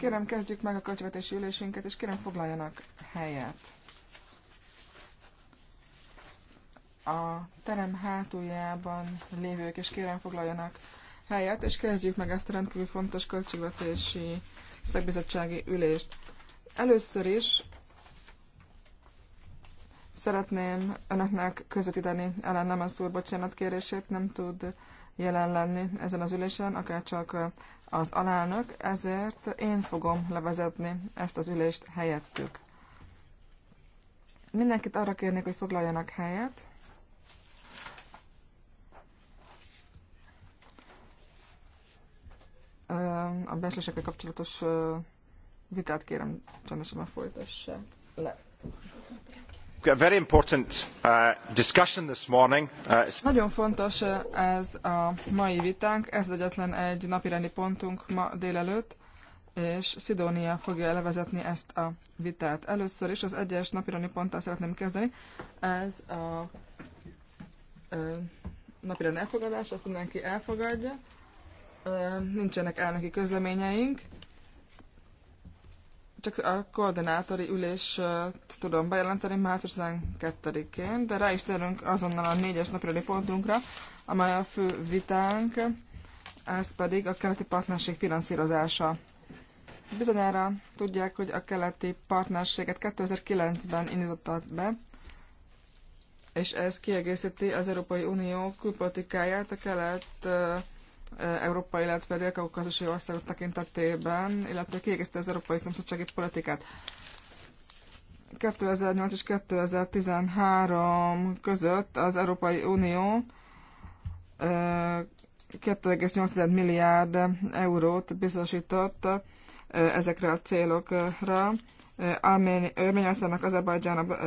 Kérem, kezdjük meg a költségvetési ülésünket, és kérem, foglaljanak helyet. A terem hátuljában lévők, és kérem, foglaljanak helyet, és kezdjük meg ezt a rendkívül fontos költségvetési szakbizottsági ülést. Először is Szeretném önöknek közvetíteni Ellen az úr bocsánat kérését, nem tud jelen lenni ezen az ülésen, akár csak az alelnök, ezért én fogom levezetni ezt az ülést helyettük. Mindenkit arra kérnék, hogy foglaljanak helyet. A beszélésekkel kapcsolatos vitát kérem csendesen folytassa le. Köszönöm. Uh, uh, Nagyon fontos uh, ez a mai vitánk, ez egyetlen egy napirendi pontunk ma délelőtt, és Szidónia fogja levezetni ezt a vitát. Először is az egyes napirendi ponttal szeretném kezdeni. Ez a napirend elfogadás, azt mindenki elfogadja. Nincsenek elnöki közleményeink csak a koordinátori ülést tudom bejelenteni március 12-én, de rá is térünk azonnal a négyes napirani pontunkra, amely a fő vitánk, ez pedig a keleti partnerség finanszírozása. Bizonyára tudják, hogy a keleti partnerséget 2009-ben indítottak be, és ez kiegészíti az Európai Unió külpolitikáját a kelet Eh, Európa, illetve dél-kaukázusai országok tekintetében, illetve kiegészte az európai szomszédsági politikát. 2008 és 2013 között az Európai Unió 2,8 eh, milliárd eurót biztosított eh, ezekre a célokra. Örményországnak, Azerbajdzsának,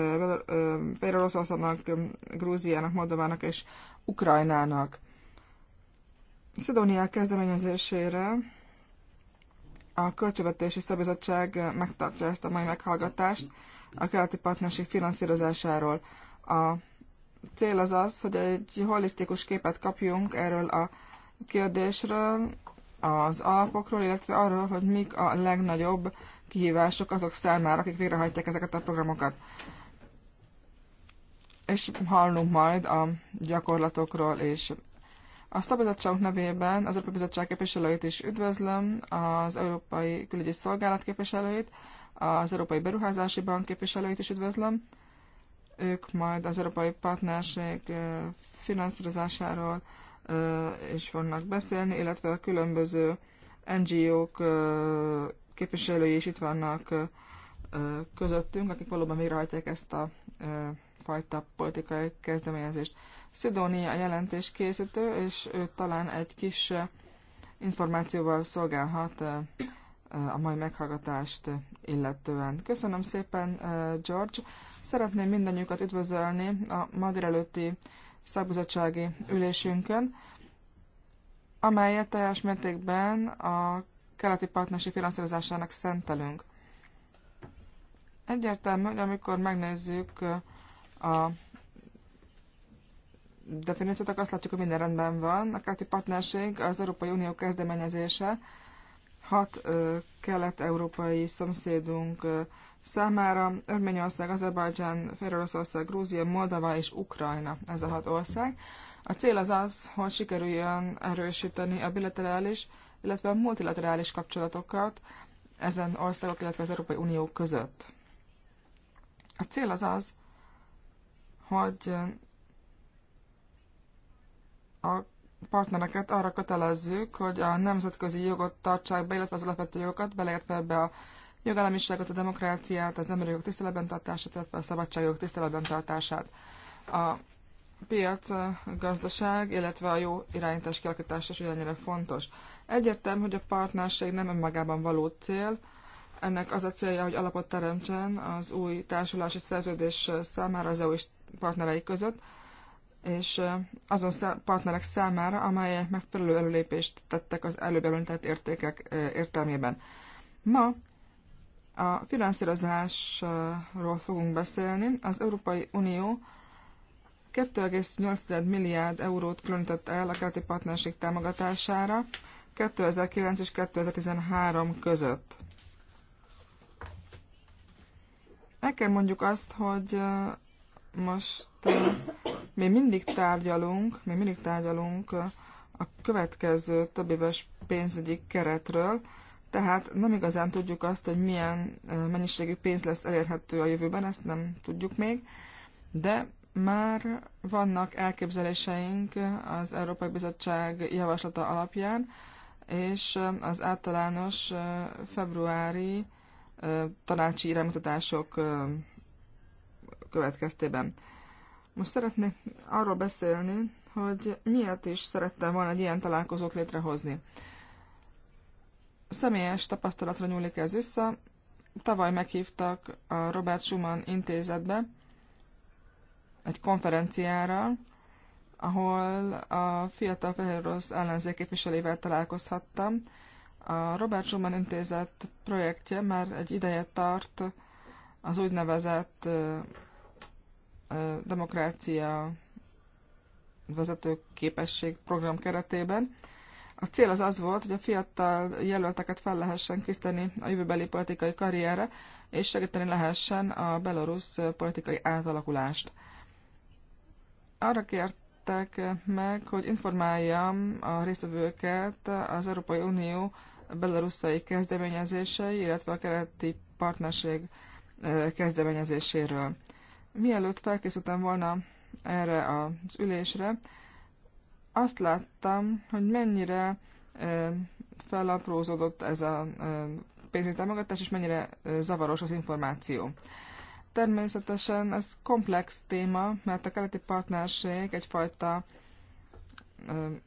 Féloroszországnak, Grúziának, Moldovának és Ukrajnának. Szidónia kezdeményezésére a Költségvetési Szabizottság megtartja ezt a mai meghallgatást a keleti partnerség finanszírozásáról. A cél az az, hogy egy holisztikus képet kapjunk erről a kérdésről, az alapokról, illetve arról, hogy mik a legnagyobb kihívások azok számára, akik végrehajtják ezeket a programokat. És hallunk majd a gyakorlatokról és a szabadságunk nevében az Európai Bizottság képviselőit is üdvözlöm, az Európai Külügyi Szolgálat képviselőit, az Európai Beruházási Bank képviselőit is üdvözlöm. Ők majd az Európai Partnerség finanszírozásáról is fognak beszélni, illetve a különböző NGO-k képviselői is itt vannak közöttünk, akik valóban végrehajtják ezt a fajta politikai kezdeményezést. Szidónia a jelentés készítő, és ő talán egy kis információval szolgálhat a mai meghallgatást illetően. Köszönöm szépen, George. Szeretném mindannyiukat üdvözölni a ma előtti szakbizottsági ülésünkön, amelyet teljes mértékben a keleti partnerség finanszírozásának szentelünk. Egyértelmű, hogy amikor megnézzük a definíciót, akkor azt látjuk, hogy minden rendben van. A keleti partnerség az Európai Unió kezdeményezése hat kelet-európai szomszédunk számára. Örményország, Azerbajdzsán, Féloroszország, Grúzia, Moldova és Ukrajna ez a hat ország. A cél az az, hogy sikerüljön erősíteni a bilaterális, illetve a multilaterális kapcsolatokat ezen országok, illetve az Európai Unió között. A cél az az, hogy a partnereket arra kötelezzük, hogy a nemzetközi jogot tartsák be, illetve az alapvető jogokat, beleértve ebbe a jogállamiságot, a demokráciát, az emberi jogok tiszteletben tartását, illetve a szabadságjog tiszteletben tartását. A piac, a gazdaság, illetve a jó irányítás kialakítása is ugyannyire fontos. Egyértelmű, hogy a partnerség nem önmagában való cél, ennek az a célja, hogy alapot teremtsen az új társulási szerződés számára az EU és partnerei között, és azon partnerek számára, amelyek megfelelő előlépést tettek az előbb említett értékek értelmében. Ma a finanszírozásról fogunk beszélni. Az Európai Unió 2,8 milliárd eurót különített el a keleti partnerség támogatására 2009 és 2013 között. El kell mondjuk azt, hogy most mi mindig tárgyalunk, mi mindig tárgyalunk a következő több éves pénzügyi keretről, tehát nem igazán tudjuk azt, hogy milyen mennyiségű pénz lesz elérhető a jövőben, ezt nem tudjuk még, de már vannak elképzeléseink az Európai Bizottság javaslata alapján, és az általános februári tanácsi iránymutatások következtében. Most szeretnék arról beszélni, hogy miért is szerettem volna egy ilyen találkozót létrehozni. Személyes tapasztalatra nyúlik ez vissza. Tavaly meghívtak a Robert Schumann intézetbe egy konferenciára, ahol a fiatal fehér rossz ellenzéképviselével találkozhattam. A Robert Schumann intézet projektje már egy ideje tart az úgynevezett demokrácia vezető képesség program keretében. A cél az az volt, hogy a fiatal jelölteket fel lehessen készíteni a jövőbeli politikai karrierre, és segíteni lehessen a belorusz politikai átalakulást. Arra kértek meg, hogy informáljam a résztvevőket az Európai Unió belarusszai kezdeményezései, illetve a keleti partnerség eh, kezdeményezéséről. Mielőtt felkészültem volna erre az ülésre, azt láttam, hogy mennyire felaprózódott ez a pénzügyi támogatás, és mennyire zavaros az információ. Természetesen ez komplex téma, mert a keleti partnerség egyfajta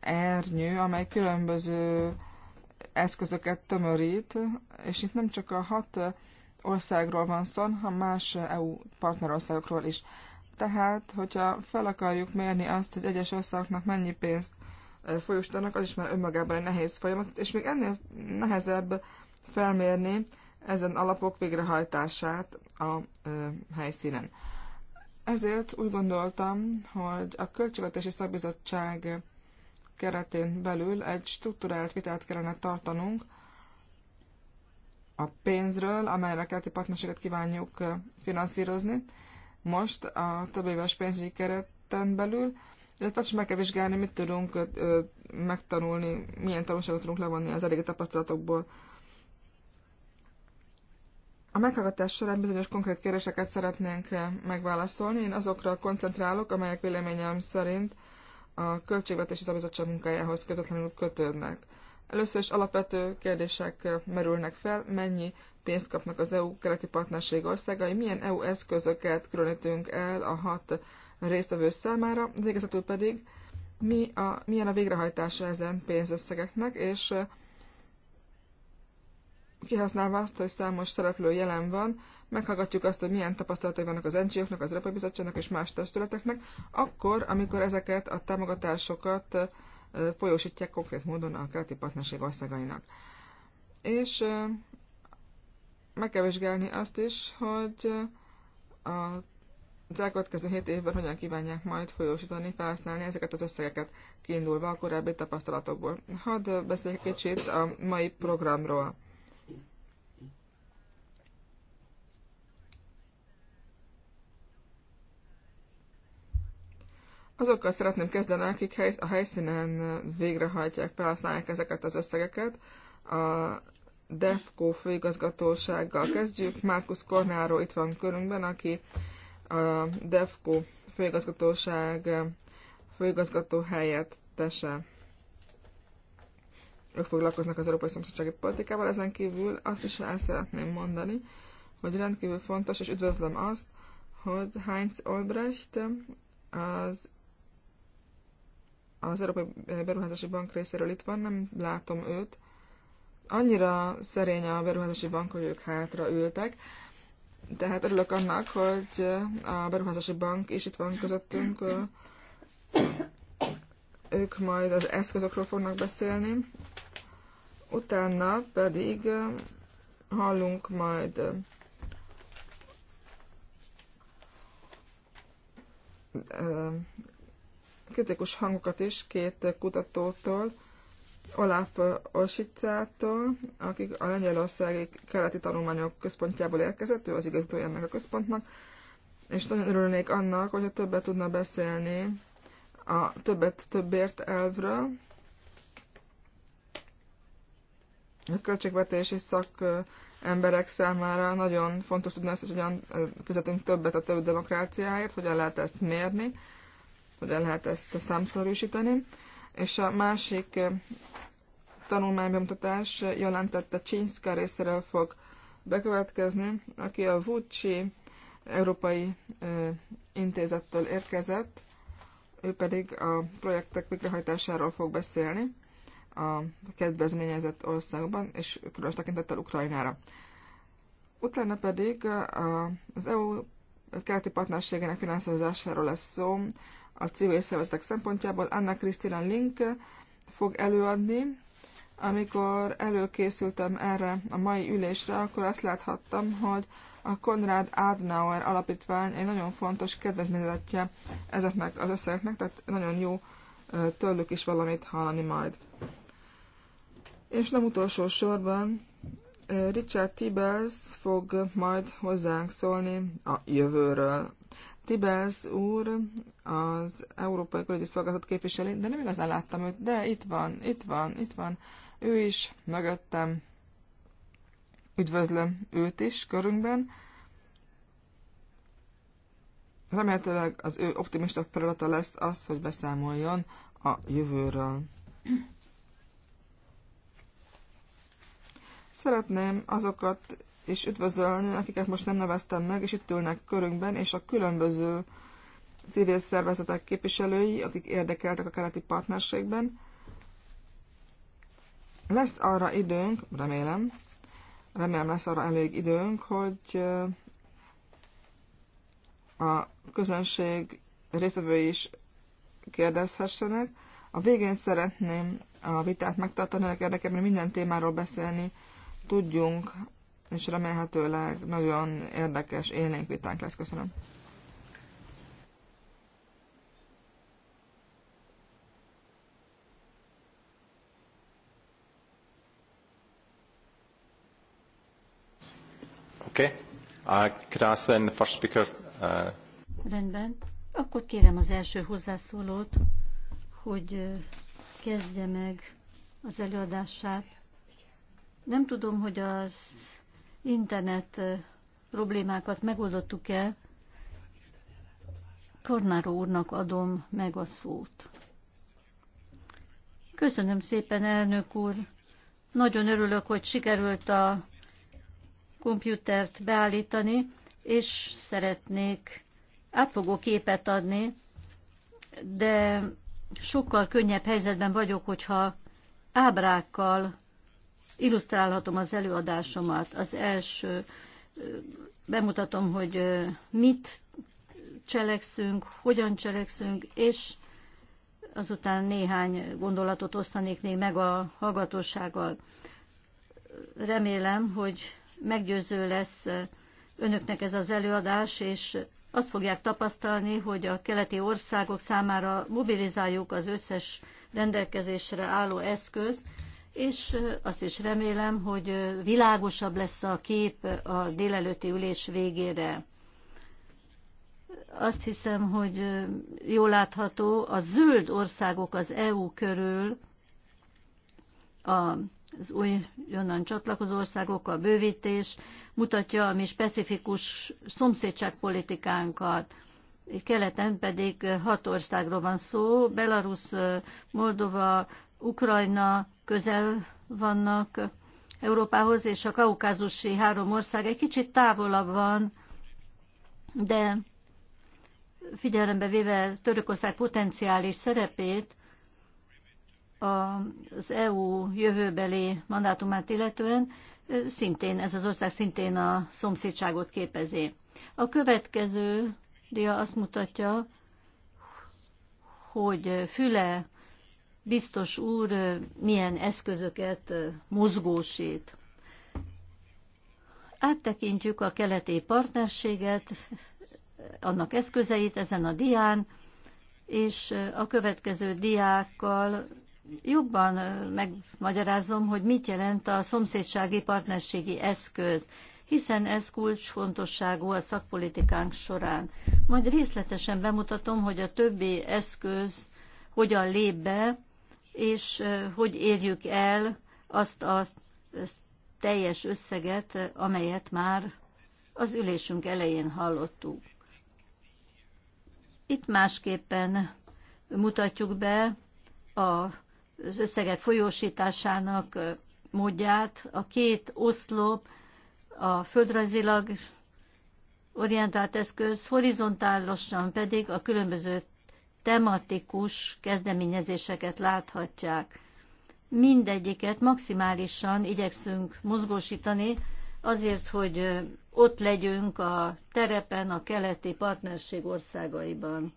ernyő, amely különböző eszközöket tömörít, és itt nem csak a hat országról van szó, hanem más EU partnerországokról is. Tehát, hogyha fel akarjuk mérni azt, hogy egyes országoknak mennyi pénzt folyósítanak, az is már önmagában egy nehéz folyamat, és még ennél nehezebb felmérni ezen alapok végrehajtását a ö, helyszínen. Ezért úgy gondoltam, hogy a Költségvetési Szabizottság keretén belül egy struktúrált vitát kellene tartanunk a pénzről, amelyre a keleti partnerséget kívánjuk finanszírozni most a több éves pénzügyi kereten belül, illetve azt is meg kell vizsgálni, mit tudunk megtanulni, milyen tanulságot tudunk levonni az eddigi tapasztalatokból. A meghallgatás során bizonyos konkrét kérdéseket szeretnénk megválaszolni. Én azokra koncentrálok, amelyek véleményem szerint a Költségvetési Szabizottság munkájához kötetlenül kötődnek. Először is alapvető kérdések merülnek fel, mennyi pénzt kapnak az EU keleti partnerség országai, milyen EU eszközöket különítünk el a hat résztvevő számára, az igazatul pedig mi a, milyen a végrehajtása ezen pénzösszegeknek, és kihasználva azt, hogy számos szereplő jelen van, meghallgatjuk azt, hogy milyen tapasztalatai vannak az NGO-knak, az Európai Bizottságnak és más testületeknek, akkor, amikor ezeket a támogatásokat folyósítják konkrét módon a keleti partnerség országainak. És meg kell vizsgálni azt is, hogy a az elkövetkező 7 évben hogyan kívánják majd folyósítani, felhasználni ezeket az összegeket kiindulva a korábbi tapasztalatokból. Hadd beszéljek kicsit a mai programról. Azokkal szeretném kezdeni, akik a helyszínen végrehajtják, felhasználják ezeket az összegeket. A DEFCO főigazgatósággal kezdjük. márkus Kornáró itt van körünkben, aki a DEFCO főigazgatóság főigazgató helyettese. Ők foglalkoznak az európai szomszédsági politikával, ezen kívül azt is el szeretném mondani, hogy rendkívül fontos, és üdvözlöm azt, hogy Heinz Olbrecht, az az Európai Beruházási Bank részéről itt van, nem látom őt. Annyira szerény a Beruházási Bank, hogy ők hátra ültek. Tehát örülök annak, hogy a Beruházási Bank is itt van közöttünk. Ők majd az eszközökről fognak beszélni. Utána pedig hallunk majd kritikus hangokat is két kutatótól, Olaf Osicától, akik a Lengyelországi Keleti Tanulmányok Központjából érkezett, ő az igazgatója ennek a központnak, és nagyon örülnék annak, hogyha többet tudna beszélni a többet többért elvről, a költségvetési szak emberek számára nagyon fontos tudni azt, hogy hogyan fizetünk többet a több demokráciáért, hogyan lehet ezt mérni, hogyan lehet ezt számszerűsíteni. És a másik eh, tanulmánybemutatás jelentette Csinszka részéről fog bekövetkezni, aki a Vucsi Európai eh, Intézettől érkezett, ő pedig a projektek végrehajtásáról fog beszélni a kedvezményezett országban, és különös tekintettel Ukrajnára. Utána pedig eh, az EU keleti partnerségének finanszírozásáról lesz szó, a civil szervezetek szempontjából. Anna Kristina Link fog előadni. Amikor előkészültem erre a mai ülésre, akkor azt láthattam, hogy a Konrad Adenauer Alapítvány egy nagyon fontos kedvezményezetje ezeknek az összegeknek, tehát nagyon jó tőlük is valamit hallani majd. És nem utolsó sorban Richard Tibels fog majd hozzánk szólni a jövőről. Tibels úr az Európai Külügyi Szolgálat képviselő, de nem igazán láttam őt, de itt van, itt van, itt van. Ő is mögöttem. Üdvözlöm őt is körünkben. Remélhetőleg az ő optimista feladata lesz az, hogy beszámoljon a jövőről. Szeretném azokat és üdvözölni, akiket most nem neveztem meg, és itt ülnek körünkben, és a különböző civil szervezetek képviselői, akik érdekeltek a keleti partnerségben. Lesz arra időnk, remélem, remélem lesz arra elég időnk, hogy eh, a közönség részvevői is kérdezhessenek. A végén szeretném a vitát megtartani, érdekében minden témáról beszélni tudjunk és remélhetőleg nagyon érdekes élénk vitánk lesz. Köszönöm. Okay. Uh, then the first speaker, uh... Rendben. Akkor kérem az első hozzászólót, hogy uh, kezdje meg az előadását. Nem tudom, hogy az internet problémákat megoldottuk el. Kornáró úrnak adom meg a szót. Köszönöm szépen, elnök úr. Nagyon örülök, hogy sikerült a komputert beállítani, és szeretnék átfogó képet adni, de sokkal könnyebb helyzetben vagyok, hogyha ábrákkal illusztrálhatom az előadásomat. Az első, bemutatom, hogy mit cselekszünk, hogyan cselekszünk, és azután néhány gondolatot osztanék még meg a hallgatósággal. Remélem, hogy meggyőző lesz önöknek ez az előadás, és azt fogják tapasztalni, hogy a keleti országok számára mobilizáljuk az összes rendelkezésre álló eszközt, és azt is remélem, hogy világosabb lesz a kép a délelőtti ülés végére. Azt hiszem, hogy jól látható, a zöld országok az EU körül, az újonnan csatlakozó országok, a bővítés mutatja a mi specifikus szomszédságpolitikánkat keleten pedig hat országról van szó, Belarus, Moldova, Ukrajna közel vannak Európához, és a kaukázusi három ország egy kicsit távolabb van, de figyelembe véve Törökország potenciális szerepét az EU jövőbeli mandátumát illetően, szintén, ez az ország szintén a szomszédságot képezi. A következő dia azt mutatja, hogy Füle biztos úr milyen eszközöket mozgósít. Áttekintjük a keleti partnerséget, annak eszközeit ezen a dián, és a következő diákkal jobban megmagyarázom, hogy mit jelent a szomszédsági partnerségi eszköz, hiszen ez kulcsfontosságú a szakpolitikánk során. Majd részletesen bemutatom, hogy a többi eszköz hogyan lép be és hogy érjük el azt a teljes összeget, amelyet már az ülésünk elején hallottuk. Itt másképpen mutatjuk be az összegek folyósításának módját. A két oszlop a földrajzilag orientált eszköz, horizontálosan pedig a különböző tematikus kezdeményezéseket láthatják. Mindegyiket maximálisan igyekszünk mozgósítani, azért, hogy ott legyünk a terepen, a keleti partnerség országaiban.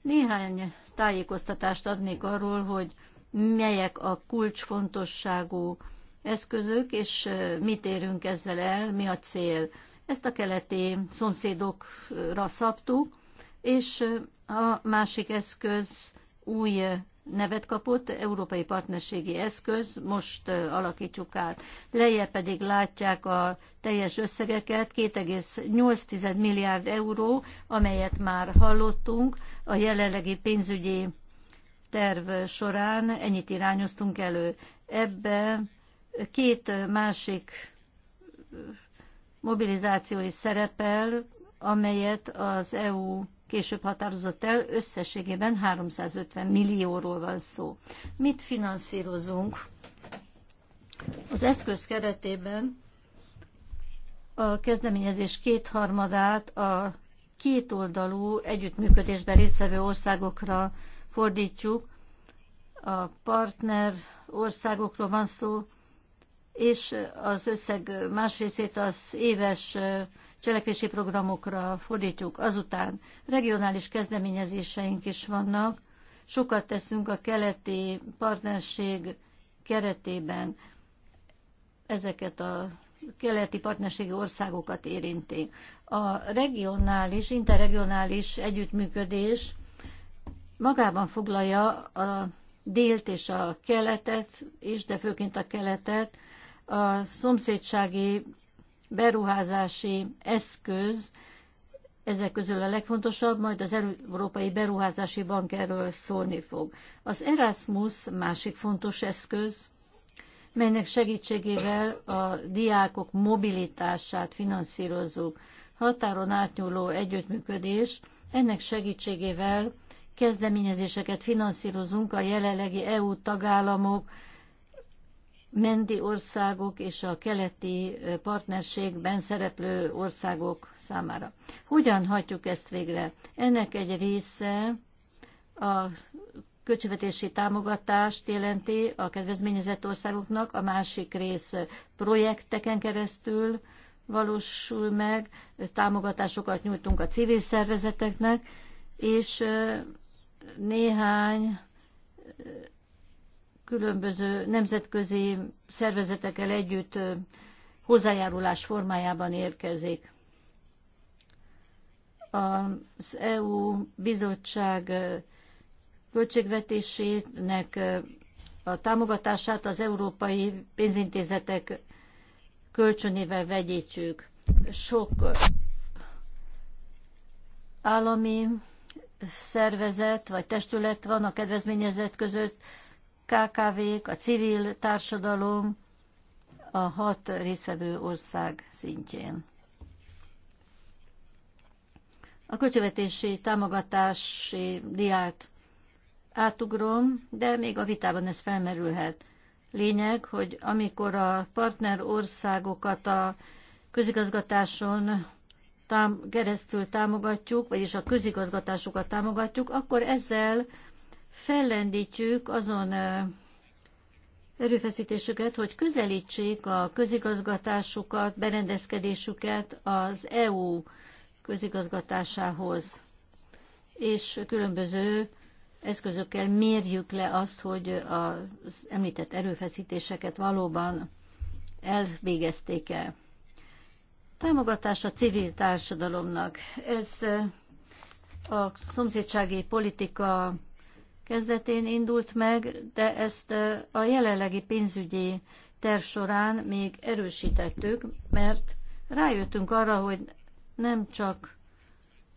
Néhány tájékoztatást adnék arról, hogy melyek a kulcsfontosságú eszközök, és mit érünk ezzel el, mi a cél. Ezt a keleti szomszédokra szabtuk, és a másik eszköz új nevet kapott, Európai Partnerségi Eszköz, most alakítjuk át. Lejjebb pedig látják a teljes összegeket, 2,8 milliárd euró, amelyet már hallottunk a jelenlegi pénzügyi terv során, ennyit irányoztunk elő. Ebbe két másik mobilizáció is szerepel, amelyet az EU később határozott el, összességében 350 millióról van szó. Mit finanszírozunk? Az eszköz keretében a kezdeményezés kétharmadát a kétoldalú együttműködésben résztvevő országokra fordítjuk. A partner országokról van szó, és az összeg más részét az éves cselekvési programokra fordítjuk. Azután regionális kezdeményezéseink is vannak. Sokat teszünk a keleti partnerség keretében. Ezeket a keleti partnerségi országokat érinti. A regionális, interregionális együttműködés magában foglalja a délt és a keletet is, de főként a keletet, a szomszédsági beruházási eszköz, ezek közül a legfontosabb, majd az Európai Beruházási Bank erről szólni fog. Az Erasmus másik fontos eszköz, melynek segítségével a diákok mobilitását finanszírozzuk. Határon átnyúló együttműködés, ennek segítségével kezdeményezéseket finanszírozunk a jelenlegi EU tagállamok, mendi országok és a keleti partnerségben szereplő országok számára. Hogyan hagyjuk ezt végre? Ennek egy része a költségvetési támogatást jelenti a kedvezményezett országoknak, a másik rész projekteken keresztül valósul meg, támogatásokat nyújtunk a civil szervezeteknek, és néhány különböző nemzetközi szervezetekkel együtt hozzájárulás formájában érkezik. Az EU bizottság költségvetésének a támogatását az európai pénzintézetek kölcsönével vegyítsük. Sok állami szervezet vagy testület van a kedvezményezett között, KKV-k, a civil társadalom a hat részvevő ország szintjén. A költségvetési támogatási diát átugrom, de még a vitában ez felmerülhet. Lényeg, hogy amikor a partner országokat a közigazgatáson tám- keresztül támogatjuk, vagyis a közigazgatásokat támogatjuk, akkor ezzel fellendítjük azon erőfeszítésüket, hogy közelítsék a közigazgatásukat, berendezkedésüket az EU közigazgatásához, és különböző eszközökkel mérjük le azt, hogy az említett erőfeszítéseket valóban elvégezték-e. Támogatás a civil társadalomnak. Ez a szomszédsági politika kezdetén indult meg, de ezt a jelenlegi pénzügyi terv során még erősítettük, mert rájöttünk arra, hogy nem csak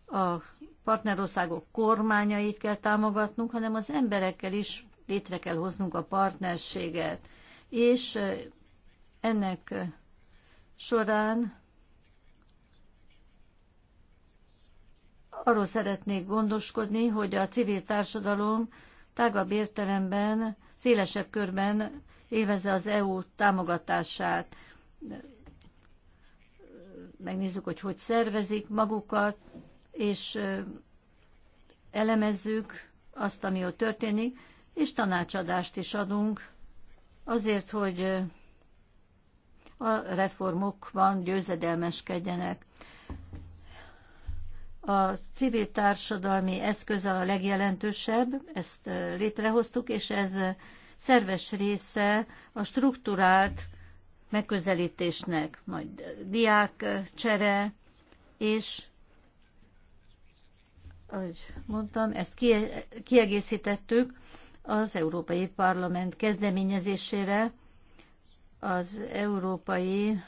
a partnerországok kormányait kell támogatnunk, hanem az emberekkel is létre kell hoznunk a partnerséget. És ennek során arról szeretnék gondoskodni, hogy a civil társadalom tágabb értelemben, szélesebb körben élvezze az EU támogatását. Megnézzük, hogy hogy szervezik magukat, és elemezzük azt, ami ott történik, és tanácsadást is adunk azért, hogy a reformokban győzedelmeskedjenek. A civil társadalmi eszköz a legjelentősebb, ezt létrehoztuk, és ez szerves része a struktúrált megközelítésnek, majd diák csere, és ahogy mondtam, ezt kiegészítettük az Európai Parlament kezdeményezésére az európai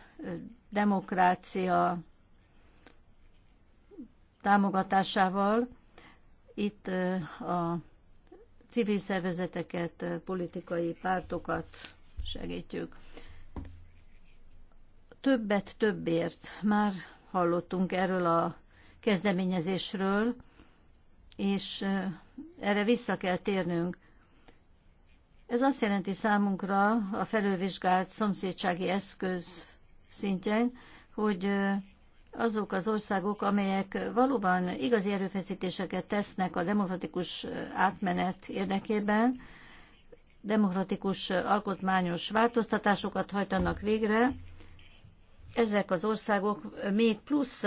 demokrácia támogatásával itt a civil szervezeteket, politikai pártokat segítjük. Többet többért már hallottunk erről a kezdeményezésről, és erre vissza kell térnünk. Ez azt jelenti számunkra a felülvizsgált szomszédsági eszköz szintjén, hogy azok az országok, amelyek valóban igazi erőfeszítéseket tesznek a demokratikus átmenet érdekében, demokratikus alkotmányos változtatásokat hajtanak végre, ezek az országok még plusz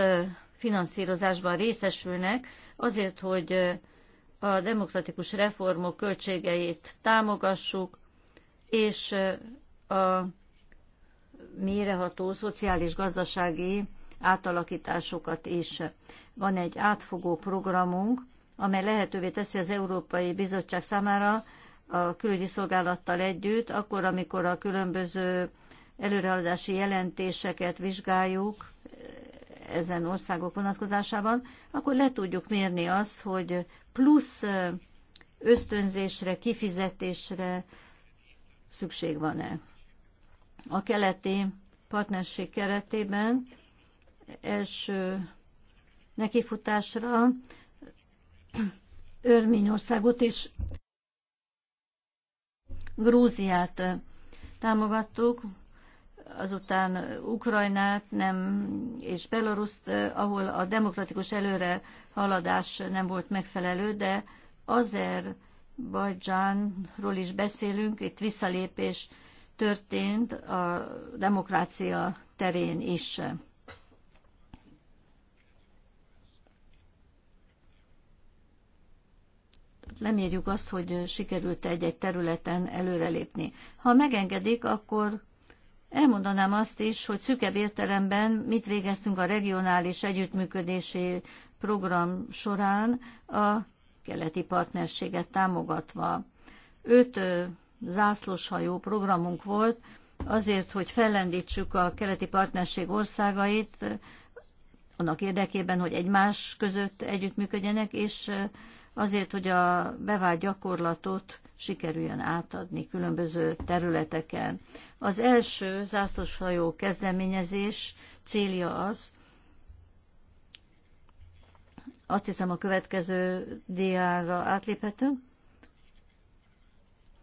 finanszírozásban részesülnek azért, hogy a demokratikus reformok költségeit támogassuk, és a méreható szociális-gazdasági átalakításokat is. Van egy átfogó programunk, amely lehetővé teszi az Európai Bizottság számára a külügyi szolgálattal együtt, akkor, amikor a különböző előrehaladási jelentéseket vizsgáljuk eh, ezen országok vonatkozásában, akkor le tudjuk mérni azt, hogy plusz eh, ösztönzésre, kifizetésre szükség van-e. A keleti partnerség keretében első nekifutásra Örményországot és Grúziát támogattuk, azután Ukrajnát nem, és Belaruszt, ahol a demokratikus előre haladás nem volt megfelelő, de Azerbajdzsánról is beszélünk, itt visszalépés történt a demokrácia terén is. lemérjük azt, hogy sikerült egy-egy területen előrelépni. Ha megengedik, akkor elmondanám azt is, hogy szükebb értelemben mit végeztünk a regionális együttműködési program során a keleti partnerséget támogatva. Öt zászlóshajó programunk volt, azért, hogy fellendítsük a keleti partnerség országait, annak érdekében, hogy egymás között együttműködjenek, és azért, hogy a bevált gyakorlatot sikerüljön átadni különböző területeken. Az első zászlóshajó kezdeményezés célja az, azt hiszem a következő diára átléphetünk.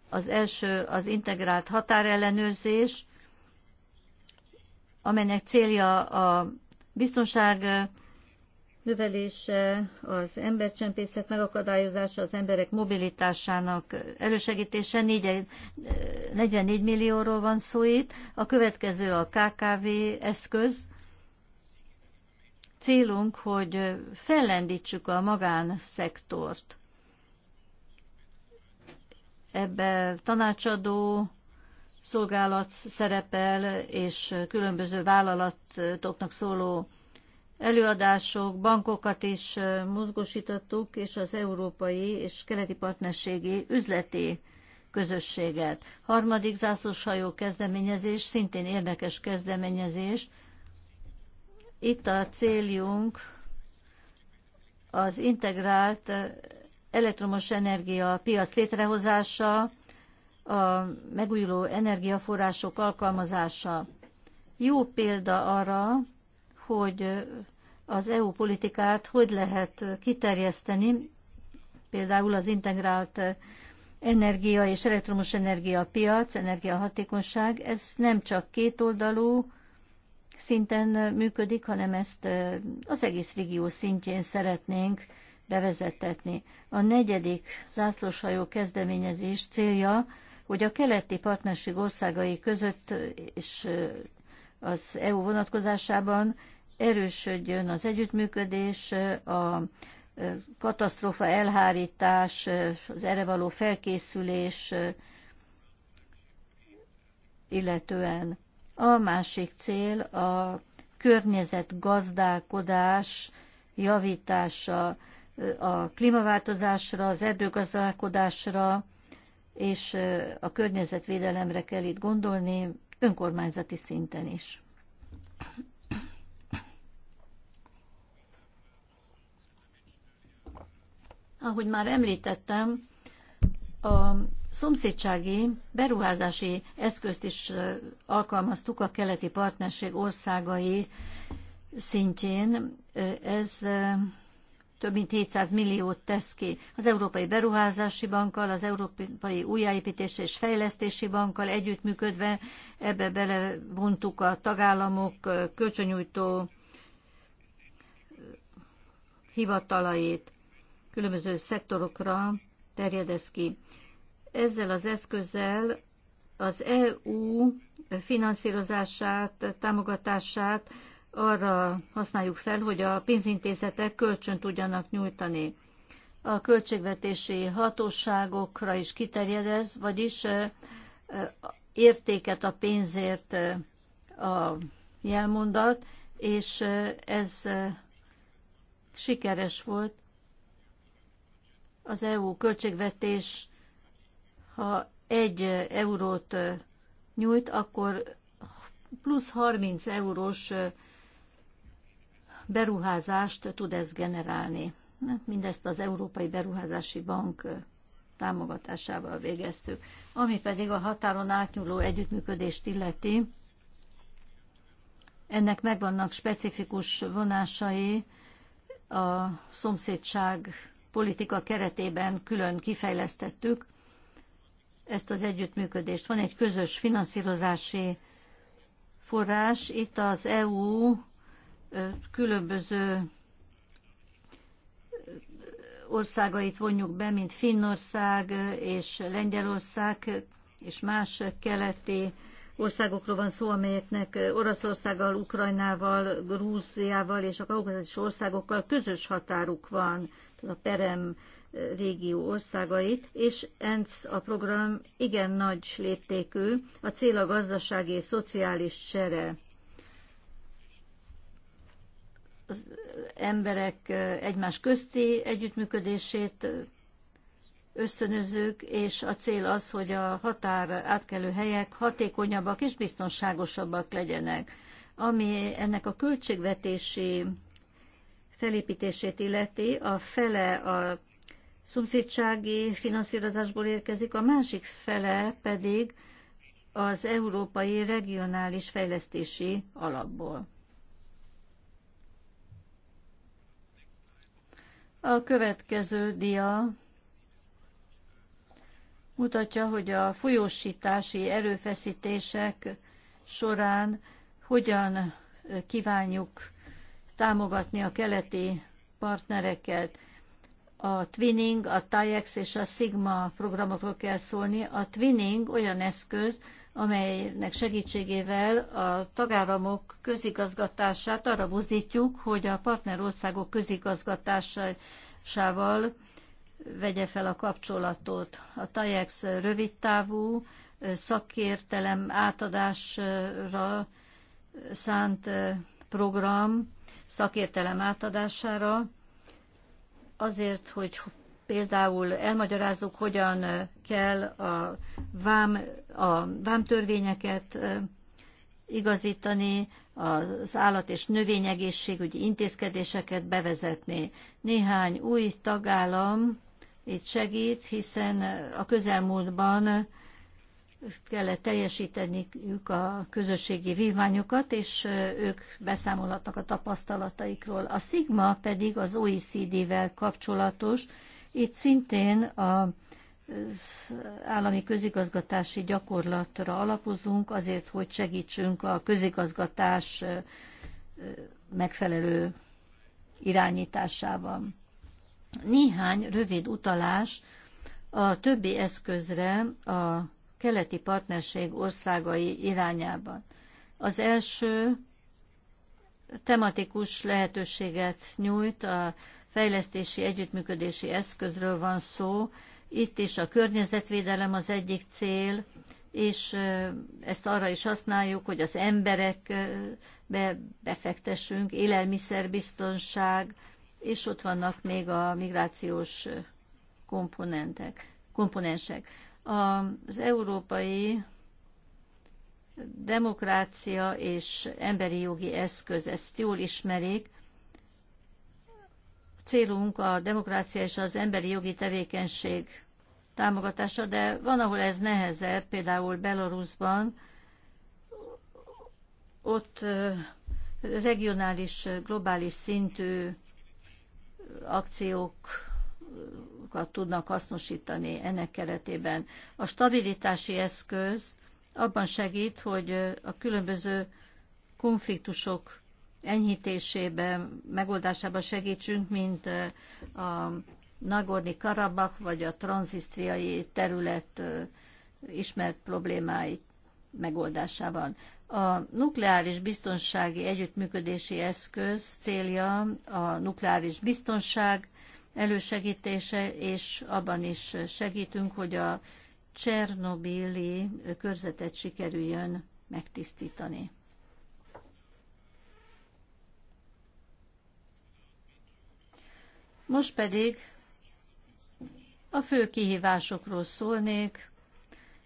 Az első az integrált határellenőrzés, amelynek célja a biztonság növelése, az embercsempészet megakadályozása, az emberek mobilitásának elősegítése, 4, 44 eh, millióról van szó itt, a következő a KKV eszköz. Célunk, hogy fellendítsük a magánszektort. Ebbe tanácsadó, szolgálat szerepel, és különböző vállalatoknak szóló előadások, bankokat is mozgósítottuk, és az európai és keleti partnerségi üzleti közösséget. Harmadik zászlóshajó kezdeményezés, szintén érdekes kezdeményezés. Itt a céljunk az integrált elektromos energia piac létrehozása, a megújuló energiaforrások alkalmazása. Jó példa arra, hogy az EU politikát hogy lehet kiterjeszteni, például az integrált energia és elektromos energia piac, energiahatékonyság, ez nem csak kétoldalú szinten működik, hanem ezt az egész régió szintjén szeretnénk bevezetetni. A negyedik zászlóshajó kezdeményezés célja, hogy a keleti partnerség országai között és az EU vonatkozásában erősödjön az együttműködés, a katasztrófa elhárítás, az erre való felkészülés illetően. A másik cél a környezetgazdálkodás javítása a klímaváltozásra, az erdőgazdálkodásra és a környezetvédelemre kell itt gondolni önkormányzati szinten is. Ahogy már említettem, a szomszédsági beruházási eszközt is alkalmaztuk a keleti partnerség országai szintjén. Ez több mint 700 milliót tesz ki. Az Európai Beruházási Bankkal, az Európai Újjáépítési és Fejlesztési Bankkal együttműködve ebbe belevontuk a tagállamok kölcsönnyújtó hivatalait különböző szektorokra terjedez ki. Ezzel az eszközzel az EU finanszírozását, támogatását arra használjuk fel, hogy a pénzintézetek kölcsön tudjanak nyújtani. A költségvetési hatóságokra is kiterjedez, vagyis értéket a pénzért a jelmondat, és ez sikeres volt, az EU költségvetés, ha egy eurót nyújt, akkor plusz 30 eurós beruházást tud ez generálni. Mindezt az Európai Beruházási Bank támogatásával végeztük. Ami pedig a határon átnyúló együttműködést illeti, ennek megvannak specifikus vonásai a szomszédság politika keretében külön kifejlesztettük ezt az együttműködést. Van egy közös finanszírozási forrás, itt az EU különböző országait vonjuk be, mint Finnország és Lengyelország és más keleti országokról van szó, amelyeknek Oroszországgal, Ukrajnával, Grúziával és a kaukazus országokkal közös határuk van a perem régió országait, és ENSZ a program igen nagy léptékű, a cél a gazdasági és szociális csere. Az emberek egymás közti együttműködését ösztönözők, és a cél az, hogy a határ átkelő helyek hatékonyabbak és biztonságosabbak legyenek. Ami ennek a költségvetési felépítését illeti, a fele a szomszédsági finanszírozásból érkezik, a másik fele pedig az Európai Regionális Fejlesztési Alapból. A következő dia mutatja, hogy a folyósítási erőfeszítések során hogyan kívánjuk támogatni a keleti partnereket. A Twinning, a TAIEX és a Sigma programokról kell szólni. A Twinning olyan eszköz, amelynek segítségével a tagállamok közigazgatását arra buzdítjuk, hogy a partnerországok közigazgatásával vegye fel a kapcsolatot. A TAIEX rövidtávú szakértelem átadásra szánt program szakértelem átadására, azért, hogy például elmagyarázzuk, hogyan kell a vám, a vámtörvényeket igazítani, az állat- és növényegészségügyi intézkedéseket bevezetni. Néhány új tagállam itt segít, hiszen a közelmúltban kellett teljesíteniük a közösségi vívmányokat, és ők beszámolhatnak a tapasztalataikról. A Sigma pedig az OECD-vel kapcsolatos, itt szintén a állami közigazgatási gyakorlatra alapozunk azért, hogy segítsünk a közigazgatás megfelelő irányításában. Néhány rövid utalás a többi eszközre a keleti partnerség országai irányában. Az első tematikus lehetőséget nyújt, a fejlesztési együttműködési eszközről van szó. Itt is a környezetvédelem az egyik cél, és ezt arra is használjuk, hogy az emberekbe befektessünk, élelmiszerbiztonság, és ott vannak még a migrációs komponentek, komponensek. Az európai demokrácia és emberi jogi eszköz, ezt jól ismerik. célunk a demokrácia és az emberi jogi tevékenység támogatása, de van, ahol ez nehezebb, például Belarusban, ott regionális, globális szintű akciók tudnak hasznosítani ennek keretében. A stabilitási eszköz abban segít, hogy a különböző konfliktusok enyhítésében, megoldásában segítsünk, mint eh, a Nagorni Karabak vagy a tranzisztriai terület eh, ismert problémáit megoldásában. A nukleáris biztonsági együttműködési eszköz célja a nukleáris biztonság elősegítése, és abban is segítünk, hogy a Csernobili körzetet sikerüljön megtisztítani. Most pedig a fő kihívásokról szólnék,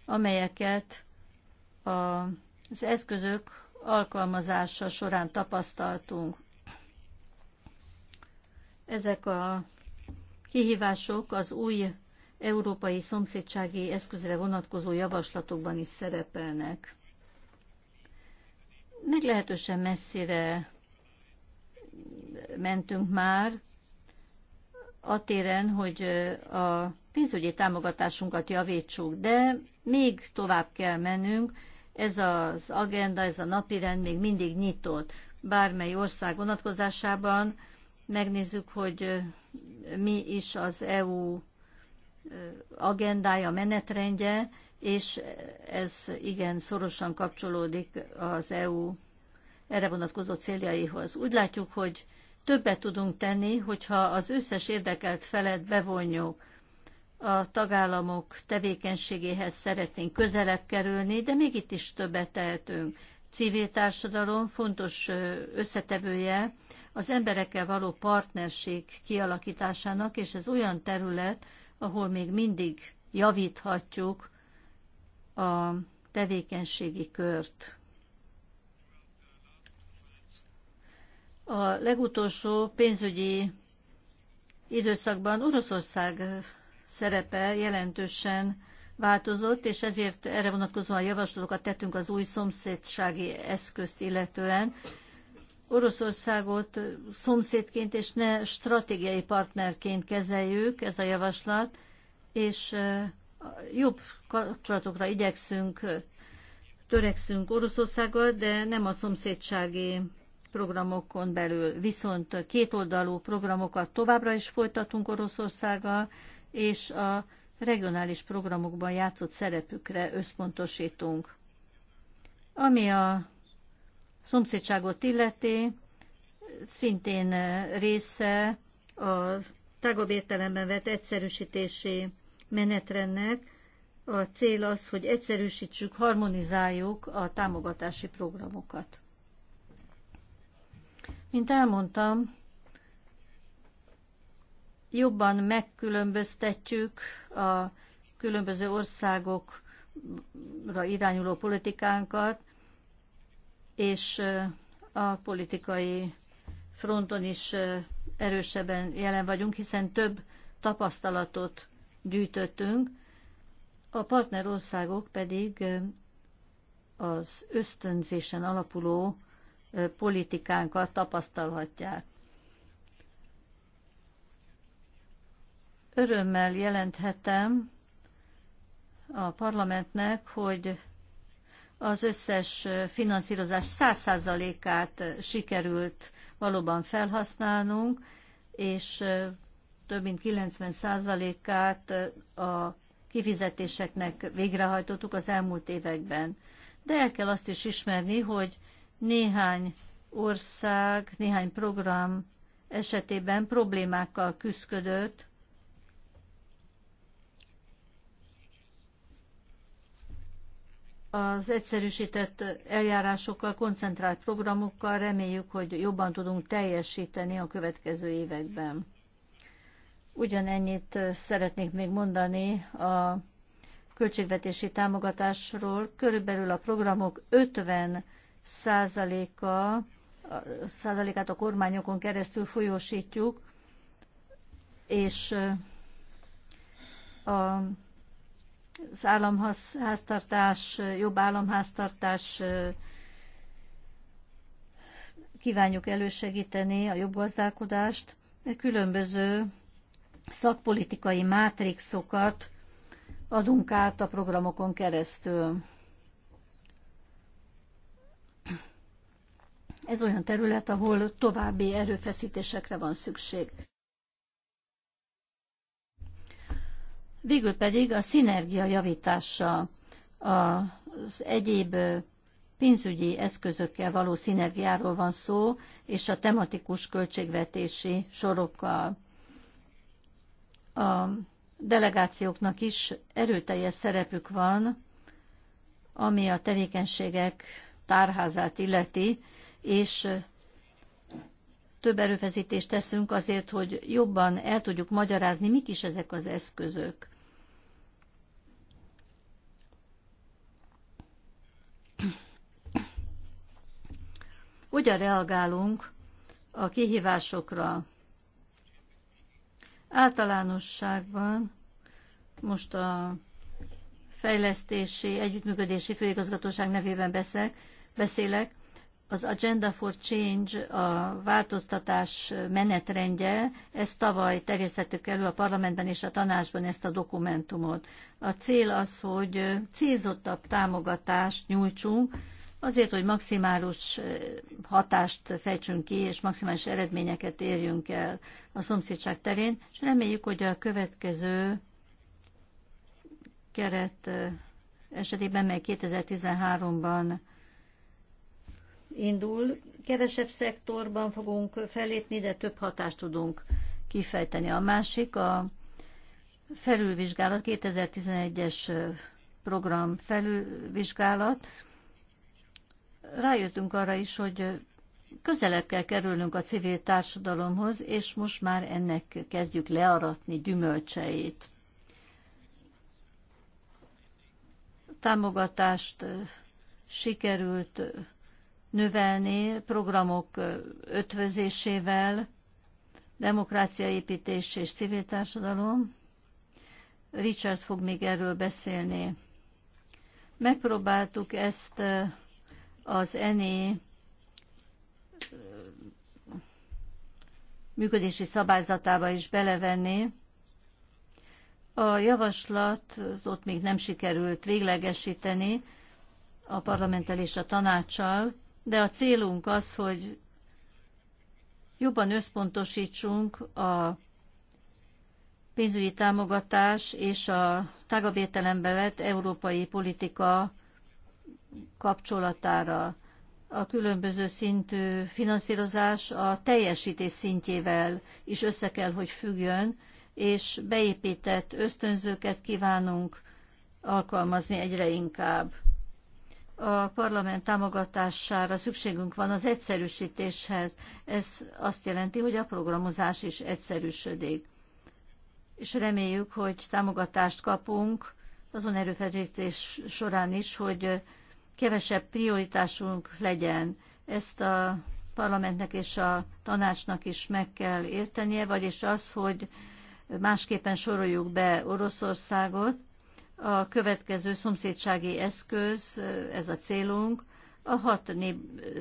amelyeket az eszközök alkalmazása során tapasztaltunk. Ezek a kihívások az új európai szomszédsági eszközre vonatkozó javaslatokban is szerepelnek. Meglehetősen messzire mentünk már a téren, hogy a pénzügyi támogatásunkat javítsuk, de még tovább kell mennünk, ez az agenda, ez a napirend még mindig nyitott. Bármely ország vonatkozásában megnézzük, hogy mi is az EU agendája, menetrendje, és ez igen szorosan kapcsolódik az EU erre vonatkozó céljaihoz. Úgy látjuk, hogy többet tudunk tenni, hogyha az összes érdekelt felet bevonjuk. A tagállamok tevékenységéhez szeretnénk közelebb kerülni, de még itt is többet tehetünk civil társadalom fontos összetevője az emberekkel való partnerség kialakításának, és ez olyan terület, ahol még mindig javíthatjuk a tevékenységi kört. A legutolsó pénzügyi időszakban Oroszország szerepe jelentősen változott, és ezért erre vonatkozóan javaslatokat tettünk az új szomszédsági eszközt illetően. Oroszországot szomszédként és ne stratégiai partnerként kezeljük, ez a javaslat, és jobb kapcsolatokra igyekszünk, törekszünk Oroszországgal, de nem a szomszédsági programokon belül. Viszont kétoldalú programokat továbbra is folytatunk Oroszországgal, és a regionális programokban játszott szerepükre összpontosítunk. Ami a szomszédságot illeti, szintén része a tágabb értelemben vett egyszerűsítési menetrendnek. A cél az, hogy egyszerűsítsük, harmonizáljuk a támogatási programokat. Mint elmondtam, jobban megkülönböztetjük a különböző országokra irányuló politikánkat, és a politikai fronton is erősebben jelen vagyunk, hiszen több tapasztalatot gyűjtöttünk, a partnerországok pedig az ösztönzésen alapuló politikánkat tapasztalhatják. Örömmel jelenthetem a parlamentnek, hogy az összes finanszírozás 100%-át sikerült valóban felhasználnunk, és több mint 90%-át a kifizetéseknek végrehajtottuk az elmúlt években. De el kell azt is ismerni, hogy néhány ország, néhány program esetében problémákkal küzdött, az egyszerűsített eljárásokkal, koncentrált programokkal reméljük, hogy jobban tudunk teljesíteni a következő években. Ugyanennyit szeretnék még mondani a költségvetési támogatásról. Körülbelül a programok 50 százaléka, százalékát a kormányokon keresztül folyósítjuk, és a az államháztartás, jobb államháztartás kívánjuk elősegíteni a jobb gazdálkodást, különböző szakpolitikai mátrixokat adunk át a programokon keresztül. Ez olyan terület, ahol további erőfeszítésekre van szükség. Végül pedig a szinergia javítása az egyéb pénzügyi eszközökkel való szinergiáról van szó, és a tematikus költségvetési sorokkal. A delegációknak is erőteljes szerepük van, ami a tevékenységek tárházát illeti, és több erőfeszítést teszünk azért, hogy jobban el tudjuk magyarázni, mik is ezek az eszközök. Ugyan reagálunk a kihívásokra. Általánosságban most a fejlesztési, együttműködési főigazgatóság nevében beszélek, beszélek. Az Agenda for Change, a változtatás menetrendje, ezt tavaly terjesztettük elő a parlamentben és a tanácsban ezt a dokumentumot. A cél az, hogy célzottabb támogatást nyújtsunk azért, hogy maximális hatást fejtsünk ki, és maximális eredményeket érjünk el a szomszédság terén, és reméljük, hogy a következő keret esetében, mely 2013-ban indul, kevesebb szektorban fogunk fellépni, de több hatást tudunk kifejteni. A másik a felülvizsgálat, 2011-es program felülvizsgálat, rájöttünk arra is, hogy közelebb kell kerülnünk a civil társadalomhoz, és most már ennek kezdjük learatni gyümölcseit. Támogatást sikerült növelni programok ötvözésével, demokráciaépítés és civil társadalom. Richard fog még erről beszélni. Megpróbáltuk ezt az ENI működési szabályzatába is belevenni. A javaslatot még nem sikerült véglegesíteni a parlamenttel és a tanácssal, de a célunk az, hogy jobban összpontosítsunk a pénzügyi támogatás és a tágabb értelembe vett európai politika kapcsolatára. A különböző szintű finanszírozás a teljesítés szintjével is össze kell, hogy függjön, és beépített ösztönzőket kívánunk alkalmazni egyre inkább. A parlament támogatására szükségünk van az egyszerűsítéshez. Ez azt jelenti, hogy a programozás is egyszerűsödik. És reméljük, hogy támogatást kapunk azon erőfeszítés során is, hogy kevesebb prioritásunk legyen. Ezt a parlamentnek és a tanácsnak is meg kell értenie, vagyis az, hogy másképpen soroljuk be Oroszországot. A következő szomszédsági eszköz, ez a célunk, a hat, nép,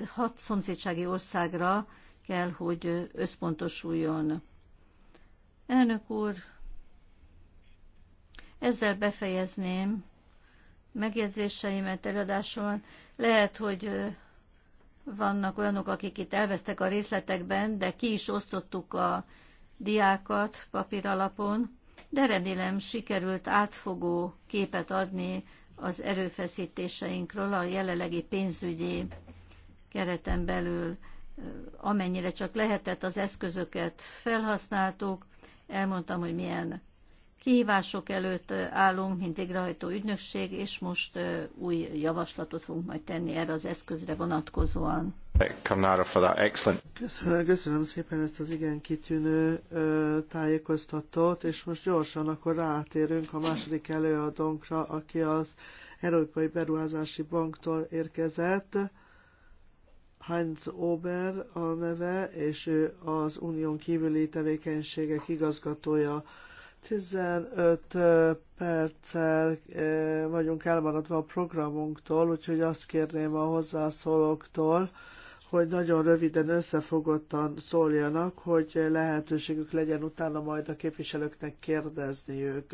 hat szomszédsági országra kell, hogy összpontosuljon. Elnök úr, ezzel befejezném megjegyzéseimet, előadásomat. Lehet, hogy vannak olyanok, akik itt elvesztek a részletekben, de ki is osztottuk a diákat papír alapon, de remélem sikerült átfogó képet adni az erőfeszítéseinkről a jelenlegi pénzügyi kereten belül, amennyire csak lehetett az eszközöket felhasználtuk, elmondtam, hogy milyen kihívások előtt állunk, mint végrehajtó ügynökség, és most új javaslatot fogunk majd tenni erre az eszközre vonatkozóan. Köszönöm, köszönöm szépen ezt az igen kitűnő ö, tájékoztatót, és most gyorsan akkor rátérünk a második előadónkra, aki az Európai Beruházási Banktól érkezett. Heinz Ober a neve, és ő az unión kívüli tevékenységek igazgatója. 15 perccel vagyunk elmaradva a programunktól, úgyhogy azt kérném a hozzászólóktól, hogy nagyon röviden összefogottan szóljanak, hogy lehetőségük legyen utána majd a képviselőknek kérdezni ők.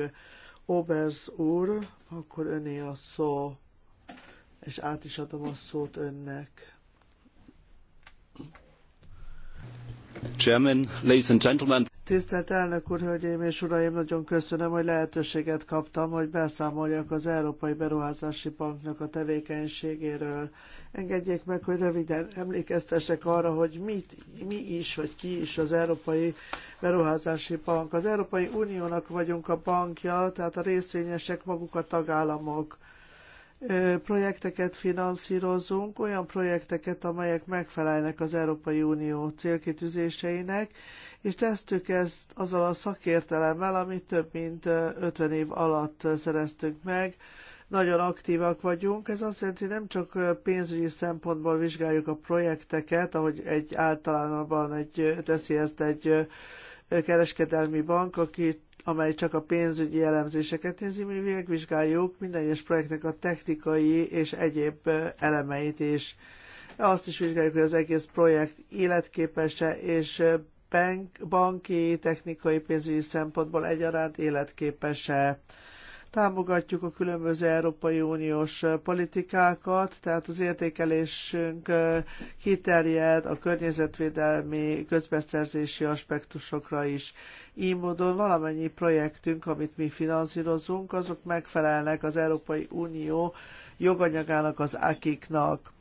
Obers úr, akkor öné a szó, és át is adom a szót önnek. Chairman, ladies and gentlemen. Tisztelt elnök úr, hölgyeim és uraim, nagyon köszönöm, hogy lehetőséget kaptam, hogy beszámoljak az Európai Beruházási Banknak a tevékenységéről. Engedjék meg, hogy röviden emlékeztessek arra, hogy mit, mi is, vagy ki is az Európai Beruházási Bank. Az Európai Uniónak vagyunk a bankja, tehát a részvényesek maguk a tagállamok projekteket finanszírozunk, olyan projekteket, amelyek megfelelnek az Európai Unió célkitűzéseinek, és tesztük ezt azzal a szakértelemmel, amit több mint 50 év alatt szereztünk meg. Nagyon aktívak vagyunk, ez azt jelenti, hogy nem csak pénzügyi szempontból vizsgáljuk a projekteket, ahogy egy általánosban egy, teszi ezt egy kereskedelmi bank, aki amely csak a pénzügyi elemzéseket nézi, mi megvizsgáljuk minden egyes projektnek a technikai és egyéb elemeit is. Azt is vizsgáljuk, hogy az egész projekt életképes-e és banki, technikai, pénzügyi szempontból egyaránt életképes-e. Támogatjuk a különböző Európai Uniós politikákat, tehát az értékelésünk kiterjed a környezetvédelmi közbeszerzési aspektusokra is. Így módon valamennyi projektünk, amit mi finanszírozunk, azok megfelelnek az Európai Unió joganyagának, az akiknak.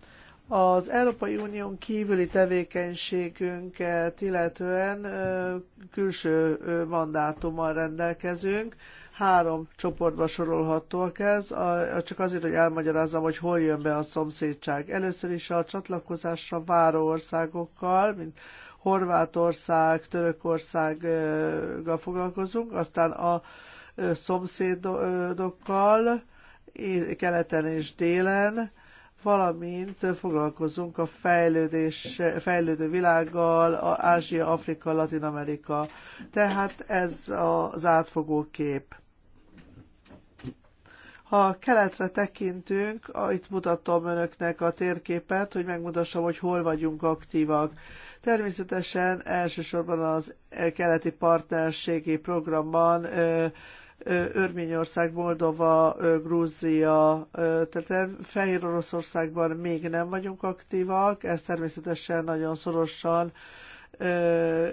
Az Európai Unión kívüli tevékenységünket illetően külső mandátummal rendelkezünk, Három csoportba sorolhatóak ez, a, csak azért, hogy elmagyarázzam, hogy hol jön be a szomszédság. Először is a csatlakozásra váró országokkal, mint Horvátország, Törökországgal foglalkozunk, aztán a szomszédokkal, keleten és délen, valamint foglalkozunk a fejlődés, fejlődő világgal, a Ázsia, Afrika, Latin Amerika. Tehát ez az átfogó kép. Ha keletre tekintünk, itt mutatom önöknek a térképet, hogy megmutassam, hogy hol vagyunk aktívak. Természetesen elsősorban az e, keleti partnerségi programban Örményország, Moldova, Grúzia, tehát Fehér Oroszországban még nem vagyunk aktívak, ez természetesen nagyon szorosan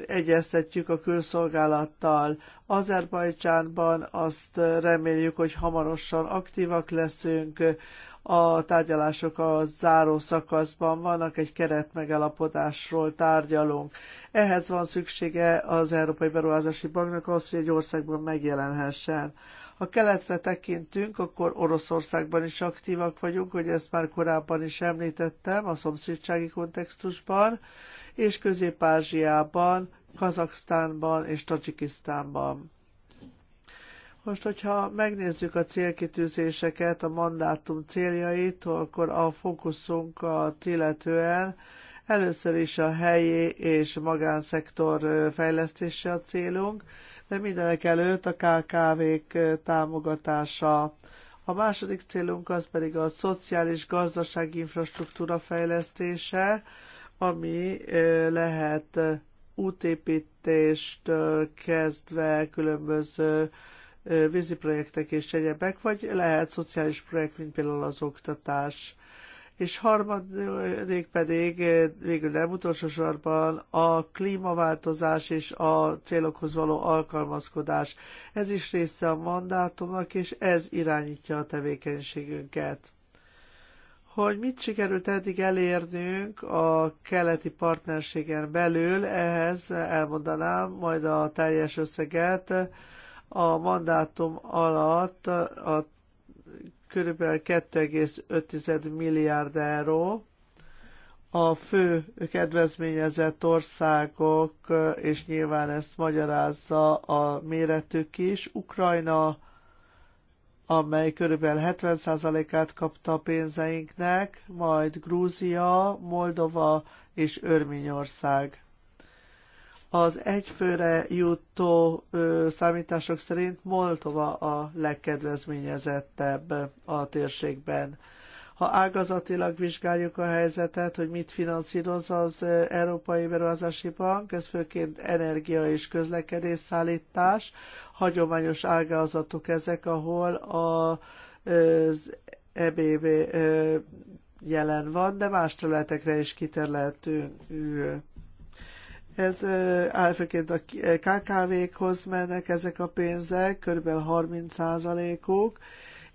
egyeztetjük a külszolgálattal. Azerbajcsánban azt reméljük, hogy hamarosan aktívak leszünk. A tárgyalások a záró szakaszban vannak, egy keret megalapodásról tárgyalunk. Ehhez van szüksége az Európai Beruházási Banknak ahhoz, hogy egy országban megjelenhessen. Ha keletre tekintünk, akkor Oroszországban is aktívak vagyunk, hogy ezt már korábban is említettem a szomszédsági kontextusban, és Közép-Ázsiában, Kazaksztánban és Tadzsikisztánban. Most, hogyha megnézzük a célkitűzéseket, a mandátum céljait, akkor a fókuszunkat illetően először is a helyi és magánszektor fejlesztése a célunk, de mindenek előtt a KKV-k támogatása. A második célunk az pedig a szociális gazdasági infrastruktúra fejlesztése, ami lehet útépítést kezdve különböző vízi projektek és egyebek, vagy lehet szociális projekt, mint például az oktatás. És harmadik pedig, végül nem utolsó sorban, a klímaváltozás és a célokhoz való alkalmazkodás. Ez is része a mandátumnak, és ez irányítja a tevékenységünket hogy mit sikerült eddig elérnünk a keleti partnerségen belül, ehhez elmondanám majd a teljes összeget. A mandátum alatt a kb. 2,5 milliárd euró, a fő kedvezményezett országok, és nyilván ezt magyarázza a méretük is, Ukrajna, amely körülbelül 70%-át kapta a pénzeinknek, majd Grúzia, Moldova és Örményország. Az egyfőre jutó ö, számítások szerint Moldova a legkedvezményezettebb a térségben. Ha ágazatilag vizsgáljuk a helyzetet, hogy mit finanszíroz az Európai Beruházási Bank, ez főként energia és közlekedés szállítás, hagyományos ágazatok ezek, ahol a, az EBB jelen van, de más területekre is kiterlehetünk. Ez főként a KKV-khoz mennek ezek a pénzek, kb. 30%-uk,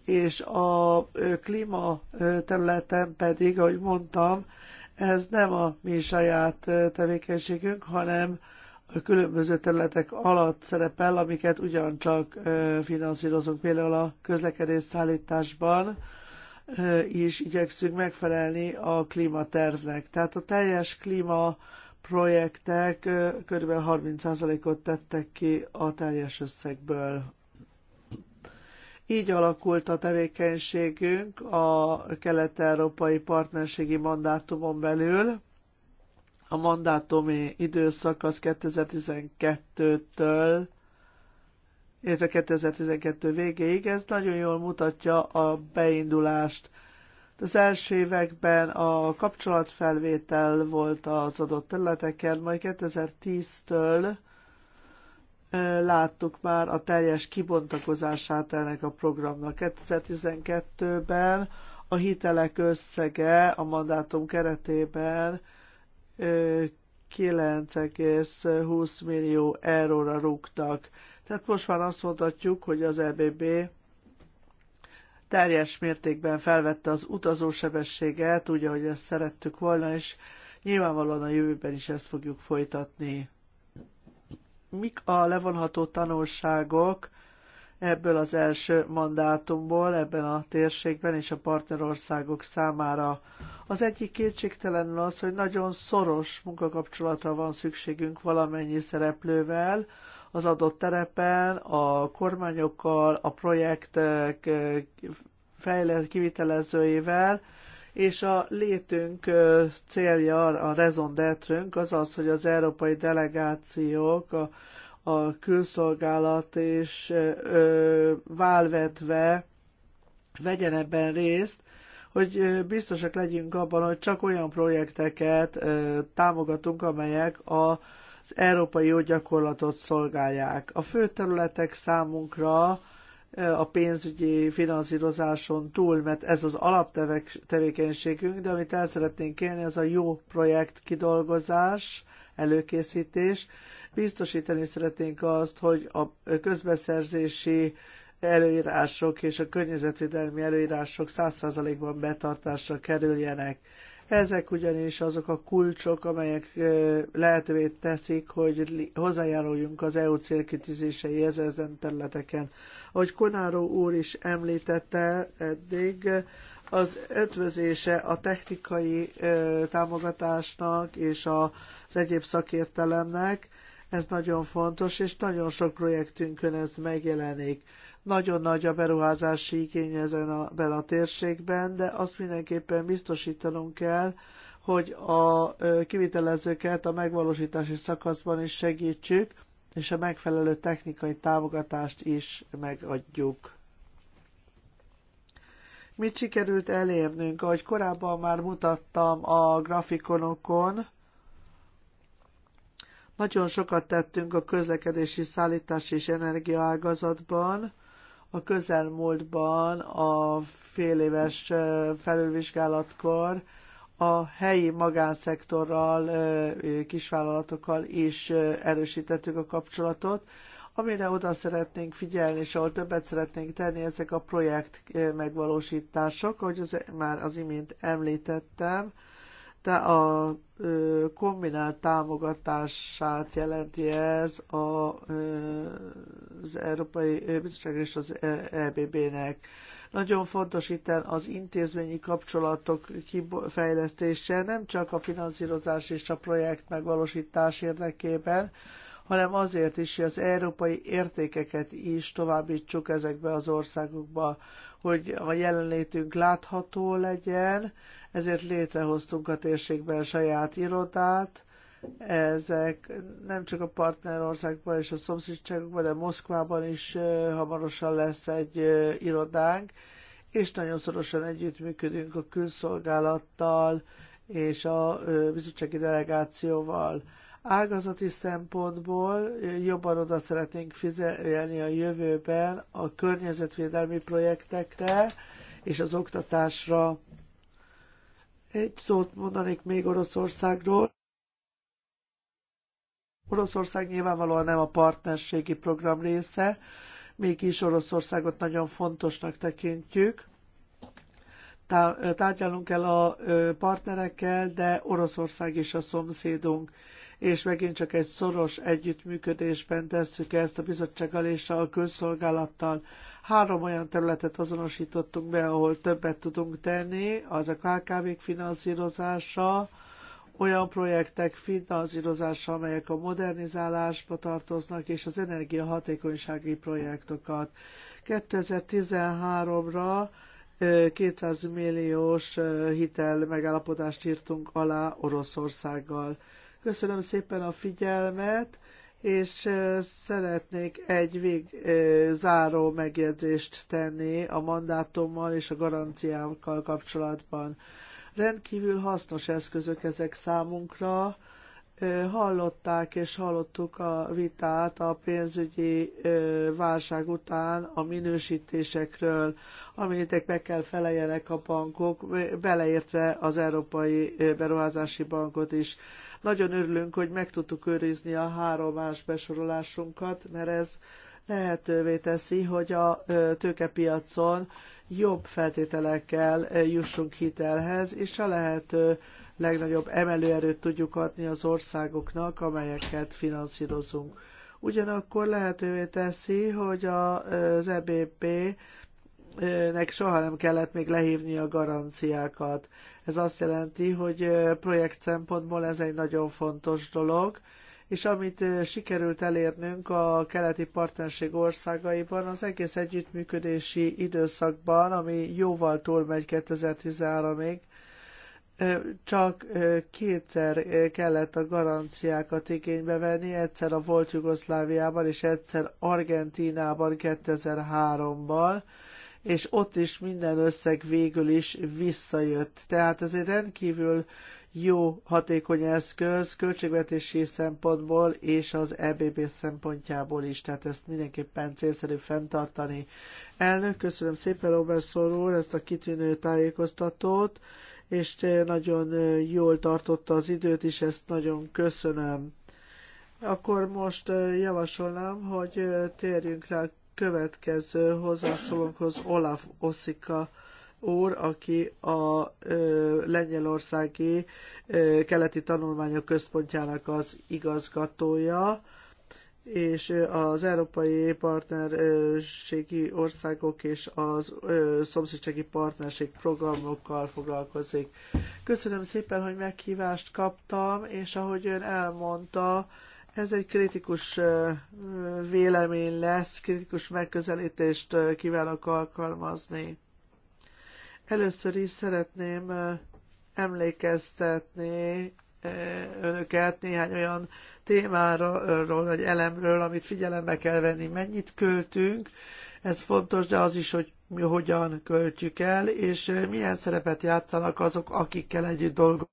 és a klíma területen pedig, ahogy mondtam, ez nem a mi saját tevékenységünk, hanem a különböző területek alatt szerepel, amiket ugyancsak finanszírozunk, például a közlekedés szállításban is igyekszünk megfelelni a klímatervnek. Tehát a teljes klíma projektek kb. 30%-ot tettek ki a teljes összegből. Így alakult a tevékenységünk a kelet-európai partnerségi mandátumon belül. A mandátumi időszak az 2012-től illetve 2012 végéig. Ez nagyon jól mutatja a beindulást. Az első években a kapcsolatfelvétel volt az adott területeken, majd 2010-től láttuk már a teljes kibontakozását ennek a programnak. 2012-ben a hitelek összege a mandátum keretében 9,20 millió euróra rúgtak. Tehát most már azt mondhatjuk, hogy az EBB teljes mértékben felvette az utazósebességet, úgy, ahogy ezt szerettük volna, és nyilvánvalóan a jövőben is ezt fogjuk folytatni mik a levonható tanulságok ebből az első mandátumból, ebben a térségben és a partnerországok számára. Az egyik kétségtelenül az, hogy nagyon szoros munkakapcsolatra van szükségünk valamennyi szereplővel, az adott terepen, a kormányokkal, a projektek eh, kivitelezőivel, és a létünk célja, a raison az az, hogy az európai delegációk, a, a külszolgálat és ö, válvetve vegyen ebben részt, hogy biztosak legyünk abban, hogy csak olyan projekteket ö, támogatunk, amelyek a az európai jó gyakorlatot szolgálják. A fő területek számunkra a pénzügyi finanszírozáson túl, mert ez az alaptevékenységünk, de amit el szeretnénk kérni, az a jó projekt kidolgozás, előkészítés. Biztosítani szeretnénk azt, hogy a közbeszerzési előírások és a környezetvédelmi előírások 100%-ban betartásra kerüljenek. Ezek ugyanis azok a kulcsok, amelyek lehetővé teszik, hogy hozzájáruljunk az EU célkitűzései ezen területeken. Ahogy Konáró úr is említette eddig, az ötvözése a technikai támogatásnak és az egyéb szakértelemnek, ez nagyon fontos, és nagyon sok projektünkön ez megjelenik. Nagyon nagy a beruházási igény ezen a, ben a térségben, de azt mindenképpen biztosítanunk kell, hogy a kivitelezőket a megvalósítási szakaszban is segítsük, és a megfelelő technikai támogatást is megadjuk. Mit sikerült elérnünk? Ahogy korábban már mutattam a grafikonokon, nagyon sokat tettünk a közlekedési, szállítás és energiaágazatban, a közelmúltban a fél éves felülvizsgálatkor a helyi magánszektorral, kisvállalatokkal is erősítettük a kapcsolatot, amire oda szeretnénk figyelni, és ahol többet szeretnénk tenni, ezek a projekt megvalósítások, ahogy az, már az imént említettem, te a kombinált támogatását jelenti ez a, az Európai Bizottság és az EBB-nek. E Nagyon fontos itt az intézményi kapcsolatok kifejlesztése, nem csak a finanszírozás és a projekt megvalósítás érdekében, hanem azért is, hogy az európai értékeket is továbbítsuk ezekbe az országokba, hogy a jelenlétünk látható legyen, ezért létrehoztunk a térségben saját irodát, ezek nem csak a partnerországban és a szomszédságokban, de Moszkvában is hamarosan lesz egy irodánk, és nagyon szorosan együttműködünk a külszolgálattal és a bizottsági delegációval. Ágazati szempontból jobban oda szeretnénk fizelni a jövőben a környezetvédelmi projektekre és az oktatásra. Egy szót mondanék még Oroszországról. Oroszország nyilvánvalóan nem a partnerségi program része, mégis Oroszországot nagyon fontosnak tekintjük. Tárgyalunk el a partnerekkel, de Oroszország is a szomszédunk, és megint csak egy szoros együttműködésben tesszük ezt a bizottsággal és a közszolgálattal. Három olyan területet azonosítottunk be, ahol többet tudunk tenni, az a KKV-k finanszírozása, olyan projektek finanszírozása, amelyek a modernizálásba tartoznak, és az energiahatékonysági projektokat. 2013-ra 200 milliós hitel megállapodást írtunk alá Oroszországgal. Köszönöm szépen a figyelmet, és szeretnék egy vég záró megjegyzést tenni a mandátummal és a garanciákkal kapcsolatban. Rendkívül hasznos eszközök ezek számunkra, Hallották és hallottuk a vitát a pénzügyi válság után a minősítésekről, aminek meg kell feleljenek a bankok, beleértve az Európai Beruházási Bankot is. Nagyon örülünk, hogy meg tudtuk őrizni a három más besorolásunkat, mert ez lehetővé teszi, hogy a tőkepiacon jobb feltételekkel jussunk hitelhez, és a lehető legnagyobb emelőerőt tudjuk adni az országoknak, amelyeket finanszírozunk. Ugyanakkor lehetővé teszi, hogy az EBP nek soha nem kellett még lehívni a garanciákat. Ez azt jelenti, hogy projekt szempontból ez egy nagyon fontos dolog, és amit sikerült elérnünk a keleti partnerség országaiban, az egész együttműködési időszakban, ami jóval túlmegy 2013-ig, csak kétszer kellett a garanciákat igénybe venni, egyszer a volt Jugoszláviában és egyszer Argentínában 2003-ban, és ott is minden összeg végül is visszajött. Tehát ez egy rendkívül jó, hatékony eszköz költségvetési szempontból és az EBB szempontjából is, tehát ezt mindenképpen célszerű fenntartani. Elnök, köszönöm szépen Robert Szorul ezt a kitűnő tájékoztatót, és nagyon jól tartotta az időt is, ezt nagyon köszönöm. Akkor most javasolnám, hogy térjünk rá következő hozzászólónkhoz Olaf Oszika úr, aki a Lengyelországi Keleti Tanulmányok Központjának az igazgatója és az európai partnerségi országok és az szomszédsági partnerség programokkal foglalkozik. Köszönöm szépen, hogy meghívást kaptam, és ahogy ön elmondta, ez egy kritikus vélemény lesz, kritikus megközelítést kívánok alkalmazni. Először is szeretném emlékeztetni önöket néhány olyan témáról, vagy elemről, amit figyelembe kell venni, mennyit költünk, ez fontos, de az is, hogy mi hogyan költjük el, és milyen szerepet játszanak azok, akikkel együtt dolgozunk.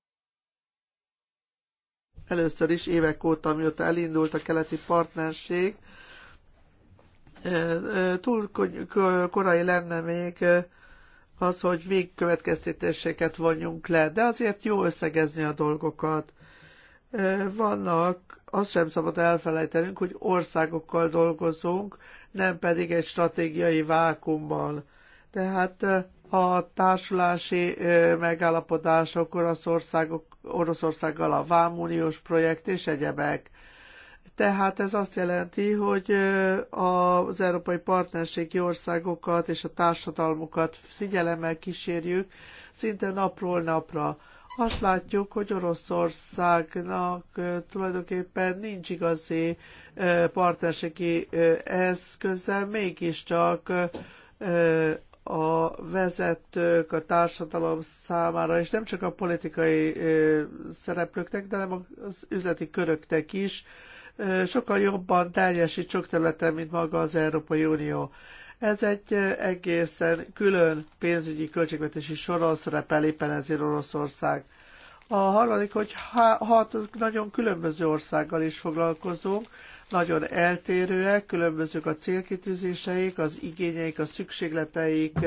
Először is évek óta, mióta elindult a keleti partnerség, túl korai lenne még az, hogy végkövetkeztetéseket vonjunk le, de azért jó összegezni a dolgokat. Vannak, azt sem szabad elfelejtenünk, hogy országokkal dolgozunk, nem pedig egy stratégiai vákummal. Tehát a társulási megállapodások országok Oroszországgal a Vámuniós projekt és egyebek. Tehát ez azt jelenti, hogy az európai partnerségi országokat és a társadalmukat figyelemmel kísérjük szinte napról napra. Azt látjuk, hogy Oroszországnak tulajdonképpen nincs igazi partnerségi eszköze, mégiscsak a vezetők a társadalom számára, és nem csak a politikai szereplőknek, de nem az üzleti köröknek is sokkal jobban teljesít sok területen, mint maga az Európai Unió. Ez egy egészen külön pénzügyi költségvetési soron szerepel éppen ezért Oroszország. A harmadik, hogy hat nagyon különböző országgal is foglalkozunk, nagyon eltérőek, különbözők a célkitűzéseik, az igényeik, a szükségleteik,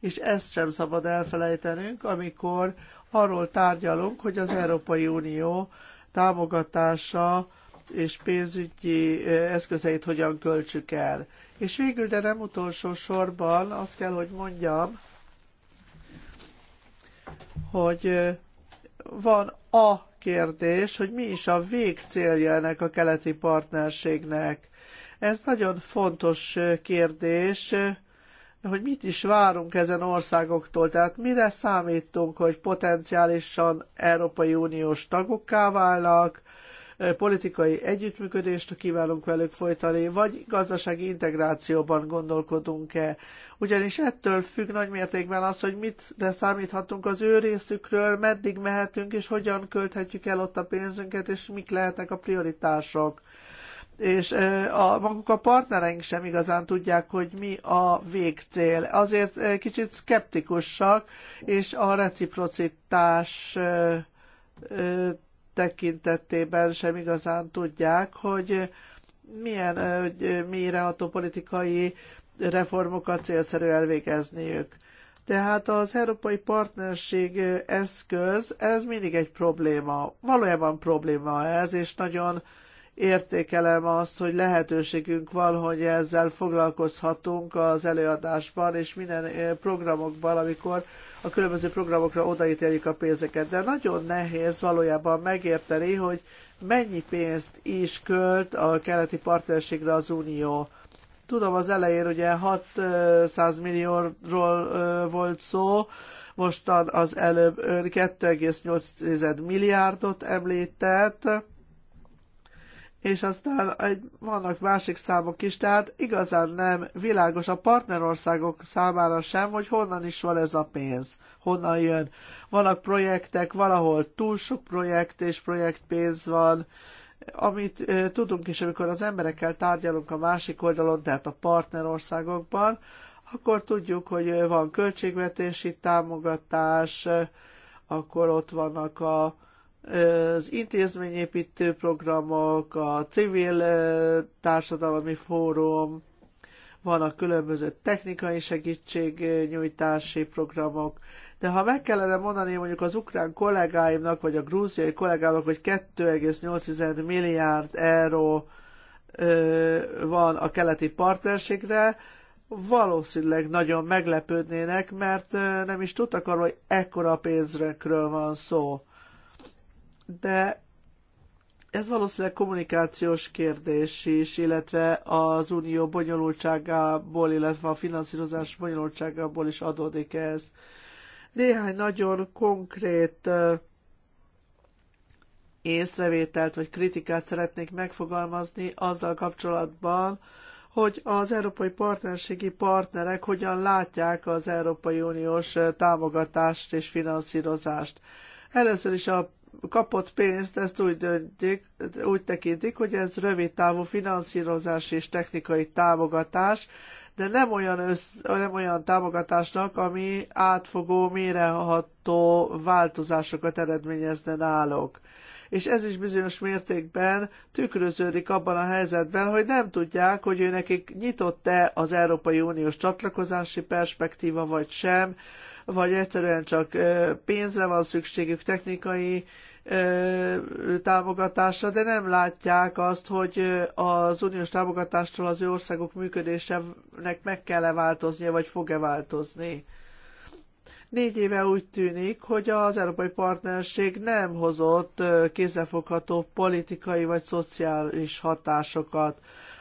és ezt sem szabad elfelejtenünk, amikor arról tárgyalunk, hogy az Európai Unió támogatása és pénzügyi eszközeit hogyan költsük el. És végül, de nem utolsó sorban azt kell, hogy mondjam, hogy van a kérdés, hogy mi is a végcélja ennek a keleti partnerségnek. Ez nagyon fontos kérdés, hogy mit is várunk ezen országoktól, tehát mire számítunk, hogy potenciálisan Európai Uniós tagokká válnak, politikai együttműködést kívánunk velük folytani, vagy gazdasági integrációban gondolkodunk-e. Ugyanis ettől függ nagymértékben az, hogy mit számíthatunk az ő részükről, meddig mehetünk, és hogyan költhetjük el ott a pénzünket, és mik lehetnek a prioritások és a, maguk a partnereink sem igazán tudják, hogy mi a végcél. Azért kicsit szkeptikusak, és a reciprocitás tekintetében sem igazán tudják, hogy milyen hogy mélyreható politikai reformokat célszerű elvégezniük. Tehát az európai partnerség eszköz, ez mindig egy probléma. Valójában probléma ez, és nagyon értékelem azt, hogy lehetőségünk van, hogy ezzel foglalkozhatunk az előadásban, és minden programokban, amikor a különböző programokra odaítéljük a pénzeket. De nagyon nehéz valójában megérteni, hogy mennyi pénzt is költ a keleti partnerségre az Unió. Tudom, az elején ugye 600 millióról volt szó, mostan az előbb 2,8 milliárdot említett, és aztán egy, vannak másik számok is, tehát igazán nem világos a partnerországok számára sem, hogy honnan is van ez a pénz, honnan jön. Vannak projektek, valahol túl sok projekt és projektpénz van, amit e, tudunk is, amikor az emberekkel tárgyalunk a másik oldalon, tehát a partnerországokban, akkor tudjuk, hogy van költségvetési támogatás, akkor ott vannak a az intézményépítő programok, a civil társadalmi fórum, vannak különböző technikai segítségnyújtási programok, de ha meg kellene mondani mondjuk az ukrán kollégáimnak, vagy a grúziai kollégáimnak, hogy 2,8 milliárd euró van a keleti partnerségre, valószínűleg nagyon meglepődnének, mert nem is tudtak arról, hogy ekkora pénzről van szó de ez valószínűleg kommunikációs kérdés is, illetve az unió bonyolultságából, illetve a finanszírozás bonyolultságából is adódik ez. Néhány nagyon konkrét észrevételt vagy kritikát szeretnék megfogalmazni azzal kapcsolatban, hogy az európai partnerségi partnerek hogyan látják az Európai Uniós támogatást és finanszírozást. Először is a kapott pénzt, ezt úgy, döntik, úgy tekintik, hogy ez rövid távú finanszírozás és technikai támogatás, de nem olyan, össz, nem olyan támogatásnak, ami átfogó, méreható változásokat eredményezne náluk. És ez is bizonyos mértékben tükröződik abban a helyzetben, hogy nem tudják, hogy ő nekik nyitott-e az Európai Uniós csatlakozási perspektíva vagy sem, vagy egyszerűen csak pénzre van szükségük, technikai támogatásra, de nem látják azt, hogy az uniós támogatástól az ő országok működésének meg kell-e változnia, vagy fog-e változni. Négy éve úgy tűnik, hogy az Európai Partnerség nem hozott kézzelfogható politikai vagy szociális hatásokat.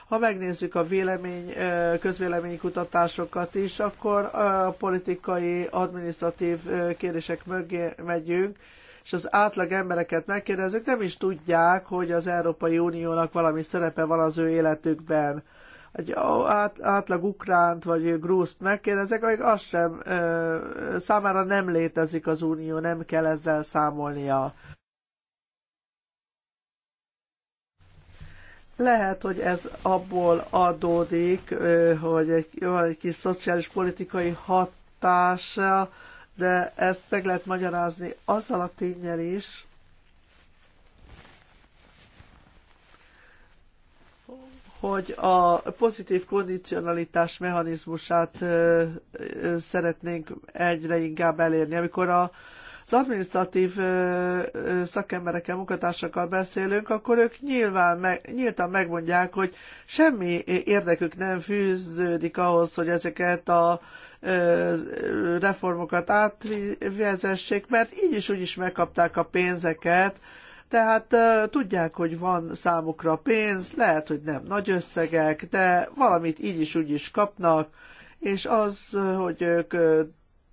Ha megnézzük a vélemény, közvéleménykutatásokat is, akkor a politikai, adminisztratív kérdések mögé megyünk, és az átlag embereket megkérdezzük, nem is tudják, hogy az Európai Uniónak valami szerepe van az ő életükben egy át, átlag ukránt vagy grúzt megkérdezek, amíg az sem, ö, számára nem létezik az unió, nem kell ezzel számolnia. Lehet, hogy ez abból adódik, hogy egy, egy kis szociális politikai hatása, de ezt meg lehet magyarázni azzal a tényel is, hogy a pozitív kondicionalitás mechanizmusát szeretnénk egyre inkább elérni. Amikor a az administratív szakemberekkel, munkatársakkal beszélünk, akkor ők nyilván meg, nyíltan megmondják, hogy semmi érdekük nem fűződik ahhoz, hogy ezeket a reformokat átvezessék, mert így is úgy is megkapták a pénzeket, tehát uh, tudják, hogy van számukra pénz, lehet, hogy nem nagy összegek, de valamit így is úgy is kapnak, és az, hogy ők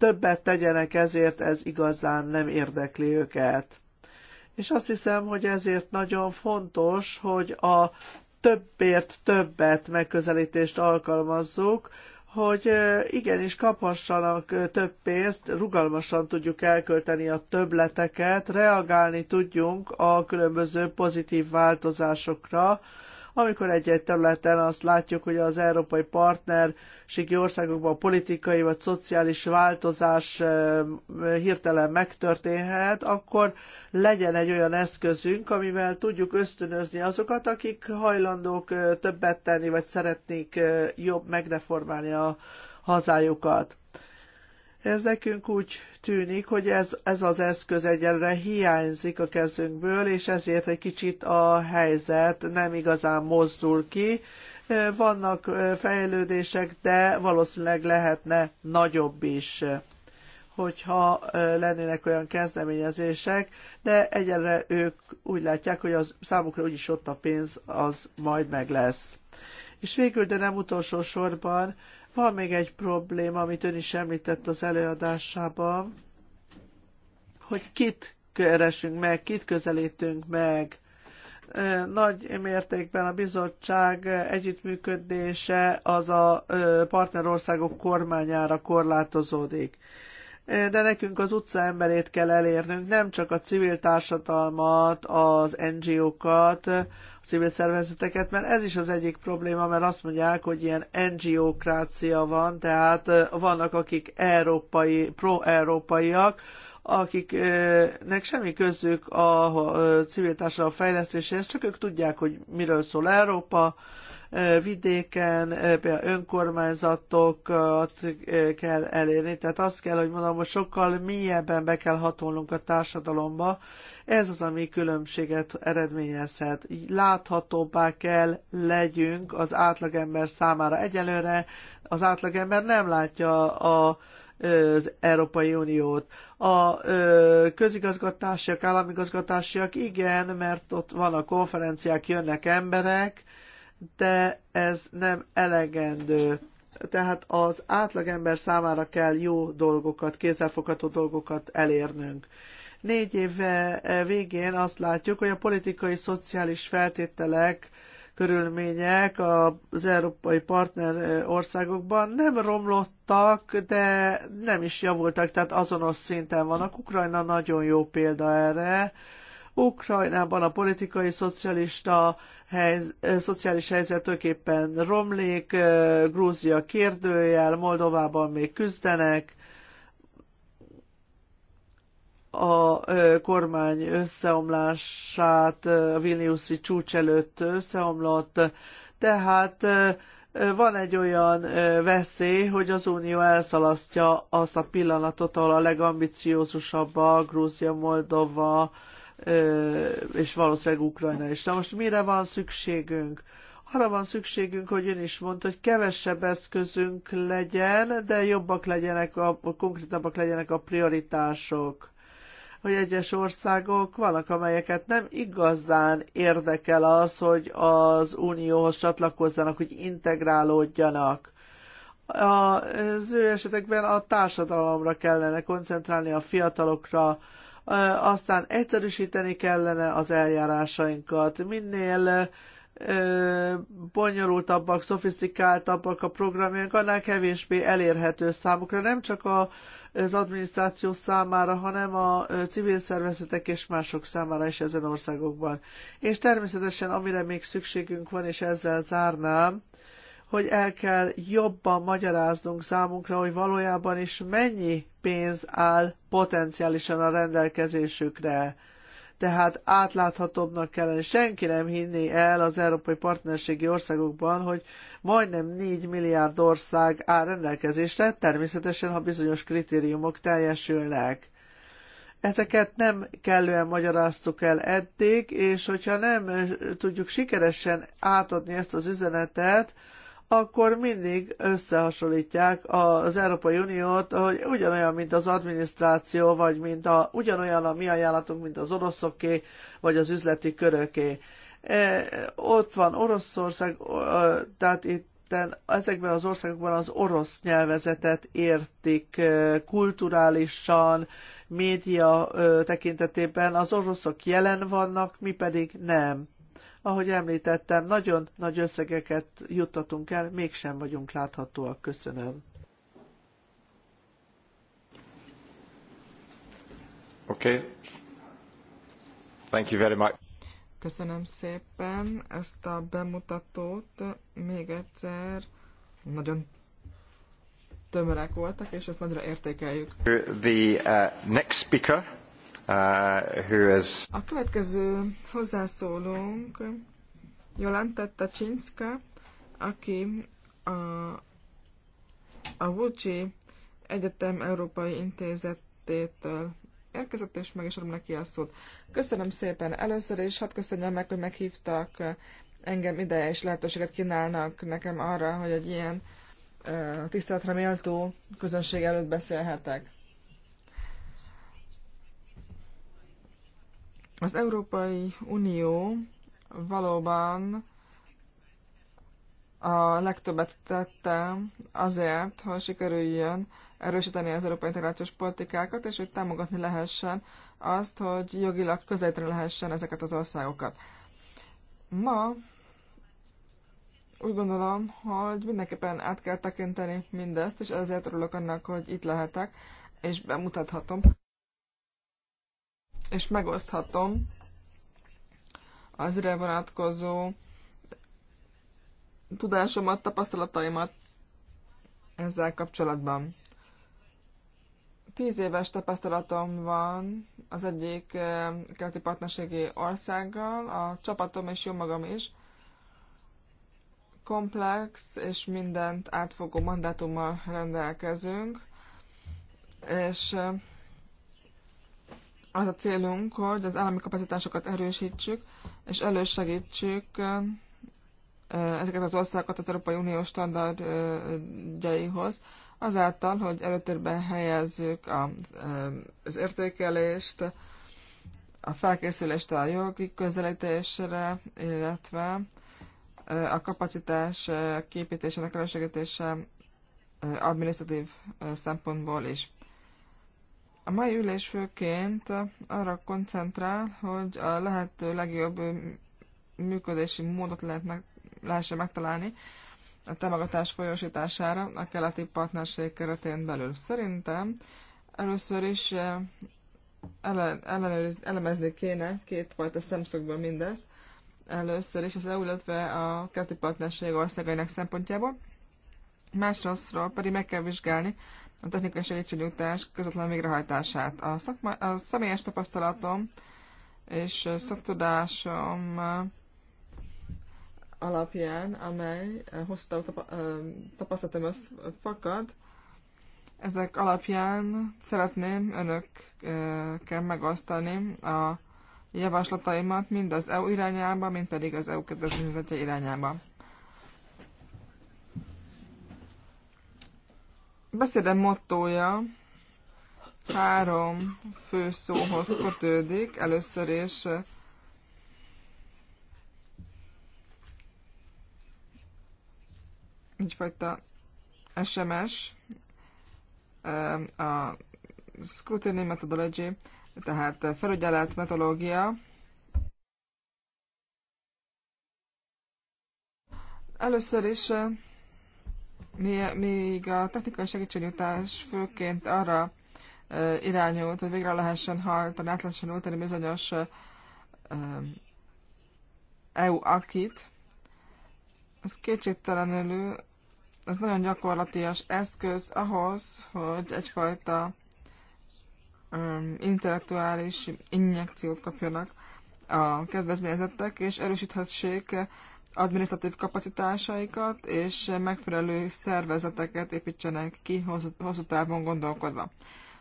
többet tegyenek ezért, ez igazán nem érdekli őket. És azt hiszem, hogy ezért nagyon fontos, hogy a többért többet megközelítést alkalmazzuk, hogy igenis kaphassanak több pénzt, rugalmasan tudjuk elkölteni a többleteket, reagálni tudjunk a különböző pozitív változásokra, amikor egy-egy területen azt látjuk, hogy az európai partnerségi országokban politikai vagy szociális változás hirtelen megtörténhet, akkor legyen egy olyan eszközünk, amivel tudjuk ösztönözni azokat, akik hajlandók többet tenni, vagy szeretnék jobb megreformálni a hazájukat. Ez nekünk úgy tűnik, hogy ez, ez az eszköz egyelőre hiányzik a kezünkből, és ezért egy kicsit a helyzet nem igazán mozdul ki. E, vannak e, fejlődések, de valószínűleg lehetne nagyobb is hogyha e, lennének olyan kezdeményezések, de egyelőre ők úgy látják, hogy az számukra úgyis ott a pénz, az majd meg lesz. És végül, de nem utolsó sorban, van még egy probléma, amit ön is említett az előadásában, hogy kit keresünk meg, kit közelítünk meg. Nagy mértékben a bizottság együttműködése az a partnerországok kormányára korlátozódik de nekünk az utca emberét kell elérnünk, nem csak a civil társadalmat, az NGO-kat, a civil szervezeteket, mert ez is az egyik probléma, mert azt mondják, hogy ilyen NGO-krácia van, tehát eh, vannak akik európai, pro-európaiak, akiknek semmi közük a eh, civil társadalom fejlesztéséhez, csak ők tudják, hogy miről szól Európa, vidéken, például önkormányzatokat kell elérni, tehát azt kell, hogy mondom, hogy sokkal mélyebben be kell hatolnunk a társadalomba, ez az, ami különbséget eredményezhet. Láthatóbbá kell legyünk az átlagember számára. Egyelőre az átlagember nem látja a az Európai Uniót. A ö, közigazgatásiak, államigazgatásiak igen, mert ott van a konferenciák, jönnek emberek, de ez nem elegendő. Tehát az átlagember számára kell jó dolgokat, kézzelfogható dolgokat elérnünk. Négy év végén azt látjuk, hogy a politikai, szociális feltételek körülmények az európai partner országokban nem romlottak, de nem is javultak, tehát azonos szinten vannak. Ukrajna nagyon jó példa erre. Ukrajnában a politikai szocialista helyz, szociális helyzetőképpen romlik, Grúzia kérdőjel, Moldovában még küzdenek, a kormány összeomlását a Vilniuszi csúcs előtt összeomlott, tehát van egy olyan veszély, hogy az Unió elszalasztja azt a pillanatot, ahol a legambiciózusabb a Grúzia, Moldova, és valószínűleg Ukrajna is. Na most mire van szükségünk? Arra van szükségünk, hogy ön is mondta, hogy kevesebb eszközünk legyen, de jobbak legyenek, a, konkrétabbak legyenek a prioritások hogy egyes országok vannak, amelyeket nem igazán érdekel az, hogy az unióhoz csatlakozzanak, hogy integrálódjanak. Az ő esetekben a társadalomra kellene koncentrálni, a fiatalokra, aztán egyszerűsíteni kellene az eljárásainkat. Minél bonyolultabbak, szofisztikáltabbak a programjaink, annál kevésbé elérhető számukra, nem csak a, az adminisztráció számára, hanem a civil szervezetek és mások számára is ezen országokban. És természetesen, amire még szükségünk van, és ezzel zárnám, hogy el kell jobban magyaráznunk számunkra, hogy valójában is mennyi pénz áll potenciálisan a rendelkezésükre. Tehát átláthatóbbnak kellene. Senki nem hinni el az európai partnerségi országokban, hogy majdnem 4 milliárd ország áll rendelkezésre, természetesen, ha bizonyos kritériumok teljesülnek. Ezeket nem kellően magyaráztuk el eddig, és hogyha nem tudjuk sikeresen átadni ezt az üzenetet, akkor mindig összehasonlítják az Európai Uniót, hogy ugyanolyan, mint az adminisztráció, vagy mint a, ugyanolyan a mi ajánlatunk, mint az oroszoké, vagy az üzleti köröké. E, ott van Oroszország, e, tehát itt ezekben az országokban az orosz nyelvezetet értik kulturálisan, média tekintetében, az oroszok jelen vannak, mi pedig nem ahogy említettem, nagyon nagy összegeket juttatunk el, mégsem vagyunk láthatóak. Köszönöm. Okay. Thank you very much. Köszönöm szépen ezt a bemutatót. Még egyszer nagyon tömörek voltak, és ezt nagyra értékeljük. The uh, next speaker. Uh, who is... A következő hozzászólónk Jolanta Tacsinska, aki a, a Vucsi Egyetem Európai Intézetétől érkezett, és meg is adom neki a szót. Köszönöm szépen először, és hadd köszönjem meg, hogy meghívtak engem ide, és lehetőséget kínálnak nekem arra, hogy egy ilyen tiszteletre méltó közönség előtt beszélhetek. Az Európai Unió valóban a legtöbbet tette azért, hogy sikerüljön erősíteni az európai integrációs politikákat, és hogy támogatni lehessen azt, hogy jogilag közelíteni lehessen ezeket az országokat. Ma úgy gondolom, hogy mindenképpen át kell tekinteni mindezt, és ezért örülök annak, hogy itt lehetek, és bemutathatom és megoszthatom az vonatkozó tudásomat, tapasztalataimat ezzel kapcsolatban. Tíz éves tapasztalatom van az egyik eh, keleti partnerségi országgal, a csapatom és jó magam is. Komplex és mindent átfogó mandátummal rendelkezünk, és eh, az a célunk, hogy az állami kapacitásokat erősítsük, és elősegítsük ezeket az országokat az Európai Unió standardjaihoz, azáltal, hogy előtérbe helyezzük az értékelést, a felkészülést a jogi közelítésre, illetve a kapacitás képítésének elősegítése administratív szempontból is. A mai ülés főként arra koncentrál, hogy a lehető legjobb működési módot lehet meg, lehessen megtalálni a támogatás folyósítására a keleti partnerség keretén belül. Szerintem először is elemezni kéne kétfajta szemszögből mindezt. Először is az EU, illetve a keleti partnerség országainak szempontjából. Másrésztről pedig meg kell vizsgálni a technikai segítségnyújtás közvetlen végrehajtását. A, szakma, a személyes tapasztalatom és szaktudásom alapján, amely hosszú távú tapasztalatom össz fakad, ezek alapján szeretném önökkel megosztani a javaslataimat mind az EU irányába, mind pedig az EU kedvezményezetje irányába. beszédem mottója három fő szóhoz kötődik. Először is egyfajta SMS, a scrutiny methodology, tehát felügyelet metodológia. Először is még a technikai segítségnyújtás főként arra irányult, hogy végre lehessen hajtani, át lehessen újtani bizonyos EU akit, ez kétségtelenül ez nagyon gyakorlatias eszköz ahhoz, hogy egyfajta um, intellektuális injekciót kapjanak a kedvezményezettek, és erősíthessék administratív kapacitásaikat, és megfelelő szervezeteket építsenek ki hosszú, hosszú távon gondolkodva.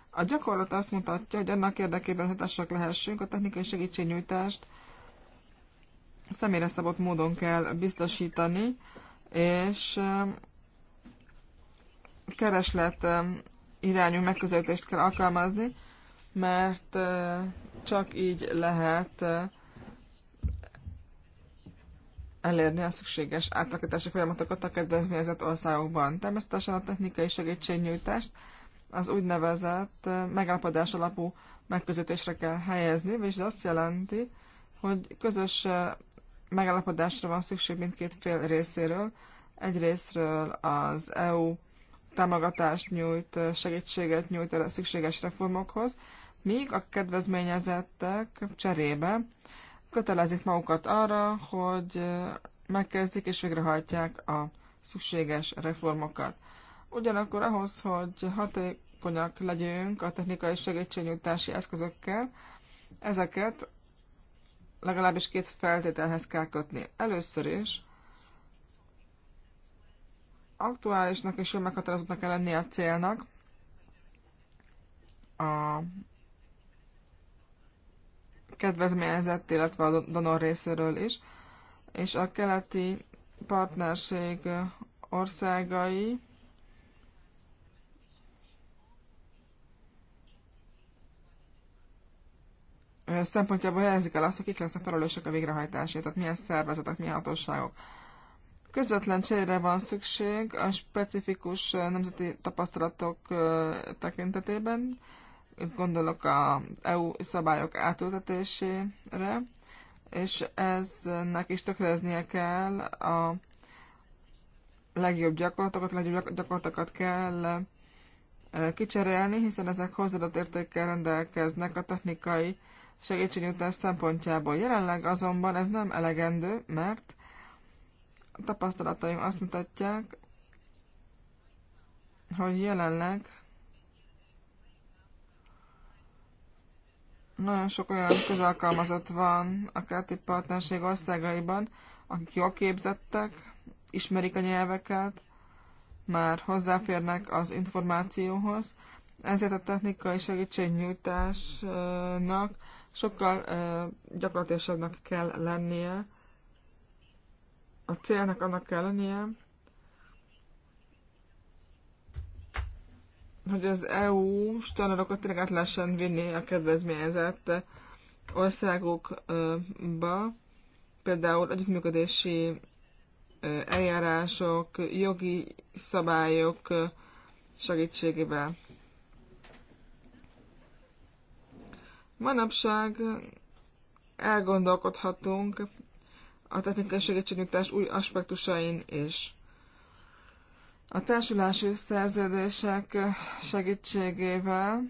A gyakorlat azt mutatja, hogy annak érdekében hatásak lehessünk, a technikai segítségnyújtást személyre szabott módon kell biztosítani, és eh, kereslet eh, irányú megközelítést kell alkalmazni, mert eh, csak így lehet elérni a szükséges átalakítási folyamatokat a kedvezményezett országokban. Természetesen a technikai segítségnyújtást az úgynevezett megállapodás alapú megközelítésre kell helyezni, és ez azt jelenti, hogy közös megállapodásra van szükség mindkét fél részéről. Egy részről az EU támogatást nyújt, segítséget nyújt a szükséges reformokhoz, míg a kedvezményezettek cserébe kötelezik magukat arra, hogy eh, megkezdik és végrehajtják a szükséges reformokat. Ugyanakkor ahhoz, hogy hatékonyak legyünk a technikai segítségnyújtási eszközökkel, ezeket legalábbis két feltételhez kell kötni. Először is aktuálisnak és jól meghatározottnak kell lenni a célnak, a kedvezményezett, illetve a donor részéről is, és a keleti partnerség országai szempontjából helyezik el azt, akik lesznek felelősök a végrehajtásért, tehát milyen szervezetek, milyen hatóságok. Közvetlen cserére van szükség a specifikus nemzeti tapasztalatok tekintetében, itt gondolok az EU szabályok átültetésére, és eznek is tökéleznie kell a legjobb gyakorlatokat, a legjobb gyakorlatokat kell e, kicserélni, hiszen ezek hozzáadott értékkel rendelkeznek a technikai segítségnyújtás szempontjából. Jelenleg azonban ez nem elegendő, mert a tapasztalataim azt mutatják, hogy jelenleg Nagyon sok olyan közalkalmazott van a keleti partnerség országaiban, akik jól képzettek, ismerik a nyelveket, már hozzáférnek az információhoz, ezért a technikai segítségnyújtásnak sokkal gyakorlatilasabbnak kell lennie, a célnak annak kell lennie, hogy az EU standardokat tényleg át lehessen vinni a kedvezményezett országokba, például együttműködési eljárások, jogi szabályok segítségével. Manapság elgondolkodhatunk a technikai segítségnyújtás új aspektusain is. A társulási szerződések segítségével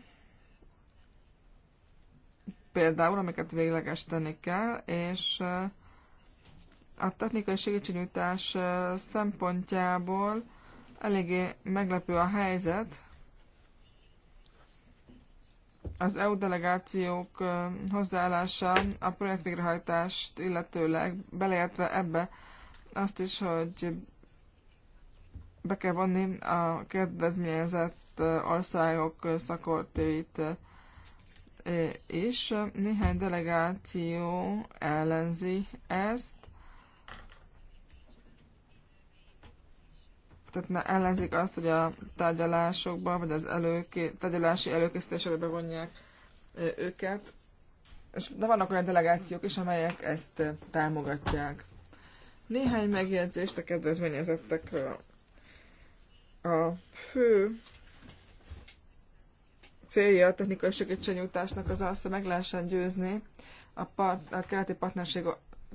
például, amiket tenni kell, és eh, a technikai segítségnyújtás eh, szempontjából eléggé meglepő a helyzet. Az EU delegációk eh, hozzáállása a projekt végrehajtást illetőleg beleértve ebbe azt is, hogy be kell vonni a kedvezményezett országok szakortőit is. Néhány delegáció ellenzi ezt, tehát ne ellenzik azt, hogy a tárgyalásokban, vagy az előké, tárgyalási előkészítésekbe bevonják őket. És, de vannak olyan delegációk is, amelyek ezt támogatják. Néhány megjegyzést a kedvezményezettekről. A fő célja a technikai segítségnyújtásnak az az, hogy meg lehessen győzni a, part, a keleti partnerség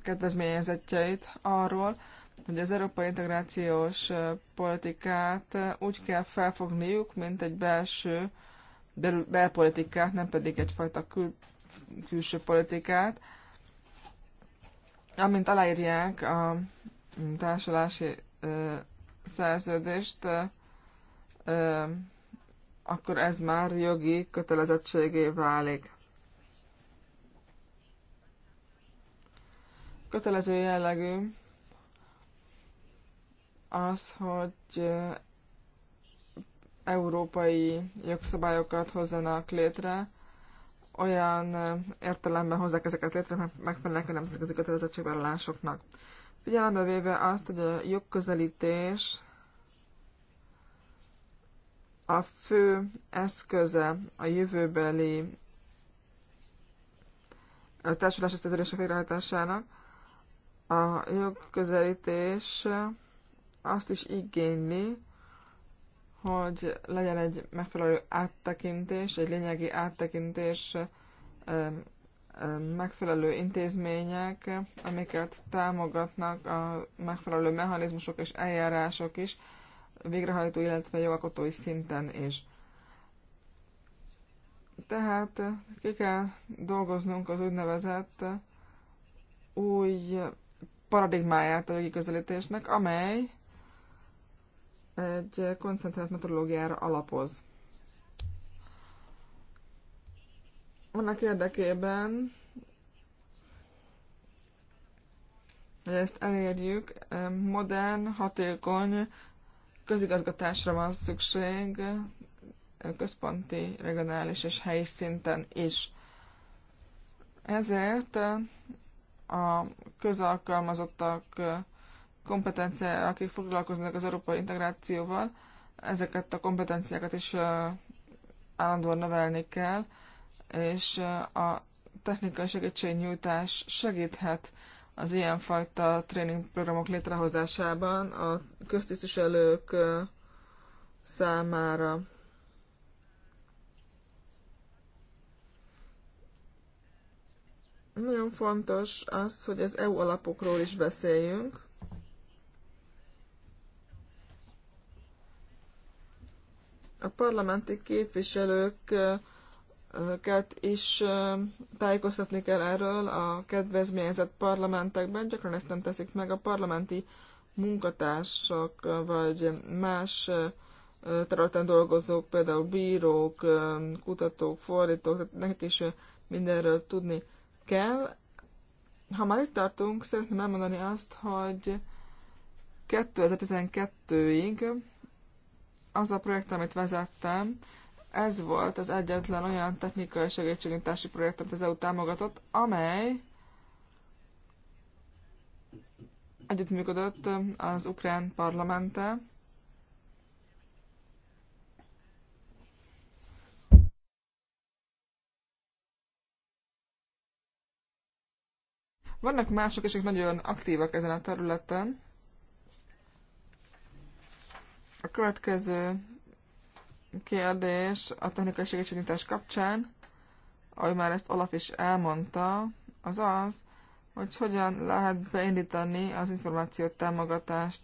kedvezményezetjeit arról, hogy az európai integrációs politikát úgy kell felfogniuk, mint egy belső bel- belpolitikát, nem pedig egyfajta kül- külső politikát. Amint aláírják a mm, társulási ö, szerződést, akkor ez már jogi kötelezettségé válik. Kötelező jellegű az, hogy európai jogszabályokat hozzanak létre, olyan értelemben hozzák ezeket létre, hogy megfelelnek a nemzetközi kötelezettségvállalásoknak. Figyelembe véve azt, hogy a jogközelítés a fő eszköze a jövőbeli a társulási szerződések végrehajtásának, a jogközelítés azt is igényli, hogy legyen egy megfelelő áttekintés, egy lényegi áttekintés, megfelelő intézmények, amiket támogatnak a megfelelő mechanizmusok és eljárások is, végrehajtó, illetve jogalkotói szinten is. Tehát ki kell dolgoznunk az úgynevezett új paradigmáját a jogi közelítésnek, amely egy koncentrált metodológiára alapoz. Annak érdekében, hogy ezt elérjük, modern, hatékony közigazgatásra van szükség, központi, regionális és helyi szinten is. Ezért a közalkalmazottak kompetenciája, akik foglalkoznak az európai integrációval, ezeket a kompetenciákat is állandóan növelni kell, és a technikai segítségnyújtás segíthet az ilyenfajta tréningprogramok létrehozásában a köztisztviselők számára. Nagyon fontos az, hogy az EU alapokról is beszéljünk. A parlamenti képviselők őket is tájékoztatni kell erről a kedvezményezett parlamentekben, gyakran ezt nem teszik meg a parlamenti munkatársak, vagy más területen dolgozók, például bírók, kutatók, fordítók, tehát nekik is mindenről tudni kell. Ha már itt tartunk, szeretném elmondani azt, hogy 2012-ig az a projekt, amit vezettem, ez volt az egyetlen olyan technikai segítségnyújtási projekt, amit az EU támogatott, amely együttműködött az ukrán parlamente. Vannak mások is, akik nagyon aktívak ezen a területen. A következő kérdés a technikai segítségnyújtás kapcsán, ahogy már ezt Olaf is elmondta, az az, hogy hogyan lehet beindítani az információt támogatást,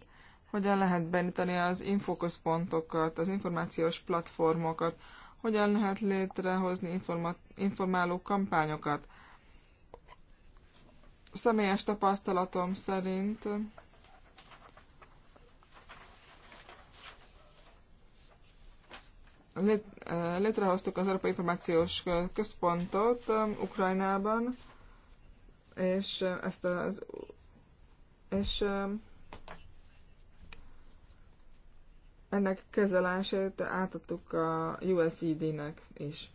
hogyan lehet beindítani az infokuszpontokat, az információs platformokat, hogyan lehet létrehozni informa- informáló kampányokat. Személyes tapasztalatom szerint Eh, létrehoztuk az Európai Információs Központot um, Ukrajnában, és eh, ezt az és um, ennek kezelését átadtuk a USCD-nek is.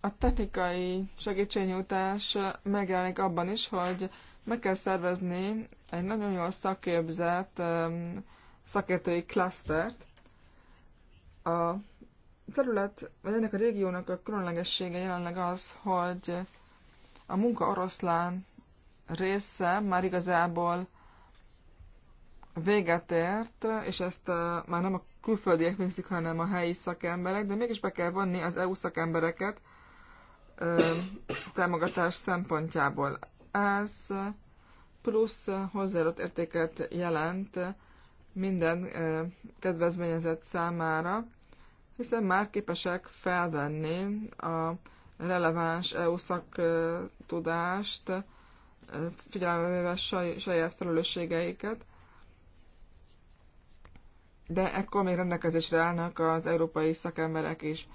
A technikai segítségnyújtás eh, megjelenik abban is, hogy meg kell szervezni egy nagyon jól szakképzett szakértői klasztert. A terület, vagy ennek a régiónak a különlegessége jelenleg az, hogy a munka oroszlán része már igazából véget ért, és ezt eh, már nem a külföldiek végzik, hanem a helyi szakemberek, de mégis be kell vonni az EU szakembereket támogatás szempontjából. Ez plusz hozzáadott értéket jelent minden kedvezményezett számára, hiszen már képesek felvenni a releváns EU szaktudást, figyelembe saját felelősségeiket, de ekkor még rendelkezésre állnak az európai szakemberek is.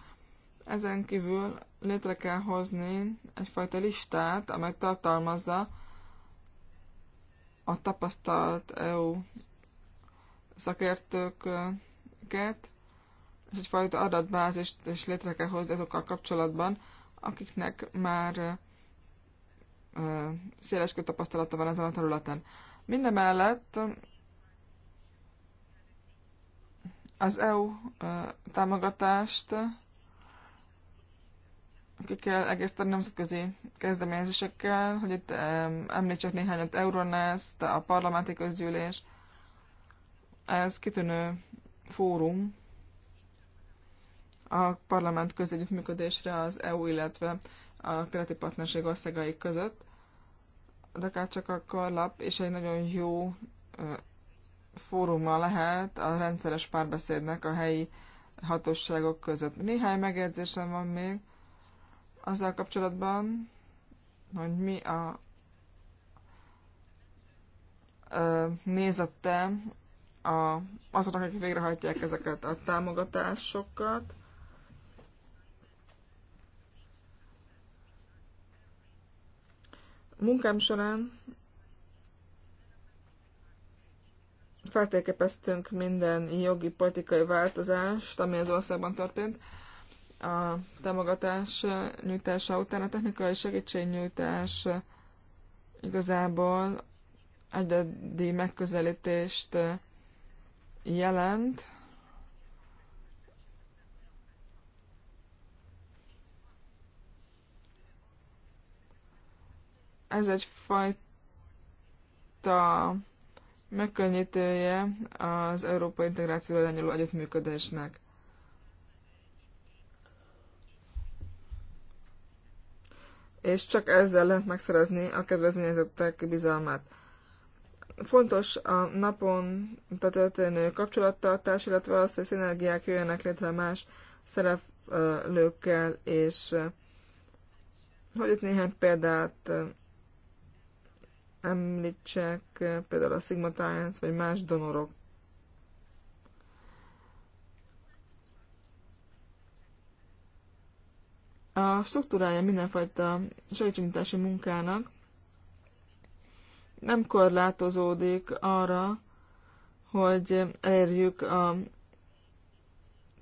Ezen kívül létre kell hozni egyfajta listát, amely tartalmazza a tapasztalt EU szakértőket, és egyfajta adatbázist is létre kell hozni azokkal kapcsolatban, akiknek már széles tapasztalata van ezen a területen. Minden mellett az EU támogatást akikkel kell a nemzetközi kezdeményezésekkel, hogy itt említsek néhányat, Euronest, a parlamenti közgyűlés. Ez kitűnő fórum a parlament közegyüttműködésre az EU, illetve a keleti partnerség országai között. De akár csak a korlap és egy nagyon jó fóruma lehet a rendszeres párbeszédnek a helyi hatóságok között. Néhány megjegyzésem van még azzal kapcsolatban, hogy mi a nézette a, azoknak, akik végrehajtják ezeket a támogatásokat. Munkám során feltérképeztünk minden jogi politikai változást, ami az országban történt, a támogatás nyújtása után a technikai segítségnyújtás igazából egyedi megközelítést jelent. Ez egyfajta megkönnyítője az európai integrációra lenyúló együttműködésnek. és csak ezzel lehet megszerezni a kedvezményezettek bizalmát. Fontos a napon történő kapcsolattartás, illetve az, hogy szinergiák jöjjenek létre más szereplőkkel, és eh, hogy itt néhány példát eh, említsek, eh, például a Sigma Science, vagy más donorok a struktúrája mindenfajta segítségnyújtási munkának nem korlátozódik arra, hogy elérjük a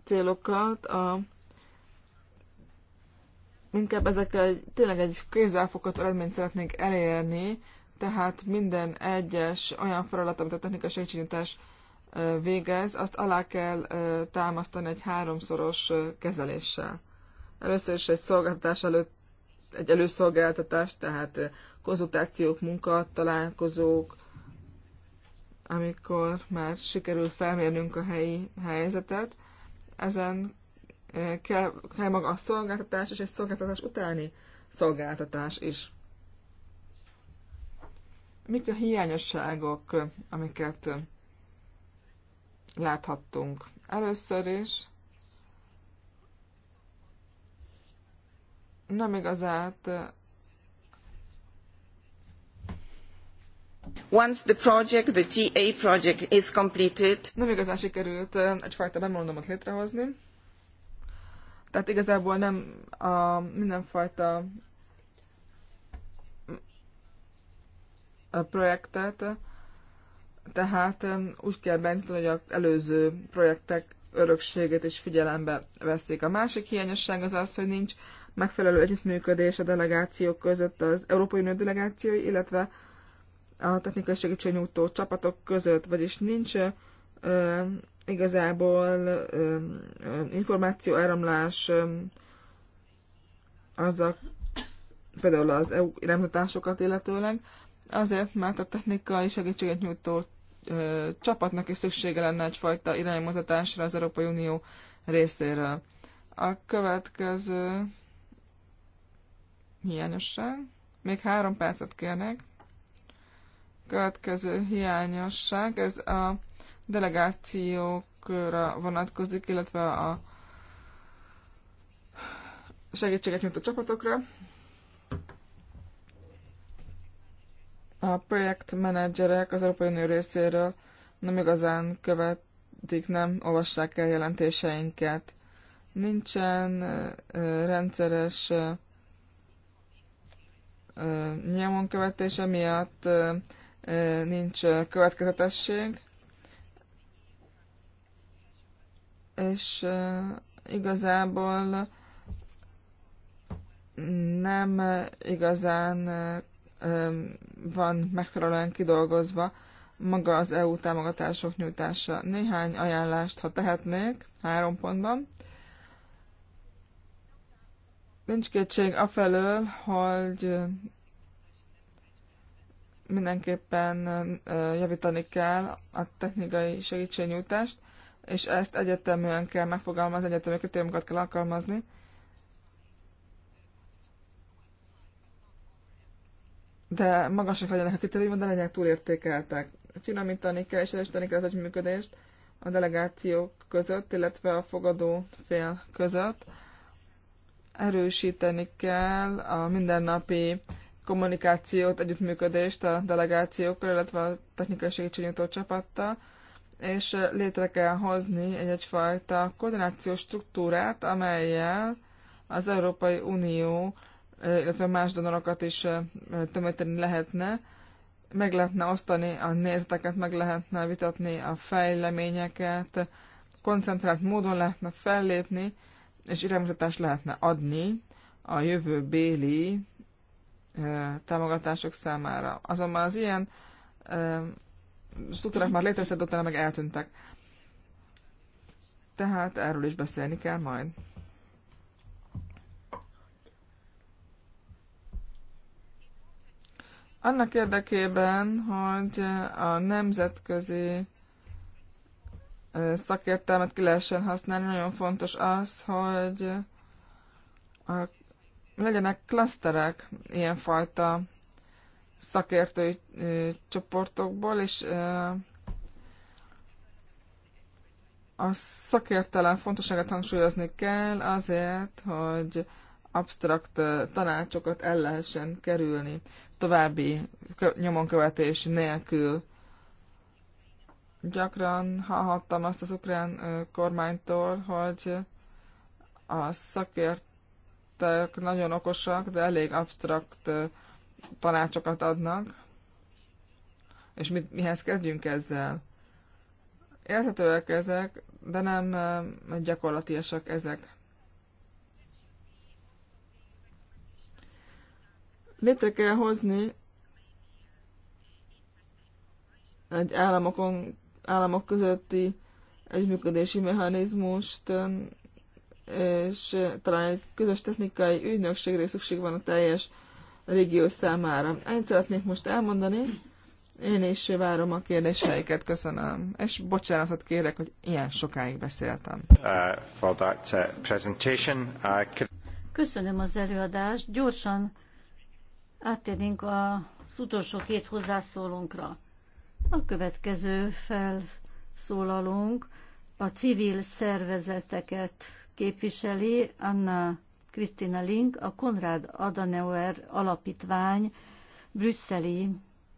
célokat, a, inkább ezekkel tényleg egy kézzelfogható eredményt szeretnénk elérni, tehát minden egyes olyan feladat, amit a technikai segítségnyújtás végez, azt alá kell támasztani egy háromszoros kezeléssel. Először is egy szolgáltatás előtt, egy előszolgáltatás, tehát konzultációk, munka, találkozók, amikor már sikerül felmérnünk a helyi helyzetet. Ezen kell, kell maga a szolgáltatás és egy szolgáltatás utáni szolgáltatás is. Mik a hiányosságok, amiket láthattunk? Először is nem igazát hát, Once the project, the TA project is completed. Nem igazán sikerült egyfajta memorandumot létrehozni. Tehát igazából nem a mindenfajta a projektet, tehát úgy kell beindítani, hogy az előző projektek örökségét is figyelembe veszik. A másik hiányosság az az, hogy nincs megfelelő együttműködés a delegációk között, az Európai Unió delegációi, illetve a technikai segítségnyújtó csapatok között, vagyis nincs ö, igazából ö, információ áramlás ö, a például az EU irányzatásokat illetőleg, azért, mert a technikai segítséget nyújtó ö, csapatnak is szüksége lenne egyfajta iránymutatásra az Európai Unió részéről. A következő hiányosság. Még három percet kérnek. Következő hiányosság, ez a delegációkra vonatkozik, illetve a segítséget nyújtó csapatokra. A projektmenedzserek az Európai Unió részéről nem igazán követik, nem olvassák el jelentéseinket. Nincsen rendszeres nyomon követése miatt nincs következetesség, és igazából nem igazán van megfelelően kidolgozva maga az EU támogatások nyújtása. Néhány ajánlást, ha tehetnék, három pontban. Nincs kétség afelől, hogy mindenképpen javítani kell a technikai segítségnyújtást, és ezt egyeteműen kell megfogalmazni, egyetemű kritériumokat kell alkalmazni. De magasak legyenek a kritériumok, de legyenek túlértékeltek. Finomítani kell és erősíteni kell az együttműködést a delegációk között, illetve a fogadó fél között erősíteni kell a mindennapi kommunikációt, együttműködést a delegációkkal, illetve a technikai segítségnyújtó csapattal, és létre kell hozni egy egyfajta koordinációs struktúrát, amelyel az Európai Unió, illetve más donorokat is tömöteni lehetne, meg lehetne osztani a nézeteket, meg lehetne vitatni a fejleményeket, koncentrált módon lehetne fellépni, és iránymutatást lehetne adni a e, támogatások számára. Azonban az ilyen struktúrák már léteztek, utána meg eltűntek. Tehát erről is beszélni kell majd. Annak érdekében, hogy a nemzetközi szakértelmet ki lehessen használni, nagyon fontos az, hogy a, legyenek klaszterek ilyenfajta szakértői ö, csoportokból, és ö, a szakértelem fontosságát hangsúlyozni kell azért, hogy absztrakt tanácsokat el lehessen kerülni további nyomonkövetés nélkül. Gyakran hallhattam azt az ukrán kormánytól, hogy a szakértők nagyon okosak, de elég absztrakt tanácsokat adnak. És mit, mihez kezdjünk ezzel? Érthetőek ezek, de nem gyakorlatiasak ezek. Létre kell hozni egy államokon államok közötti együttműködési mechanizmust, és talán egy közös technikai ügynökségre is szükség van a teljes régió számára. Ennyit szeretnék most elmondani. Én is várom a kérdéseiket, köszönöm. És bocsánatot kérek, hogy ilyen sokáig beszéltem. Uh, for uh, uh, Köszönöm az előadást. Gyorsan áttérnénk az utolsó két hozzászólónkra. A következő felszólalónk a civil szervezeteket képviseli, Anna Kristina Link, a Konrad Adenauer Alapítvány brüsszeli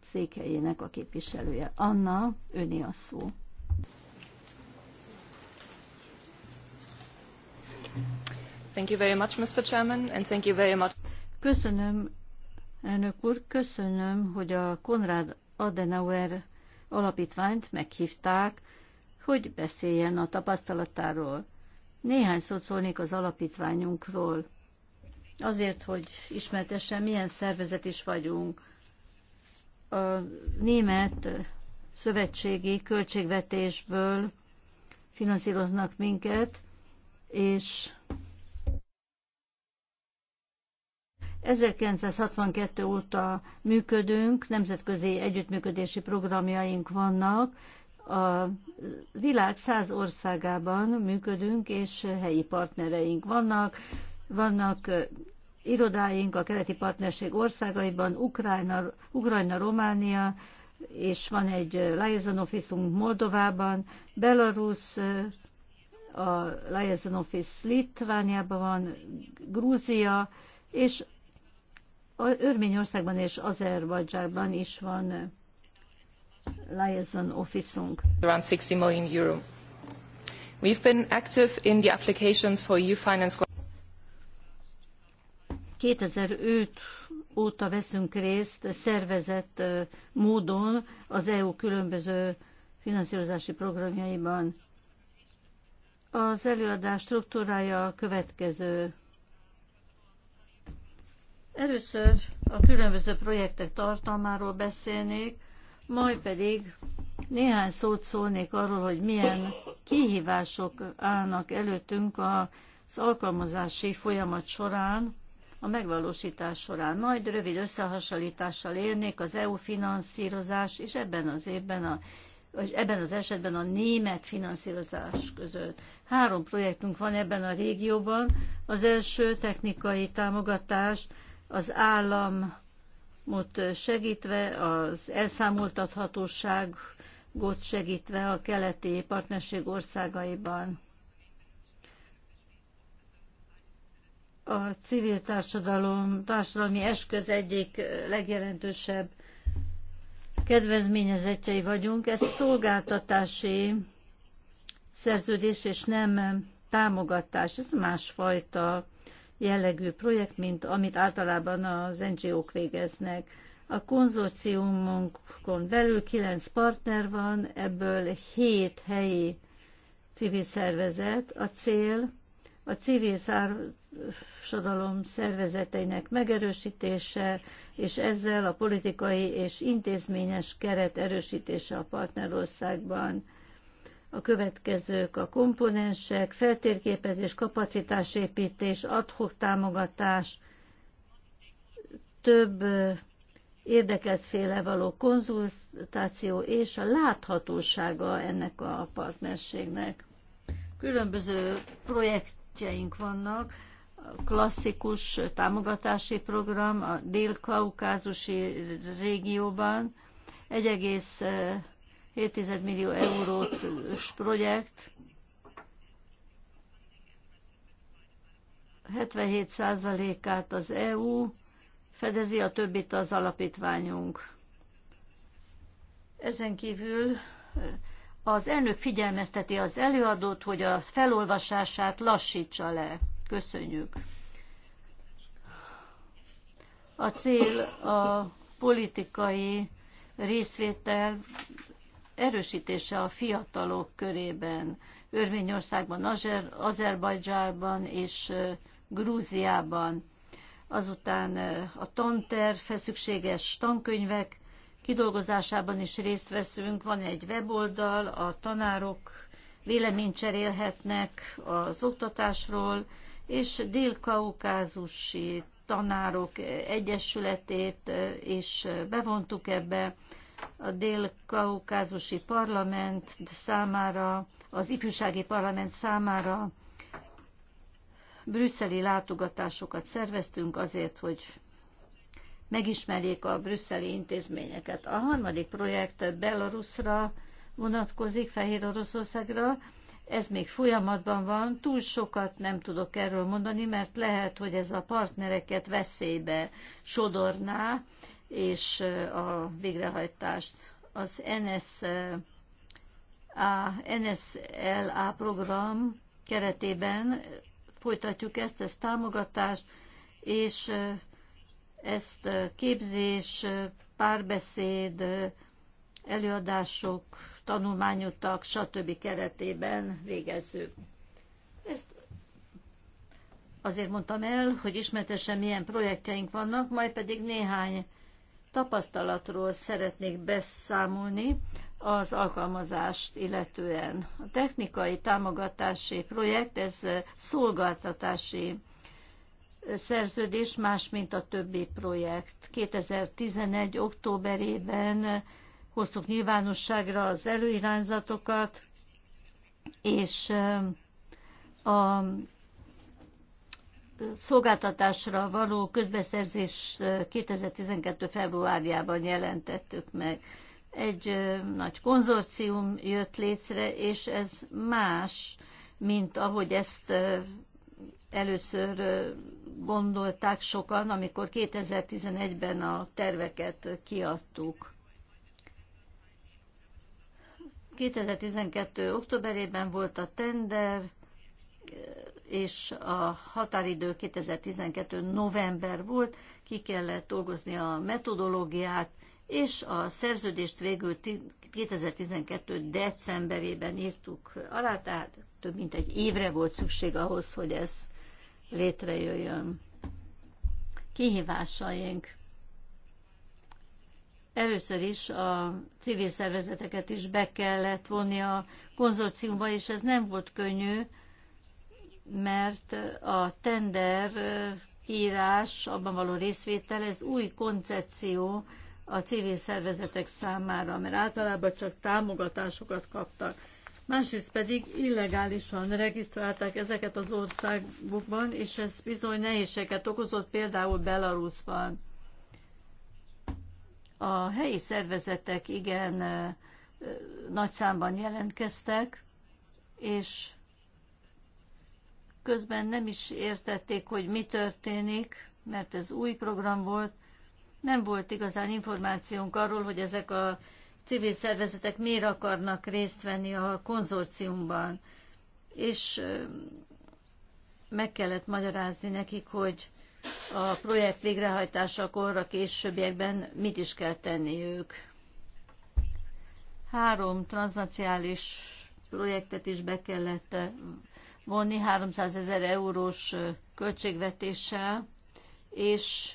székhelyének a képviselője. Anna, öné a szó. Thank you very much, Mr. Chairman, and thank you very much. Köszönöm, elnök úr, köszönöm, hogy a Konrad Adenauer alapítványt meghívták, hogy beszéljen a tapasztalatáról. Néhány szót szólnék az alapítványunkról. Azért, hogy ismertessem, milyen szervezet is vagyunk. A német szövetségi költségvetésből finanszíroznak minket, és 1962 óta működünk, nemzetközi együttműködési programjaink vannak, a világ száz országában működünk, és helyi partnereink vannak. Vannak irodáink a keleti partnerség országaiban, Ukrajna, Ukrajna Románia, és van egy liaison office Moldovában, Belarus, a liaison office Litvániában van, Grúzia, és Örményországban és Azerbajdzsánban is van liaison officeunk. Around 60 million euro. We've been active in the applications for EU finance 2005 óta veszünk részt szervezett módon az EU különböző finanszírozási programjaiban. Az előadás struktúrája következő Először a különböző projektek tartalmáról beszélnék, majd pedig néhány szót szólnék arról, hogy milyen kihívások állnak előttünk az alkalmazási folyamat során, a megvalósítás során. Majd rövid összehasonlítással élnék az EU finanszírozás, és ebben az évben a ebben az esetben a német finanszírozás között. Három projektünk van ebben a régióban. Az első technikai támogatás az államot segítve, az elszámoltathatóságot segítve a keleti partnerség országaiban. A civil társadalom, társadalmi eszköz egyik legjelentősebb kedvezményezettjei vagyunk. Ez szolgáltatási szerződés és nem támogatás. Ez másfajta jellegű projekt, mint amit általában az NGO-k végeznek. A konzorciumunkon belül kilenc partner van, ebből hét helyi civil szervezet. A cél a civil társadalom szervezeteinek megerősítése, és ezzel a politikai és intézményes keret erősítése a partnerországban a következők a komponensek, feltérképezés, kapacitásépítés, adhok támogatás, több érdekelt féle való konzultáció és a láthatósága ennek a partnerségnek. Különböző projektjeink vannak, a klasszikus támogatási program a dél-kaukázusi régióban, 7 millió eurós projekt, 77%-át az EU fedezi, a többit az alapítványunk. Ezen kívül eh, az elnök figyelmezteti az előadót, hogy a felolvasását lassítsa le. Köszönjük. A cél a politikai részvétel erősítése a fiatalok körében, Örményországban, Azer, Azerbajdzsában és Grúziában. Azután a tanterv, szükséges tankönyvek kidolgozásában is részt veszünk. Van egy weboldal, a tanárok véleményt cserélhetnek az oktatásról, és dél-kaukázusi tanárok egyesületét is bevontuk ebbe, a dél-kaukázusi parlament számára, az ifjúsági parlament számára brüsszeli látogatásokat szerveztünk azért, hogy megismerjék a brüsszeli intézményeket. A harmadik projekt Belarusra vonatkozik, Fehér Oroszországra. Ez még folyamatban van, túl sokat nem tudok erről mondani, mert lehet, hogy ez a partnereket veszélybe sodorná, és a végrehajtást. Az NS a NSLA program keretében folytatjuk ezt, ezt támogatást és ezt képzés, párbeszéd, előadások, tanulmányutak, stb. keretében végezzük. Ezt azért mondtam el, hogy ismertesen milyen projektjeink vannak, majd pedig néhány tapasztalatról szeretnék beszámolni az alkalmazást illetően. A technikai támogatási projekt, ez szolgáltatási szerződés, más, mint a többi projekt. 2011. októberében hoztuk nyilvánosságra az előirányzatokat, és a szolgáltatásra való közbeszerzés 2012. februárjában jelentettük meg. Egy nagy konzorcium jött létre, és ez más, mint ahogy ezt először gondolták sokan, amikor 2011-ben a terveket kiadtuk. 2012. októberében volt a tender, és a határidő 2012. november volt, ki kellett dolgozni a metodológiát, és a szerződést végül 2012. decemberében írtuk alá, tehát több mint egy évre volt szükség ahhoz, hogy ez létrejöjjön. Kihívásaink. Először is a civil szervezeteket is be kellett vonni a konzorciumba, és ez nem volt könnyű, mert a tender írás, abban való részvétel, ez új koncepció a civil szervezetek számára, mert általában csak támogatásokat kaptak. Másrészt pedig illegálisan regisztrálták ezeket az országokban, és ez bizony nehézséget okozott például Belarusban. A helyi szervezetek igen nagy számban jelentkeztek, és közben nem is értették, hogy mi történik, mert ez új program volt, nem volt igazán információnk arról, hogy ezek a civil szervezetek miért akarnak részt venni a konzorciumban. És meg kellett magyarázni nekik, hogy a projekt végrehajtásakor a későbbiekben mit is kell tenni ők. Három transnaciális projektet is be kellett vonni 300 ezer eurós költségvetéssel, és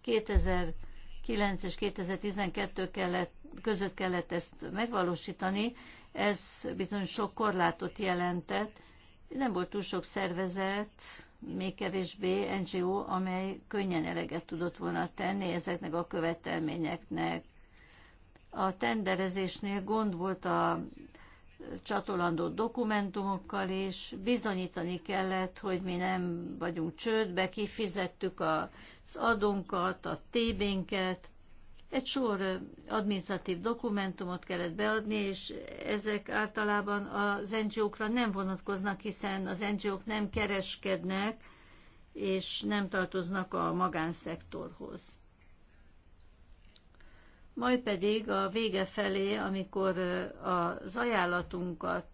2009 és 2012 kellett, között kellett ezt megvalósítani, ez bizony sok korlátot jelentett. Nem volt túl sok szervezet, még kevésbé NGO, amely könnyen eleget tudott volna tenni ezeknek a követelményeknek. A tenderezésnél gond volt a csatolandó dokumentumokkal és Bizonyítani kellett, hogy mi nem vagyunk csődbe, kifizettük az adónkat, a tébénket. Egy sor administratív dokumentumot kellett beadni, és ezek általában az NGO-kra nem vonatkoznak, hiszen az NGO-k nem kereskednek, és nem tartoznak a magánszektorhoz majd pedig a vége felé, amikor az ajánlatunkat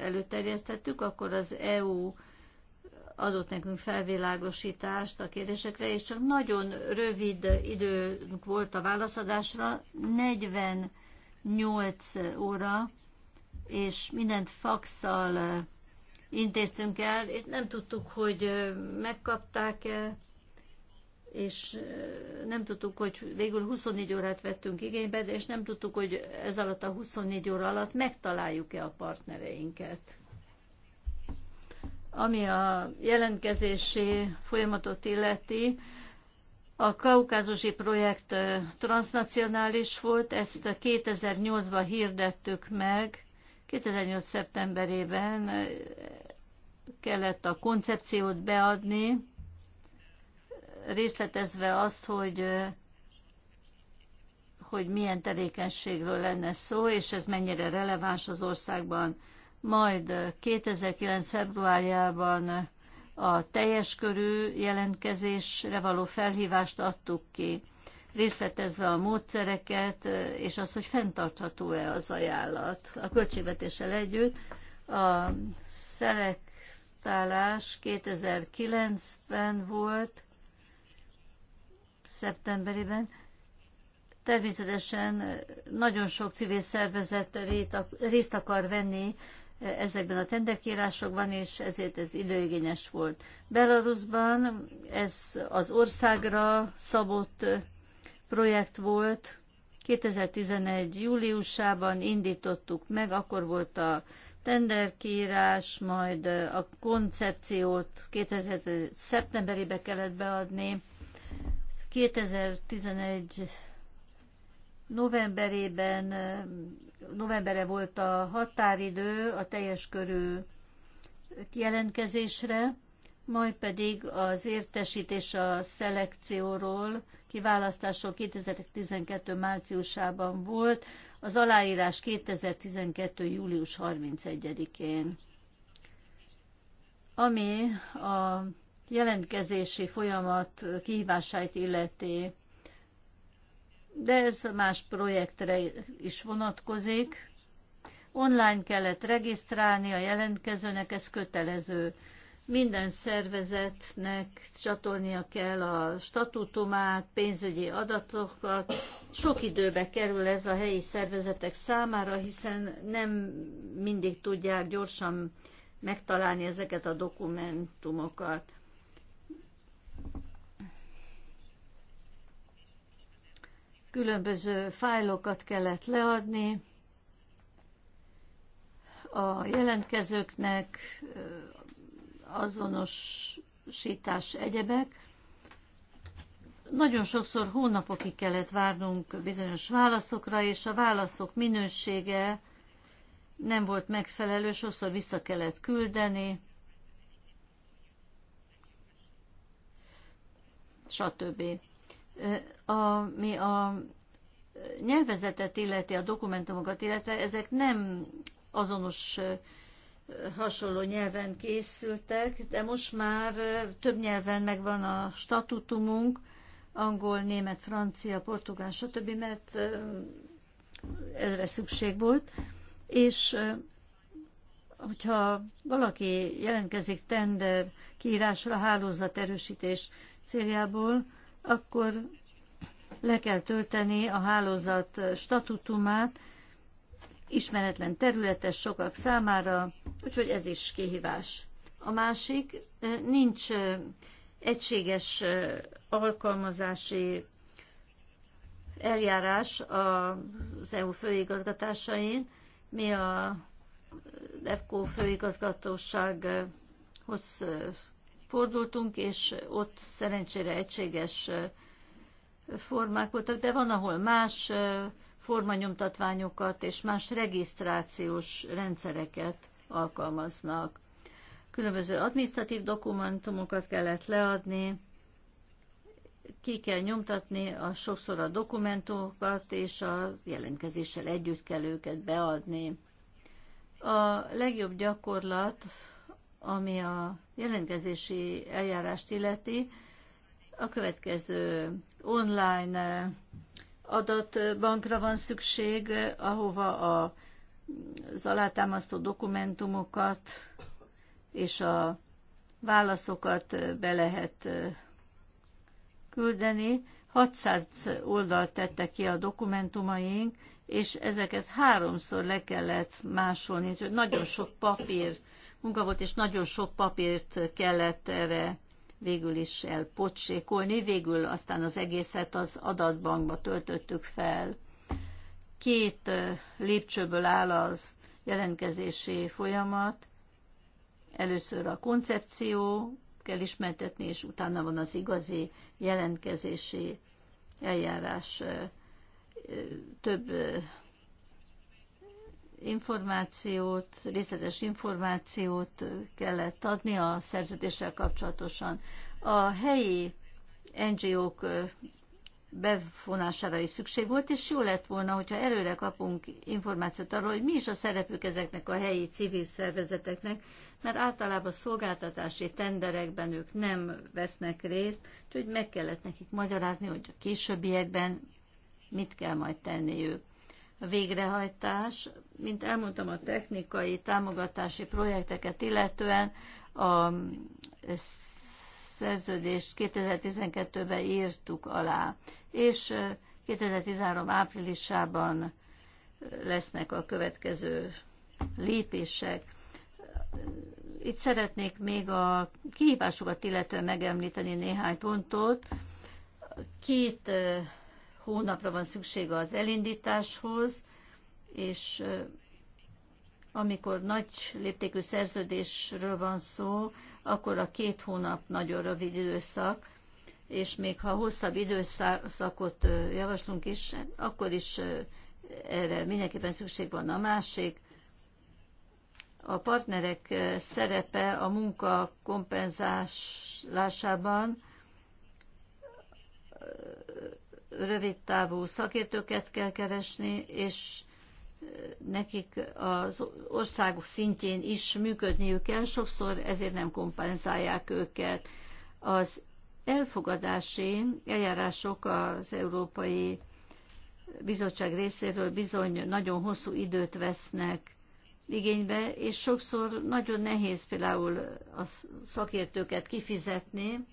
előterjesztettük, akkor az EU adott nekünk felvilágosítást a kérdésekre, és csak nagyon rövid időnk volt a válaszadásra, 48 óra, és mindent faxsal intéztünk el, és nem tudtuk, hogy megkapták-e és nem tudtuk, hogy végül 24 órát vettünk igénybe, és nem tudtuk, hogy ez alatt a 24 óra alatt megtaláljuk-e a partnereinket. Ami a jelentkezési folyamatot illeti, a kaukázusi projekt transnacionális volt, ezt 2008-ban hirdettük meg, 2008. szeptemberében kellett a koncepciót beadni, részletezve azt, hogy hogy milyen tevékenységről lenne szó, és ez mennyire releváns az országban. Majd 2009. februárjában a teljes körű jelentkezésre való felhívást adtuk ki, részletezve a módszereket, és az, hogy fenntartható-e az ajánlat. A költségvetéssel együtt a szelektálás 2009-ben volt, szeptemberében. Természetesen nagyon sok civil szervezet részt akar venni eh, ezekben a tenderkírásokban, és ezért ez időigényes volt. Belarusban ez az országra szabott eh, projekt volt. 2011. júliusában indítottuk meg, akkor volt a tenderkírás, majd eh, a koncepciót 2000. szeptemberibe kellett beadni, 2011 novemberében, novembere volt a határidő a teljes körű jelentkezésre, majd pedig az értesítés a szelekcióról, kiválasztásról 2012. márciusában volt, az aláírás 2012. július 31-én. Ami a jelentkezési folyamat kihívásait illeti, de ez más projektre is vonatkozik. Online kellett regisztrálni a jelentkezőnek, ez kötelező. Minden szervezetnek csatolnia kell a statutumát, pénzügyi adatokat. Sok időbe kerül ez a helyi szervezetek számára, hiszen nem mindig tudják gyorsan megtalálni ezeket a dokumentumokat. különböző fájlokat kellett leadni a jelentkezőknek, azonosítás egyebek. Nagyon sokszor hónapokig kellett várnunk bizonyos válaszokra, és a válaszok minősége nem volt megfelelő, sokszor vissza kellett küldeni, stb a mi a nyelvezetet illeti, a dokumentumokat illetve, ezek nem azonos hasonló nyelven készültek, de most már több nyelven megvan a statutumunk, angol, német, francia, portugál, stb., mert ezre szükség volt, és hogyha valaki jelentkezik tender kiírásra hálózat erősítés céljából, akkor le kell tölteni a hálózat statutumát, ismeretlen területes sokak számára, úgyhogy ez is kihívás. A másik, eh, nincs eh, egységes eh, alkalmazási eljárás az EU főigazgatásain. Mi a DEFCO főigazgatósághoz fordultunk, és ott szerencsére egységes formák voltak, de van, ahol más formanyomtatványokat és más regisztrációs rendszereket alkalmaznak. Különböző administratív dokumentumokat kellett leadni, ki kell nyomtatni a sokszor a dokumentumokat, és a jelentkezéssel együtt kell őket beadni. A legjobb gyakorlat ami a jelentkezési eljárást illeti, a következő online adatbankra van szükség, ahova a, az alátámasztó dokumentumokat és a válaszokat be lehet küldeni. 600 oldalt tette ki a dokumentumaink, és ezeket háromszor le kellett másolni, úgyhogy nagyon sok papír munka volt, és nagyon sok papírt kellett erre végül is elpocsékolni. Végül aztán az egészet az adatbankba töltöttük fel. Két lépcsőből áll az jelentkezési folyamat. Először a koncepció kell ismertetni, és utána van az igazi jelentkezési eljárás. Több információt, részletes információt kellett adni a szerződéssel kapcsolatosan. A helyi NGO-k bevonására is szükség volt, és jó lett volna, hogyha előre kapunk információt arról, hogy mi is a szerepük ezeknek a helyi civil szervezeteknek, mert általában szolgáltatási tenderekben ők nem vesznek részt, úgyhogy meg kellett nekik magyarázni, hogy a későbbiekben mit kell majd tenni ők végrehajtás. Mint elmondtam, a technikai támogatási projekteket illetően a szerződést 2012-ben írtuk alá, és 2013 áprilisában lesznek a következő lépések. Itt szeretnék még a kihívásokat illetően megemlíteni néhány pontot. Két hónapra van szüksége az elindításhoz, és amikor nagy léptékű szerződésről van szó, akkor a két hónap nagyon rövid időszak, és még ha hosszabb időszakot javaslunk is, akkor is erre mindenképpen szükség van a másik. A partnerek szerepe a munka kompenzálásában rövid távú szakértőket kell keresni, és nekik az ország szintjén is működniük kell, sokszor ezért nem kompenzálják őket. Az elfogadási eljárások az Európai Bizottság részéről bizony nagyon hosszú időt vesznek igénybe, és sokszor nagyon nehéz például a szakértőket kifizetni,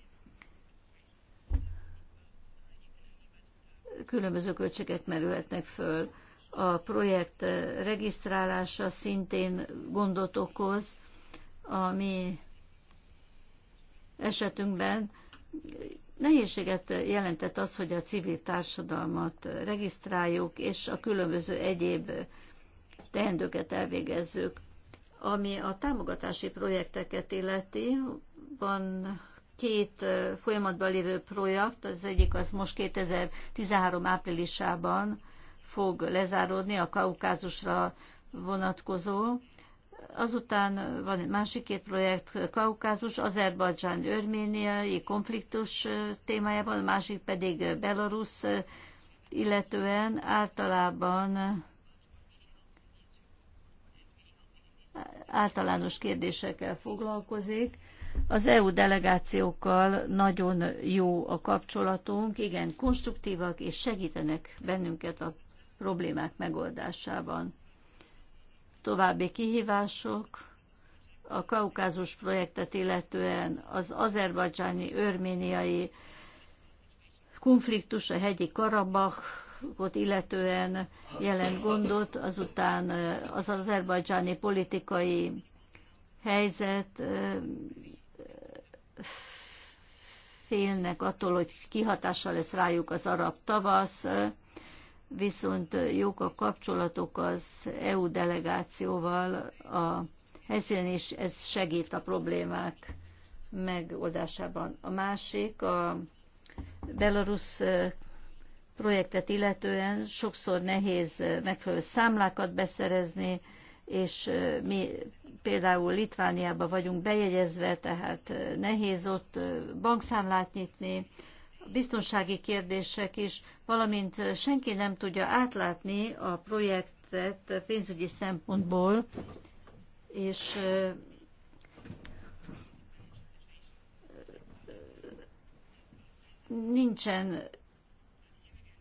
különböző költségek merülhetnek föl. A projekt regisztrálása szintén gondot okoz. ami esetünkben nehézséget jelentett az, hogy a civil társadalmat regisztráljuk, és a különböző egyéb teendőket elvégezzük. Ami a támogatási projekteket illeti, van két folyamatban lévő projekt, az egyik az most 2013 áprilisában fog lezáródni a kaukázusra vonatkozó. Azután van egy másik két projekt, Kaukázus, Azerbajdzsán örméniai konfliktus témájában, a másik pedig Belarus, illetően általában általános kérdésekkel foglalkozik az EU delegációkkal nagyon jó a kapcsolatunk, igen, konstruktívak és segítenek bennünket a problémák megoldásában. További kihívások a kaukázus projektet illetően az azerbajdzsáni, örméniai konfliktus a hegyi Karabach ott illetően jelent gondot, azután az azerbajdzsáni politikai helyzet félnek attól, hogy kihatással lesz rájuk az arab tavasz, viszont jók a kapcsolatok az EU delegációval a helyszínen, és ez segít a problémák megoldásában. A másik a Belarus projektet illetően sokszor nehéz megfelelő számlákat beszerezni, és mi Például Litvániában vagyunk bejegyezve, tehát nehéz ott bankszámlát nyitni, biztonsági kérdések is, valamint senki nem tudja átlátni a projektet pénzügyi szempontból, és nincsen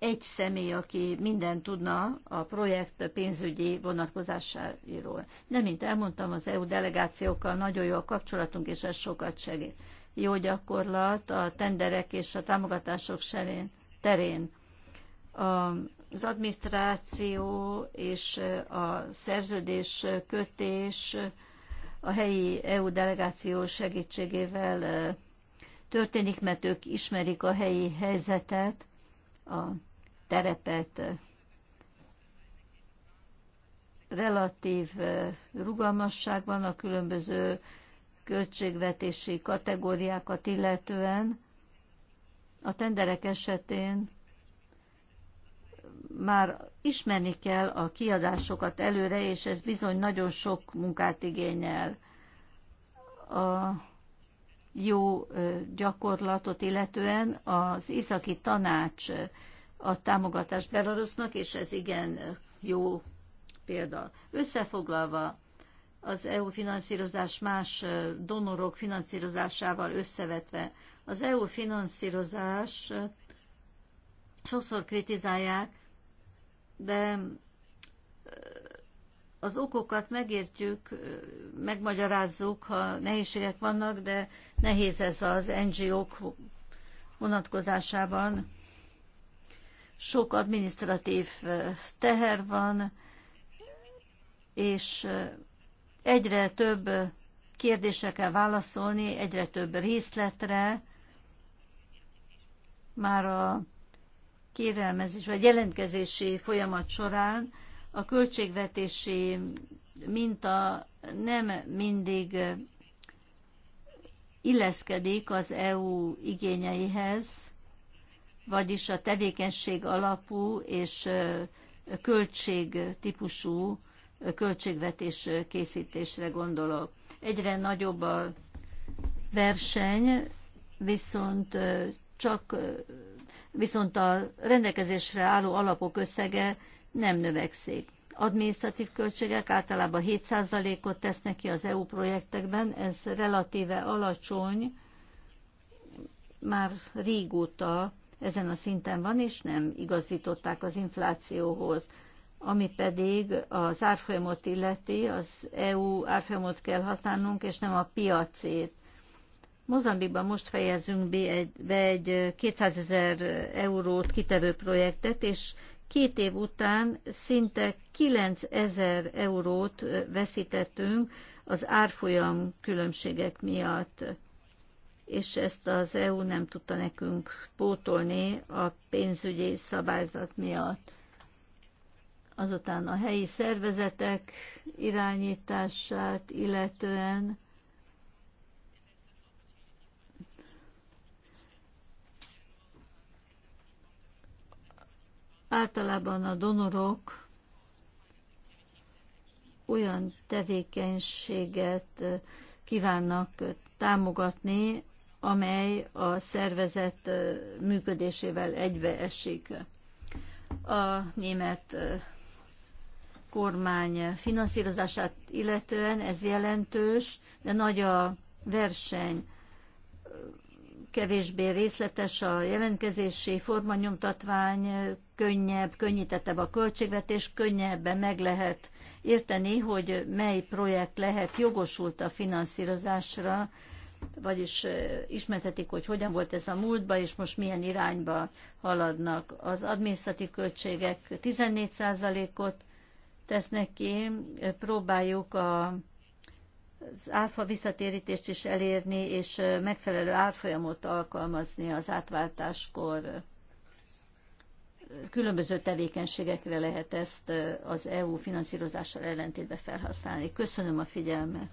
egy személy, aki minden tudna a projekt pénzügyi vonatkozásáról. De, mint elmondtam, az EU delegációkkal nagyon jó a kapcsolatunk, és ez sokat segít. Jó gyakorlat a tenderek és a támogatások terén. Az adminisztráció és a szerződés kötés a helyi EU delegáció segítségével eh, történik, mert ők ismerik a helyi helyzetet, a terepet. Relatív rugalmasság van a különböző költségvetési kategóriákat illetően. A tenderek esetén már ismerni kell a kiadásokat előre, és ez bizony nagyon sok munkát igényel. A jó gyakorlatot illetően az északi tanács a támogatást Belarusnak, és ez igen jó példa. Összefoglalva, az EU finanszírozás más donorok finanszírozásával összevetve. Az EU finanszírozás sokszor kritizálják, de az okokat megértjük, megmagyarázzuk, ha nehézségek vannak, de nehéz ez az NGO-k vonatkozásában sok administratív teher van, és egyre több kérdésre kell válaszolni, egyre több részletre, már a kérelmezés vagy jelentkezési folyamat során a költségvetési minta nem mindig illeszkedik az EU igényeihez, vagyis a tevékenység alapú és költség típusú költségvetés készítésre gondolok. Egyre nagyobb a verseny, viszont csak viszont a rendelkezésre álló alapok összege nem növekszik. Adminisztratív költségek általában 7%-ot tesznek ki az EU projektekben, ez relatíve alacsony, már régóta ezen a szinten van, és nem igazították az inflációhoz. Ami pedig az árfolyamot illeti, az EU árfolyamot kell használnunk, és nem a piacét. Mozambikban most fejezünk be egy, be egy 200 ezer eurót kitevő projektet, és két év után szinte 9000 eurót veszítettünk az árfolyam különbségek miatt és ezt az EU nem tudta nekünk pótolni a pénzügyi szabályzat miatt. Azután a helyi szervezetek irányítását illetően általában a donorok olyan tevékenységet kívánnak támogatni, amely a szervezet működésével egybeesik. A német kormány finanszírozását illetően ez jelentős, de nagy a verseny, kevésbé részletes a jelentkezési formanyomtatvány, könnyebb, könnyítettebb a költségvetés, könnyebben meg lehet érteni, hogy mely projekt lehet jogosult a finanszírozásra, vagyis ismertetik, hogy hogyan volt ez a múltba, és most milyen irányba haladnak. Az adminisztratív költségek 14%-ot tesznek ki, próbáljuk a, az áfa visszatérítést is elérni, és megfelelő árfolyamot alkalmazni az átváltáskor. Különböző tevékenységekre lehet ezt az EU finanszírozással ellentétben felhasználni. Köszönöm a figyelmet!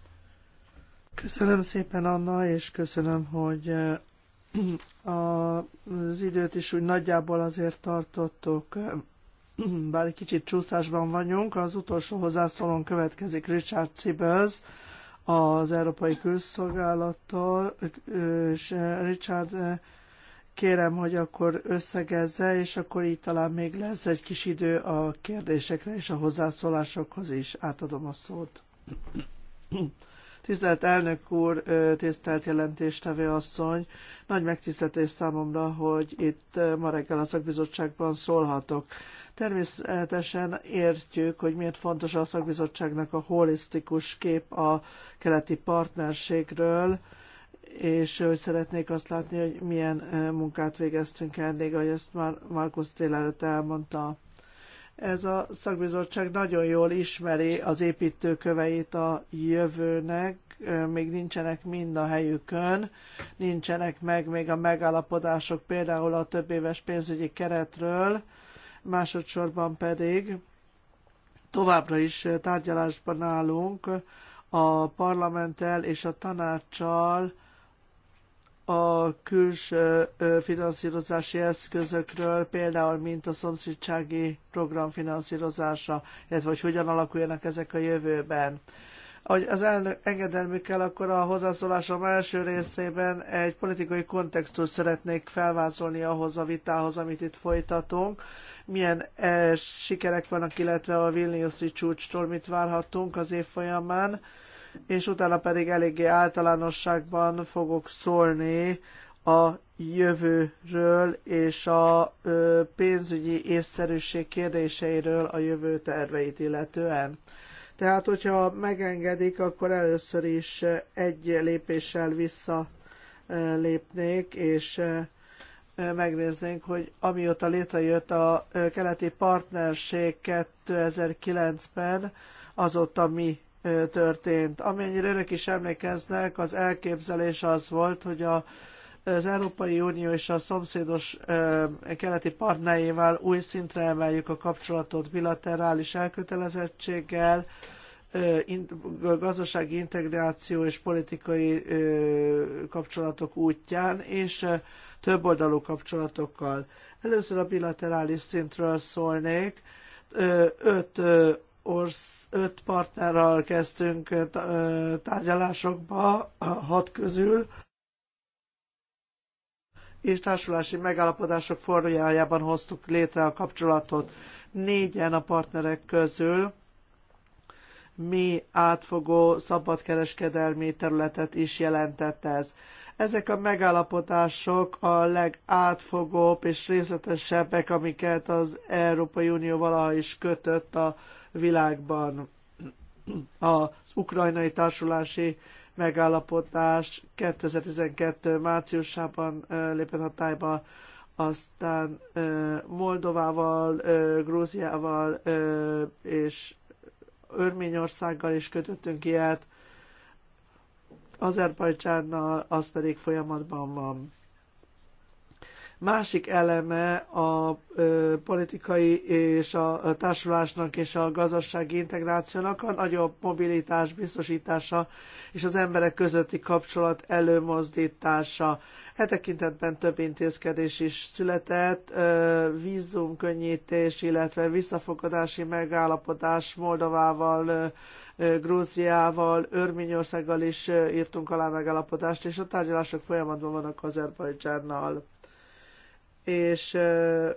Köszönöm szépen, Anna, és köszönöm, hogy eh, az időt is úgy nagyjából azért tartottuk, bár egy kicsit csúszásban vagyunk. Az utolsó hozzászólón következik Richard Cibels az Európai Külszolgálattal, és eh, Richard eh, kérem, hogy akkor összegezze, és akkor így talán még lesz egy kis idő a kérdésekre és a hozzászólásokhoz is. Átadom a szót. Tisztelt elnök úr, tisztelt jelentéstevő asszony, nagy megtiszteltés számomra, hogy itt ma reggel a szakbizottságban szólhatok. Természetesen értjük, hogy miért fontos a szakbizottságnak a holisztikus kép a keleti partnerségről, és hogy szeretnék azt látni, hogy milyen munkát végeztünk eddig, ahogy ezt már Markus délelőtt elmondta. Ez a szakbizottság nagyon jól ismeri az építőköveit a jövőnek, még nincsenek mind a helyükön, nincsenek meg még a megállapodások például a több éves pénzügyi keretről, másodszorban pedig továbbra is tárgyalásban állunk a parlamenttel és a tanácssal, a külső finanszírozási eszközökről, például mint a szomszédsági program finanszírozása, illetve hogy hogyan alakuljanak ezek a jövőben. Ahogy az elnök engedelmükkel akkor a hozzászólásom első részében egy politikai kontextust szeretnék felvázolni ahhoz a vitához, amit itt folytatunk. Milyen e, sikerek vannak, illetve a Vilniuszi csúcstól mit várhatunk az év folyamán és utána pedig eléggé általánosságban fogok szólni a jövőről és a pénzügyi észszerűség kérdéseiről a jövő terveit illetően. Tehát, hogyha megengedik, akkor először is egy lépéssel vissza lépnék, és megnéznénk, hogy amióta létrejött a keleti partnerség 2009-ben, azóta mi történt. Amennyire önök is emlékeznek, az elképzelés az volt, hogy a, az Európai Unió és a szomszédos ö, keleti partnereivel új szintre emeljük a kapcsolatot bilaterális elkötelezettséggel, ö, in, gazdasági integráció és politikai ö, kapcsolatok útján, és ö, többoldalú kapcsolatokkal. Először a bilaterális szintről szólnék. Ö, öt ö, orsz, öt partnerrel kezdtünk tárgyalásokba, hat közül, és társulási megállapodások formájában hoztuk létre a kapcsolatot. Négyen a partnerek közül mi átfogó szabadkereskedelmi területet is jelentett ez. Ezek a megállapodások a legátfogóbb és részletesebbek, amiket az Európai Unió valaha is kötött a világban. Az ukrajnai társulási megállapodás 2012. márciusában lépett hatályba, aztán Moldovával, Grúziával és Örményországgal is kötöttünk ilyet, Azerbajdzsánnal, az pedig folyamatban van másik eleme a politikai és a társulásnak és a gazdasági integrációnak a nagyobb mobilitás biztosítása és az emberek közötti kapcsolat előmozdítása. E tekintetben több intézkedés is született, vízumkönnyítés, illetve visszafogadási megállapodás Moldovával, Grúziával, Örményországgal is írtunk alá megállapodást, és a tárgyalások folyamatban vannak Azerbajdzsánnal és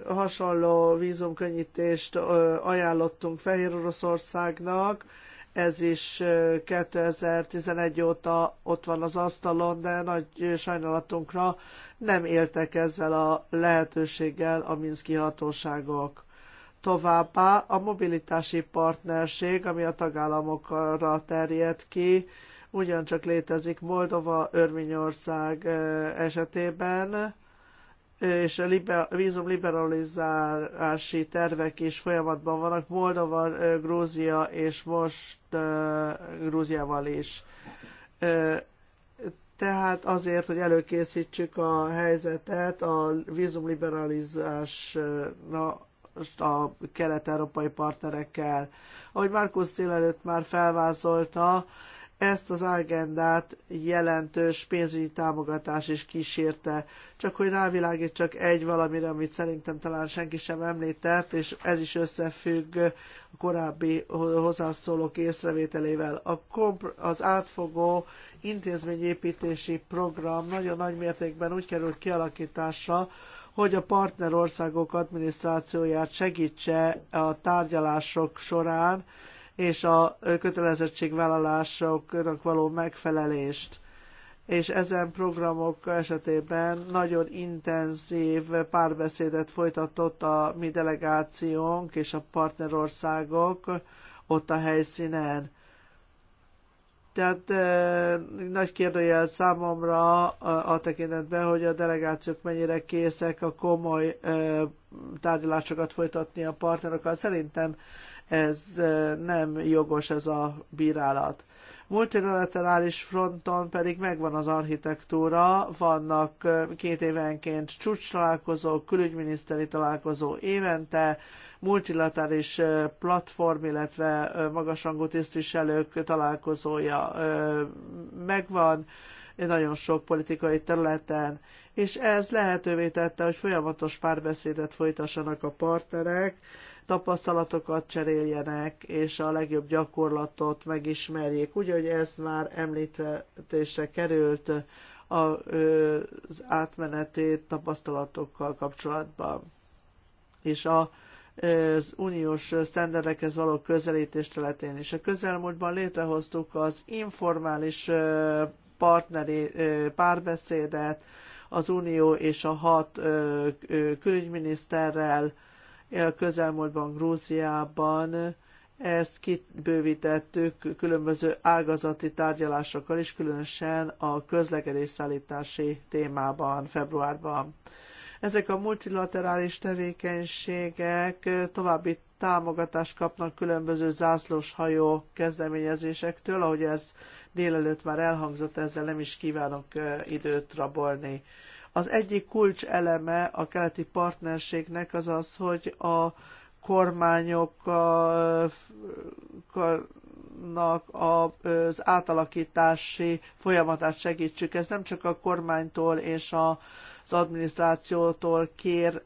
hasonló vízumkönnyítést ajánlottunk Fehér Oroszországnak, ez is 2011 óta ott van az asztalon, de nagy sajnálatunkra nem éltek ezzel a lehetőséggel a minszki hatóságok. Továbbá a mobilitási partnerség, ami a tagállamokra terjed ki, ugyancsak létezik Moldova, Örményország esetében, és a liber, vízum liberalizálási tervek is folyamatban vannak, Moldova, Grúzia és most Grúziával is. Tehát azért, hogy előkészítsük a helyzetet, a vízumliberalizásra a kelet-európai partnerekkel. Ahogy Markus délelőtt már felvázolta, ezt az agendát jelentős pénzügyi támogatás is kísérte. Csak hogy rávilágít csak egy valamire, amit szerintem talán senki sem említett, és ez is összefügg a korábbi hozzászólók észrevételével. A komp- az átfogó intézményépítési program nagyon nagy mértékben úgy került kialakításra, hogy a partnerországok adminisztrációját segítse a tárgyalások során, és a kötelezettségvállalásoknak való megfelelést és ezen programok esetében nagyon intenzív párbeszédet folytatott a mi delegációnk és a partnerországok ott a helyszínen. Tehát e, nagy kérdőjel számomra a, a tekintetben, hogy a delegációk mennyire készek a komoly e, tárgyalásokat folytatni a partnerokkal. Szerintem ez nem jogos ez a bírálat. Multilaterális fronton pedig megvan az architektúra, vannak két évenként csúcs találkozó, külügyminiszteri találkozó évente, multilaterális platform, illetve magasrangú tisztviselők találkozója megvan nagyon sok politikai területen, és ez lehetővé tette, hogy folyamatos párbeszédet folytassanak a partnerek, tapasztalatokat cseréljenek, és a legjobb gyakorlatot megismerjék. Úgy, hogy ez már említésre került az átmeneti tapasztalatokkal kapcsolatban. És a az uniós sztenderdekhez való közelítés területén is. A közelmúltban létrehoztuk az informális partneri párbeszédet az unió és a hat külügyminiszterrel, közelmúltban Grúziában, ezt kibővítettük különböző ágazati tárgyalásokkal is, különösen a közlekedés szállítási témában februárban. Ezek a multilaterális tevékenységek további támogatást kapnak különböző zászlós hajó kezdeményezésektől, ahogy ez délelőtt már elhangzott, ezzel nem is kívánok időt rabolni. Az egyik kulcseleme a keleti partnerségnek az az, hogy a kormányoknak az átalakítási folyamatát segítsük. Ez nem csak a kormánytól és a az adminisztrációtól kér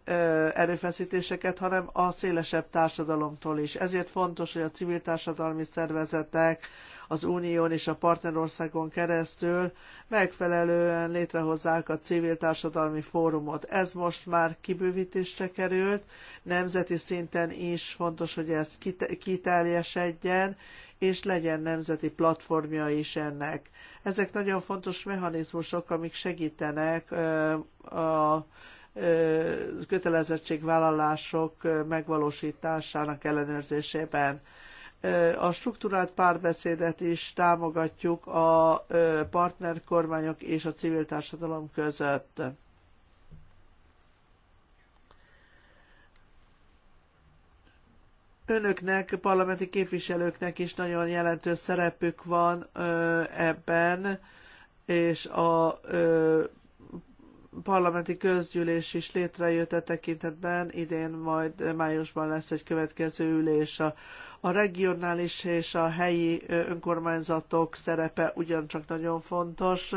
erőfeszítéseket, hanem a szélesebb társadalomtól is. Ezért fontos, hogy a civil társadalmi szervezetek, az Unión és a partnerországon keresztül megfelelően létrehozzák a civil társadalmi fórumot. Ez most már kibővítésre került, nemzeti szinten is fontos, hogy ez kiteljesedjen, és legyen nemzeti platformja is ennek. Ezek nagyon fontos mechanizmusok, amik segítenek a kötelezettségvállalások megvalósításának ellenőrzésében a struktúrált párbeszédet is támogatjuk a partnerkormányok és a civil társadalom között. Önöknek, parlamenti képviselőknek is nagyon jelentős szerepük van ebben, és a parlamenti közgyűlés is létrejött e tekintetben, idén majd májusban lesz egy következő ülés. A, a regionális és a helyi önkormányzatok szerepe ugyancsak nagyon fontos,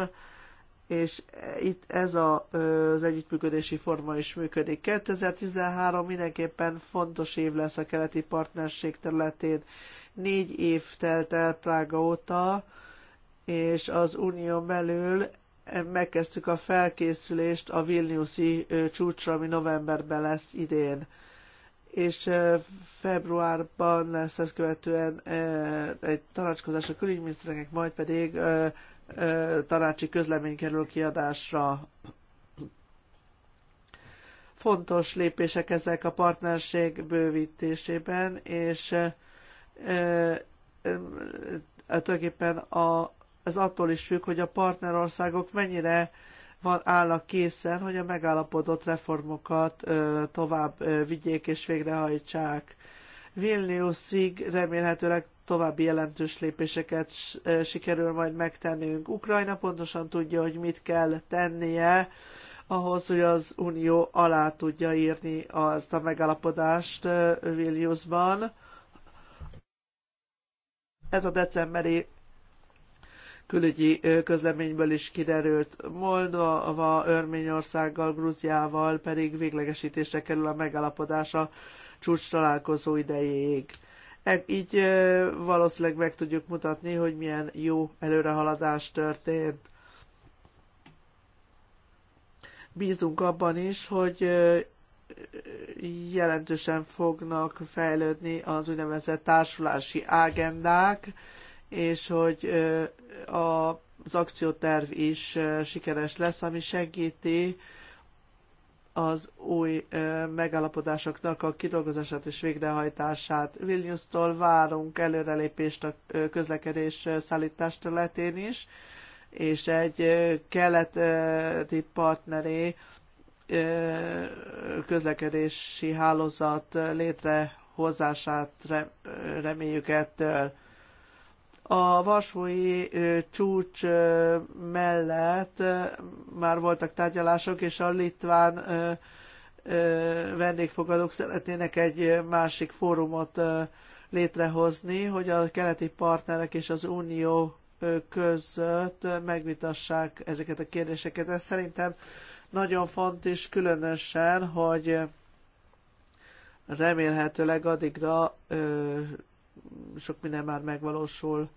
és itt ez a, az együttműködési forma is működik. 2013 mindenképpen fontos év lesz a keleti partnerség területén. Négy év telt el Prága óta, és az unión belül megkezdtük a felkészülést a Vilniuszi csúcsra, ami novemberben lesz idén és februárban lesz ezt követően egy tanácskozás a külügyminisztereknek, majd pedig tanácsi közlemény kerül kiadásra. Fontos lépések ezek a partnerség bővítésében, és tulajdonképpen a ez attól is függ, hogy a partnerországok mennyire van, állnak készen, hogy a megállapodott reformokat ö, tovább ö, vigyék és végrehajtsák. Vilniuszig remélhetőleg további jelentős lépéseket sikerül majd megtennünk. Ukrajna pontosan tudja, hogy mit kell tennie ahhoz, hogy az Unió alá tudja írni azt a megállapodást Vilniusban. Ez a decemberi külügyi közleményből is kiderült. Moldova, Örményországgal, Grúziával pedig véglegesítésre kerül a megállapodás a csúcs találkozó idejéig. E, így valószínűleg meg tudjuk mutatni, hogy milyen jó előrehaladás történt. Bízunk abban is, hogy jelentősen fognak fejlődni az úgynevezett társulási ágendák, és hogy az akcióterv is sikeres lesz, ami segíti az új megállapodásoknak a kidolgozását és végrehajtását. Vilniusztól várunk előrelépést a közlekedés szállítás területén is, és egy keleti partneré közlekedési hálózat létrehozását reméljük ettől. A Varsói csúcs mellett már voltak tárgyalások, és a litván vendégfogadók szeretnének egy másik fórumot létrehozni, hogy a keleti partnerek és az Unió között megvitassák ezeket a kérdéseket. Ez szerintem nagyon fontos, különösen, hogy remélhetőleg addigra ö, sok minden már megvalósul.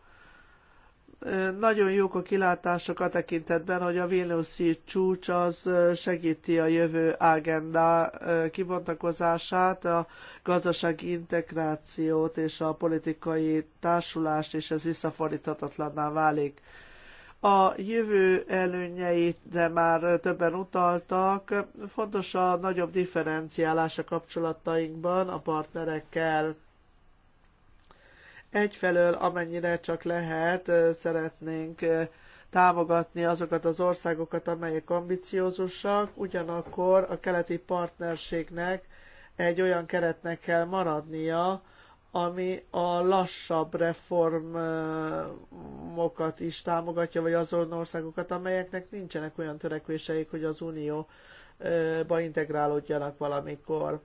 Nagyon jók a kilátások a tekintetben, hogy a Vilniuszi csúcs az segíti a jövő ágenda. kibontakozását, a gazdasági integrációt és a politikai társulást, és ez visszafordíthatatlanná válik. A jövő előnyeire már többen utaltak. Fontos a nagyobb differenciálás a kapcsolatainkban a partnerekkel Egyfelől, amennyire csak lehet, szeretnénk támogatni azokat az országokat, amelyek ambiciózusak, ugyanakkor a keleti partnerségnek egy olyan keretnek kell maradnia, ami a lassabb reformokat is támogatja, vagy azon országokat, amelyeknek nincsenek olyan törekvéseik, hogy az Unióba integrálódjanak valamikor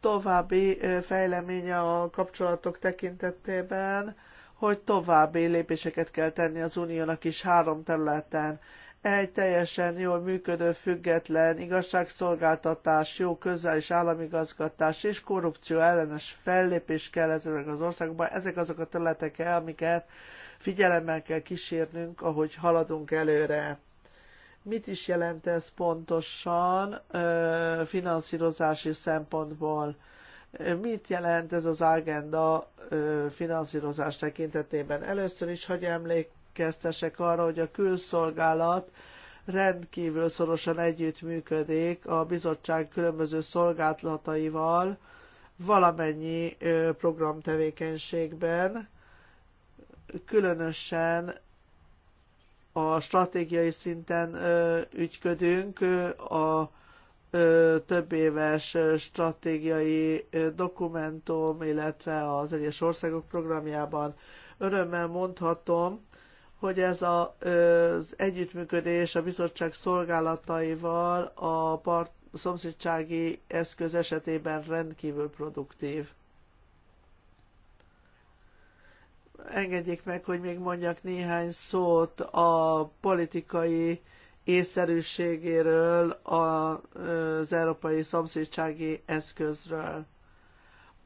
további fejleménye a kapcsolatok tekintetében, hogy további lépéseket kell tenni az uniónak is három területen. Egy teljesen jól működő, független igazságszolgáltatás, jó közel- és államigazgatás és korrupció ellenes fellépés kell ezekben az országban. Ezek azok a területek, amiket figyelemmel kell kísérnünk, ahogy haladunk előre. Mit is jelent ez pontosan finanszírozási szempontból? Mit jelent ez az agenda finanszírozás tekintetében? Először is, hogy emlékeztesek arra, hogy a külszolgálat rendkívül szorosan együttműködik a bizottság különböző szolgálataival valamennyi programtevékenységben, különösen a stratégiai szinten ügyködünk, a több éves stratégiai dokumentum, illetve az egyes országok programjában. Örömmel mondhatom, hogy ez a, az együttműködés a bizottság szolgálataival a part, szomszédsági eszköz esetében rendkívül produktív. engedjék meg, hogy még mondjak néhány szót a politikai észszerűségéről az európai szomszédsági eszközről.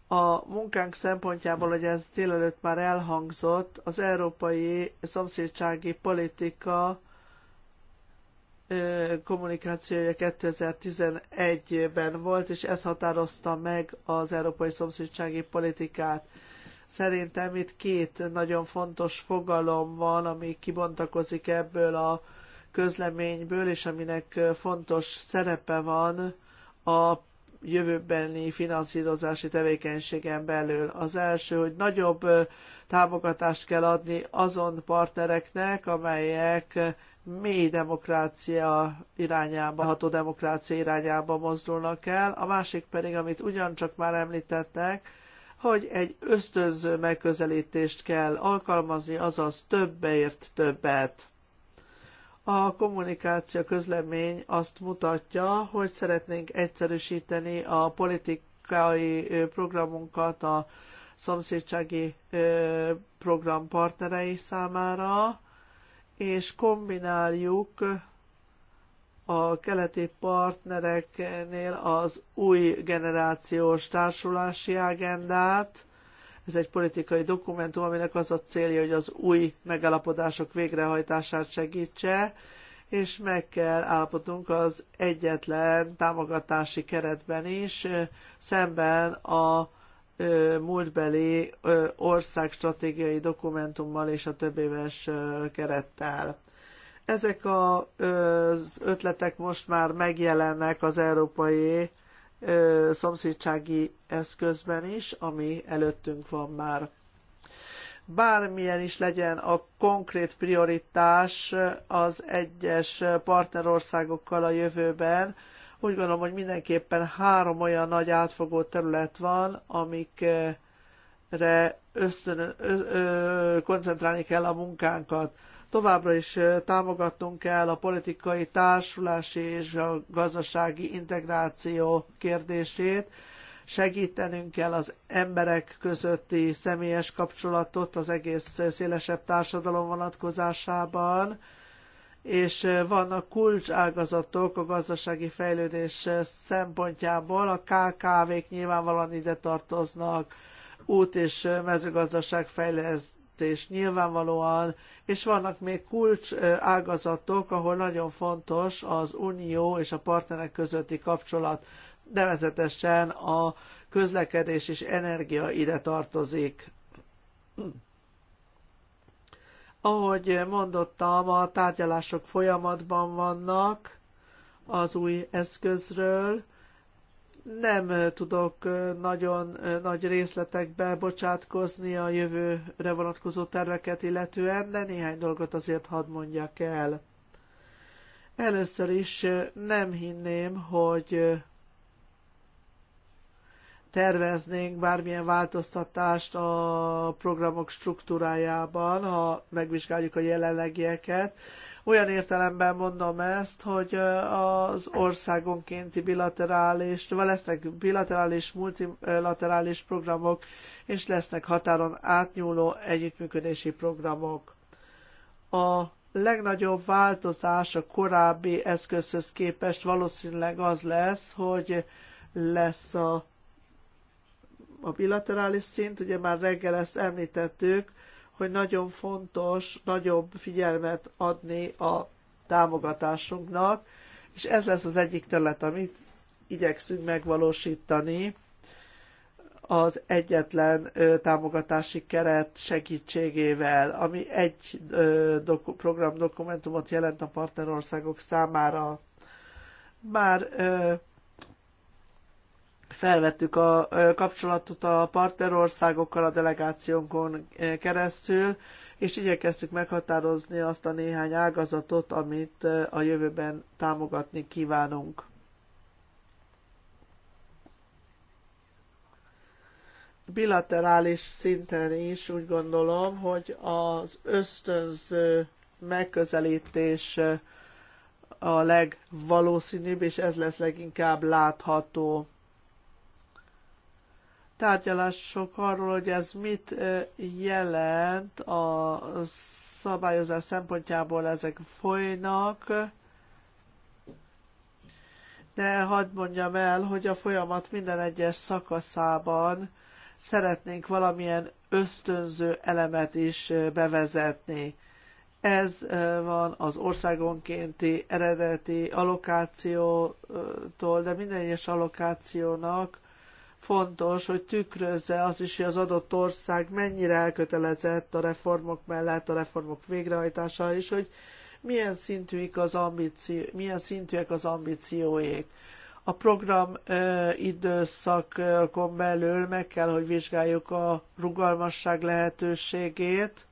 A munkánk szempontjából, hogy ez délelőtt már elhangzott, az európai szomszédsági politika kommunikációja 2011-ben volt, és ez határozta meg az európai szomszédsági politikát. Szerintem itt két nagyon fontos fogalom van, ami kibontakozik ebből a közleményből, és aminek fontos szerepe van a jövőbeni finanszírozási tevékenységen belül. Az első, hogy nagyobb támogatást kell adni azon partnereknek, amelyek mély demokrácia irányába, ható demokrácia irányába mozdulnak el. A másik pedig, amit ugyancsak már említettek, hogy egy ösztönző megközelítést kell alkalmazni, azaz többeért többet. A kommunikáció közlemény azt mutatja, hogy szeretnénk egyszerűsíteni a politikai programunkat a szomszédsági program partnerei számára, és kombináljuk a keleti partnereknél az új generációs társulási agendát. Ez egy politikai dokumentum, aminek az a célja, hogy az új megállapodások végrehajtását segítse, és meg kell állapodnunk az egyetlen támogatási keretben is, szemben a múltbeli országstratégiai dokumentummal és a többéves kerettel. Ezek az ötletek most már megjelennek az európai szomszédsági eszközben is, ami előttünk van már. Bármilyen is legyen a konkrét prioritás az egyes partnerországokkal a jövőben, úgy gondolom, hogy mindenképpen három olyan nagy átfogó terület van, amikre ösztön, ö, ö, koncentrálni kell a munkánkat továbbra is támogatnunk kell a politikai, társulási és a gazdasági integráció kérdését, segítenünk kell az emberek közötti személyes kapcsolatot az egész szélesebb társadalom vonatkozásában, és vannak kulcságazatok a gazdasági fejlődés szempontjából, a KKV-k nyilvánvalóan ide tartoznak, út és mezőgazdaság fejlesztés és nyilvánvalóan, és vannak még kulcs ágazatok, ahol nagyon fontos az unió és a partnerek közötti kapcsolat, nevezetesen a közlekedés és energia ide tartozik. Ahogy mondottam, a tárgyalások folyamatban vannak az új eszközről, nem tudok nagyon nagy részletekbe bocsátkozni a jövőre vonatkozó terveket illetően, de néhány dolgot azért hadd mondjak el. Először is nem hinném, hogy terveznénk bármilyen változtatást a programok struktúrájában, ha megvizsgáljuk a jelenlegieket. Olyan értelemben mondom ezt, hogy az országonkénti bilaterális, lesznek bilaterális, multilaterális programok, és lesznek határon átnyúló együttműködési programok. A legnagyobb változás a korábbi eszközhöz képest valószínűleg az lesz, hogy lesz a, a bilaterális szint, ugye már reggel ezt említettük, hogy nagyon fontos nagyobb figyelmet adni a támogatásunknak, és ez lesz az egyik terület, amit igyekszünk megvalósítani az egyetlen ö, támogatási keret segítségével, ami egy ö, doku, dokumentumot jelent a partnerországok számára. Már ö, felvettük a kapcsolatot a partnerországokkal a delegációnkon keresztül, és igyekeztük meghatározni azt a néhány ágazatot, amit a jövőben támogatni kívánunk. Bilaterális szinten is úgy gondolom, hogy az ösztönző megközelítés a legvalószínűbb, és ez lesz leginkább látható tárgyalások arról, hogy ez mit jelent a szabályozás szempontjából, ezek folynak, de hadd mondjam el, hogy a folyamat minden egyes szakaszában szeretnénk valamilyen ösztönző elemet is bevezetni. Ez van az országonkénti eredeti allokációtól, de minden egyes allokációnak fontos, hogy tükrözze az is, hogy az adott ország mennyire elkötelezett a reformok mellett, a reformok végrehajtása, és hogy milyen, szintűik az ambíció, milyen szintűek az ambícióik. A program ö, időszakon belül meg kell, hogy vizsgáljuk a rugalmasság lehetőségét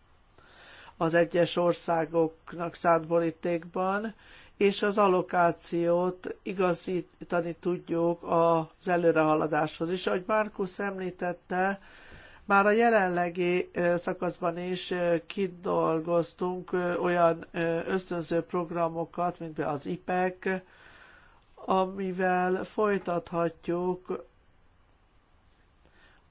az egyes országoknak szánt borítékban, és az allokációt igazítani tudjuk az előrehaladáshoz is. Ahogy Márkusz említette, már a jelenlegi szakaszban is kidolgoztunk olyan ösztönző programokat, mint például az IPEC, amivel folytathatjuk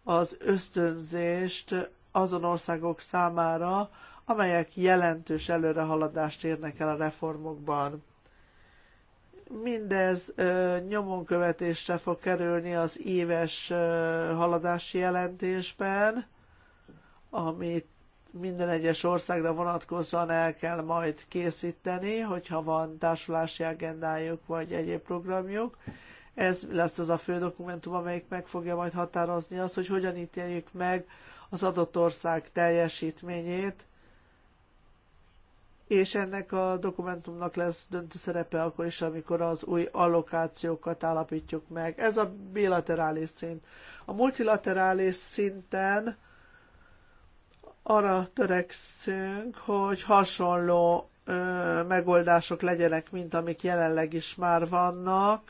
az ösztönzést azon országok számára, amelyek jelentős előrehaladást érnek el a reformokban. Mindez követésre fog kerülni az éves haladási jelentésben, amit minden egyes országra vonatkozóan el kell majd készíteni, hogyha van társulási agendájuk vagy egyéb programjuk. Ez lesz az a fő dokumentum, amelyik meg fogja majd határozni azt, hogy hogyan ítéljük meg az adott ország teljesítményét és ennek a dokumentumnak lesz döntő szerepe akkor is, amikor az új allokációkat állapítjuk meg. Ez a bilaterális szint. A multilaterális szinten arra törekszünk, hogy hasonló ö, megoldások legyenek, mint amik jelenleg is már vannak,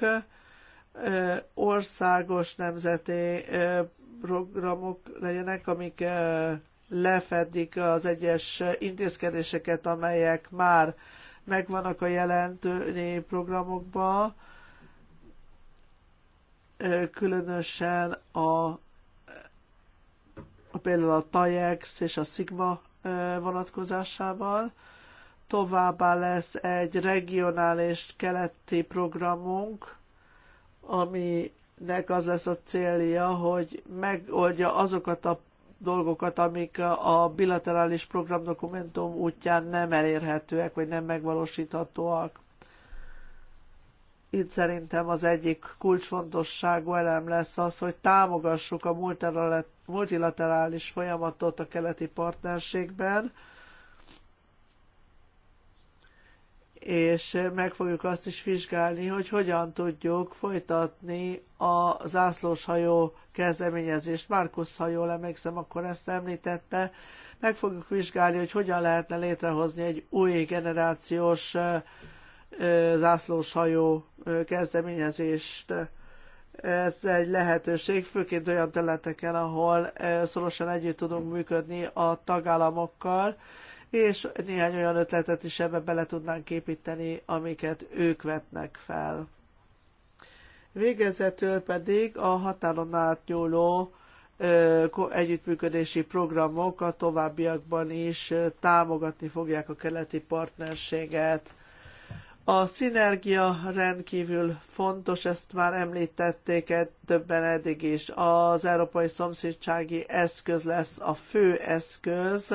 ö, országos nemzeti ö, programok legyenek, amik ö, lefedik az egyes intézkedéseket, amelyek már megvannak a jelentő programokban, különösen a, a például a TAJEX és a Sigma vonatkozásával. Továbbá lesz egy regionális keleti programunk, aminek az lesz a célja, hogy megoldja azokat a dolgokat, amik a bilaterális programdokumentum útján nem elérhetőek, vagy nem megvalósíthatóak. Itt szerintem az egyik kulcsfontosságú elem lesz az, hogy támogassuk a multilaterális folyamatot a keleti partnerségben, és meg fogjuk azt is vizsgálni, hogy hogyan tudjuk folytatni a hajó kezdeményezést. Márkusz, ha jól emlékszem, akkor ezt említette. Meg fogjuk vizsgálni, hogy hogyan lehetne létrehozni egy új generációs zászlós hajó kezdeményezést. Ez egy lehetőség, főként olyan területeken, ahol szorosan együtt tudunk működni a tagállamokkal, és néhány olyan ötletet is ebbe bele tudnánk építeni, amiket ők vetnek fel. Végezetül pedig a határon átnyúló együttműködési programok a továbbiakban is támogatni fogják a keleti partnerséget. A szinergia rendkívül fontos, ezt már említették e- többen eddig is. Az Európai Szomszédsági Eszköz lesz a fő eszköz,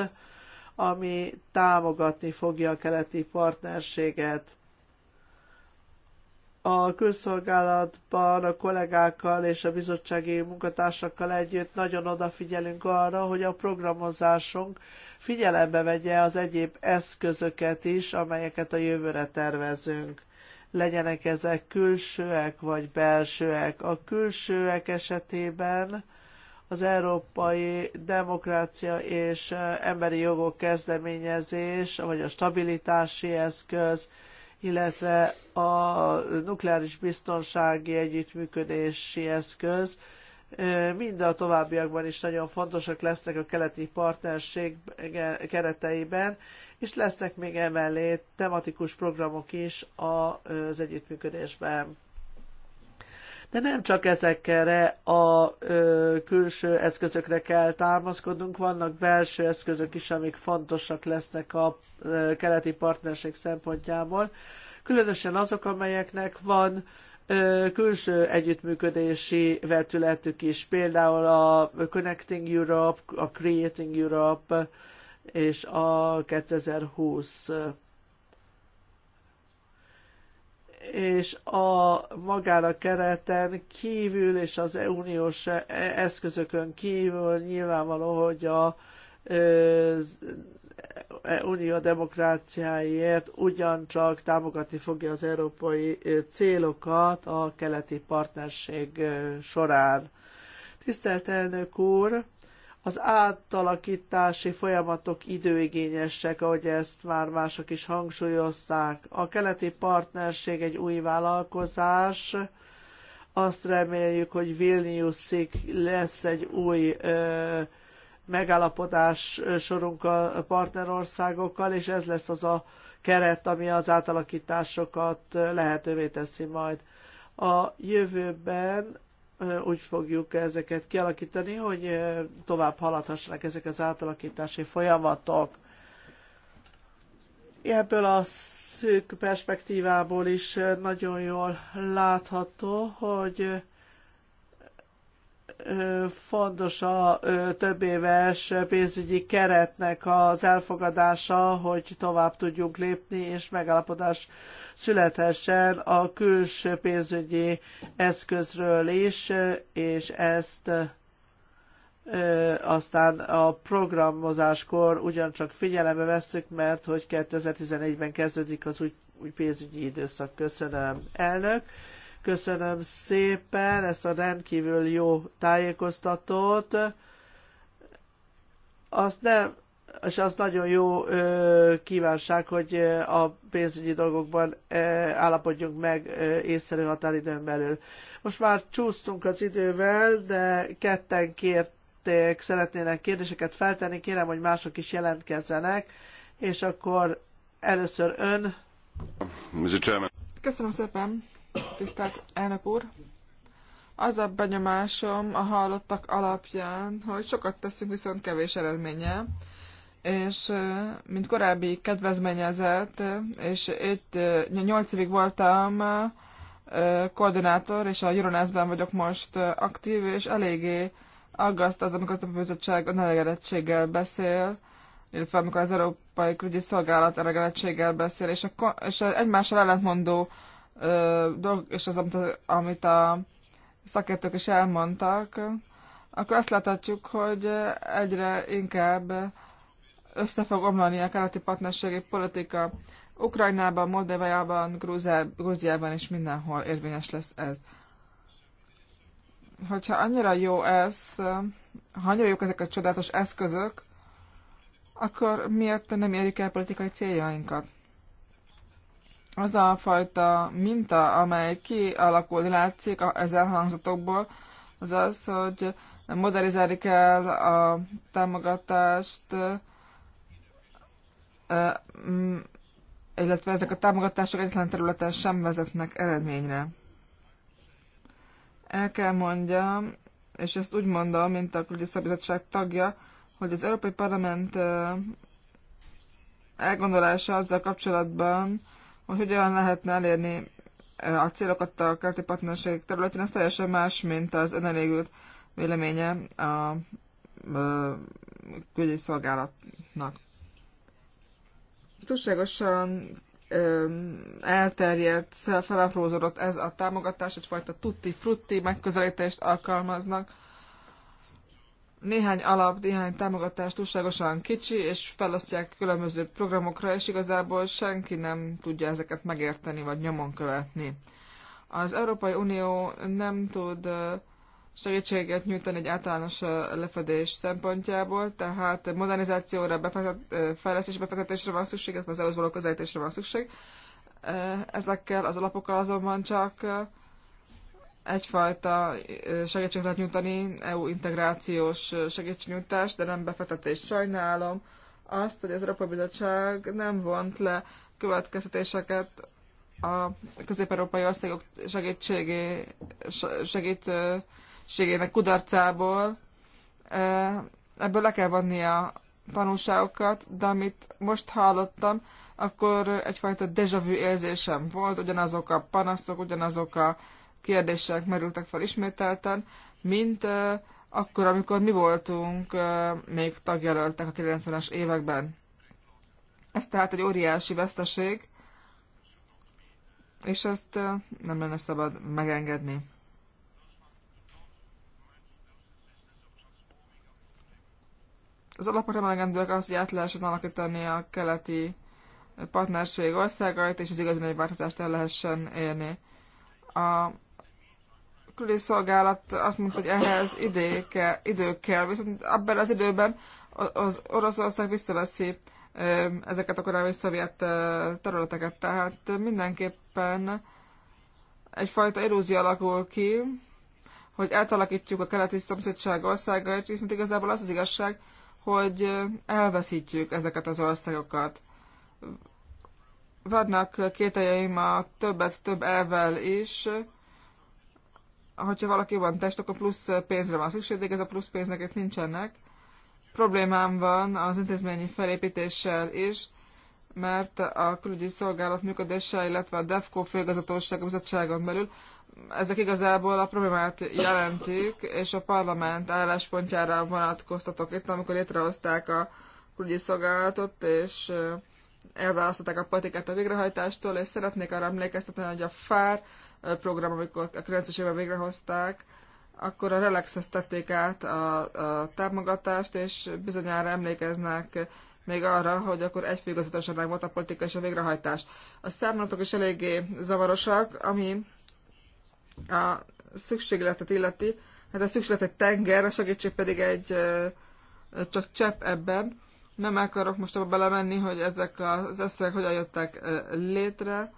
ami támogatni fogja a keleti partnerséget. A külszolgálatban a kollégákkal és a bizottsági munkatársakkal együtt nagyon odafigyelünk arra, hogy a programozásunk figyelembe vegye az egyéb eszközöket is, amelyeket a jövőre tervezünk legyenek ezek külsőek vagy belsőek. A külsőek esetében az Európai Demokrácia és Emberi Jogok Kezdeményezés, vagy a stabilitási eszköz, illetve a nukleáris biztonsági együttműködési eszköz, mind a továbbiakban is nagyon fontosak lesznek a keleti partnerség kereteiben, és lesznek még emellé tematikus programok is az együttműködésben. De nem csak ezekre a ö, külső eszközökre kell támaszkodnunk, vannak belső eszközök is, amik fontosak lesznek a ö, keleti partnerség szempontjából, különösen azok, amelyeknek van ö, külső együttműködési vetületük is, például a Connecting Europe, a Creating Europe és a 2020 és a magára kereten kívül és az uniós e- eszközökön kívül nyilvánvaló, hogy a e- unió demokráciáért ugyancsak támogatni fogja az európai célokat a keleti partnerség során. Tisztelt elnök úr, az átalakítási folyamatok időigényesek, ahogy ezt már mások is hangsúlyozták. A keleti partnerség egy új vállalkozás, azt reméljük, hogy Vilniuszig lesz egy új ö, megállapodás sorunk a partnerországokkal, és ez lesz az a keret, ami az átalakításokat lehetővé teszi majd. A jövőben úgy fogjuk ezeket kialakítani, hogy tovább haladhassanak ezek az átalakítási folyamatok. Ebből a szűk perspektívából is nagyon jól látható, hogy fontos a több éves pénzügyi keretnek az elfogadása, hogy tovább tudjunk lépni, és megállapodás születhessen a külső pénzügyi eszközről is, és ezt aztán a programozáskor ugyancsak figyelembe vesszük, mert hogy 2011-ben kezdődik az új, új pénzügyi időszak. Köszönöm, elnök! Köszönöm szépen ezt a rendkívül jó tájékoztatót. Azt nem, és az nagyon jó ö, kívánság, hogy a pénzügyi dolgokban ö, állapodjunk meg ö, észszerű határidőn belül. Most már csúsztunk az idővel, de ketten kérték, szeretnének kérdéseket feltenni, kérem, hogy mások is jelentkezzenek, és akkor először ön. Köszönöm szépen, tisztelt elnök úr! Az a benyomásom a hallottak alapján, hogy sokat teszünk, viszont kevés eredménye, és mint korábbi kedvezményezett, és itt 8 évig voltam koordinátor, és a Euronászban vagyok most aktív, és eléggé aggaszt az, amikor az a bizottság a beszél, illetve amikor az Európai Külügyi Szolgálat eregedettséggel beszél, és, a, és a egymással ellentmondó dolg, és az, amit, amit a szakértők is elmondtak, akkor azt láthatjuk, hogy egyre inkább össze fog omlani a keleti partnerségi politika. Ukrajnában, Moldovájában, Grúziában és mindenhol érvényes lesz ez. Hogyha annyira jó ez, ha annyira jók ezek a csodálatos eszközök, akkor miért nem érjük el politikai céljainkat? az a fajta minta, amely kialakul, látszik az elhangzatokból, az az, hogy modernizálni kell a támogatást, mm, illetve ezek a támogatások egyetlen területen sem vezetnek eredményre. El kell mondjam, és ezt úgy mondom, mint a külügyi szabizottság tagja, hogy az Európai Parlament elgondolása azzal kapcsolatban, hogy hogyan lehetne elérni a célokat a keleti partnerség területén, ez teljesen más, mint az önelégült véleménye a külügyi szolgálatnak. Túlságosan elterjedt, felaprózódott ez a támogatás, egyfajta tutti-frutti megközelítést alkalmaznak, néhány alap, néhány támogatás túlságosan kicsi, és felosztják különböző programokra, és igazából senki nem tudja ezeket megérteni vagy nyomon követni. Az Európai Unió nem tud segítséget nyújtani egy általános lefedés szempontjából, tehát modernizációra, befektet, fejlesztésre befektetésre van szükség, az eu s való közelítésre van szükség. Ezekkel az alapokkal azonban csak egyfajta segítséget lehet nyújtani, EU integrációs segítségnyújtás, de nem befektetés. sajnálom. Azt, hogy az Európai Bizottság nem vont le következtetéseket a közép-európai országok segítségé, segítségének kudarcából. Ebből le kell vonni a tanulságokat, de amit most hallottam, akkor egyfajta déjà vu érzésem volt, ugyanazok a panaszok, ugyanazok a kérdések merültek fel ismételten, mint akkor, amikor mi voltunk még tagjelöltek a 90-es években. Ez tehát egy óriási veszteség, és ezt nem lenne szabad megengedni. Az alapokra melegendőek az, hogy át lehessen alakítani a keleti partnerség országait, és az igazi nagy változást el lehessen élni. A külszolgálat azt mondta, hogy ehhez idő kell, idő kell, viszont abban az időben az Oroszország visszaveszi ezeket a korábbi szovjet területeket. Tehát mindenképpen egyfajta illúzió alakul ki, hogy átalakítjuk a keleti szomszédság országait, viszont igazából az az igazság, hogy elveszítjük ezeket az országokat. Vannak kételjeim a többet több elvel is, hogyha valaki van test, akkor plusz pénzre van szükség, de ez a plusz pénznek itt nincsenek. Problémám van az intézményi felépítéssel is, mert a külügyi szolgálat működése, illetve a DEFCO főigazgatóság bizottságon belül ezek igazából a problémát jelentik, és a parlament álláspontjára vonatkoztatok itt, amikor létrehozták a külügyi szolgálatot, és eh, elválasztották a politikát a végrehajtástól, és szeretnék arra emlékeztetni, hogy a FÁR program, amikor a 9-es éve végrehozták, akkor a Relaxhez tették át a, a támogatást, és bizonyára emlékeznek még arra, hogy akkor egy főigazgatóság volt a politika és a végrehajtás. A számlatok is eléggé zavarosak, ami a szükségletet illeti. Hát a szükséglet egy tenger, a segítség pedig egy csak csepp ebben. Nem akarok most abba belemenni, hogy ezek az összegek hogyan jöttek létre.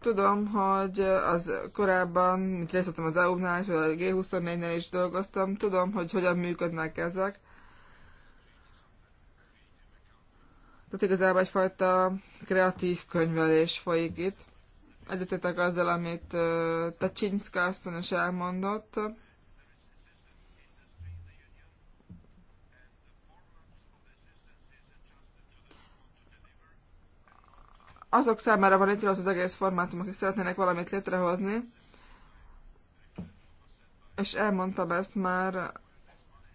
Tudom, hogy az korábban, mint részletem az EU-nál, a G24-nél is dolgoztam, tudom, hogy hogyan működnek ezek. Tehát igazából egyfajta kreatív könyvelés folyik itt. Egyetetek azzal, amit Tacsinszka asszony is elmondott. azok számára van létre az, az egész formátum, akik szeretnének valamit létrehozni, és elmondtam ezt már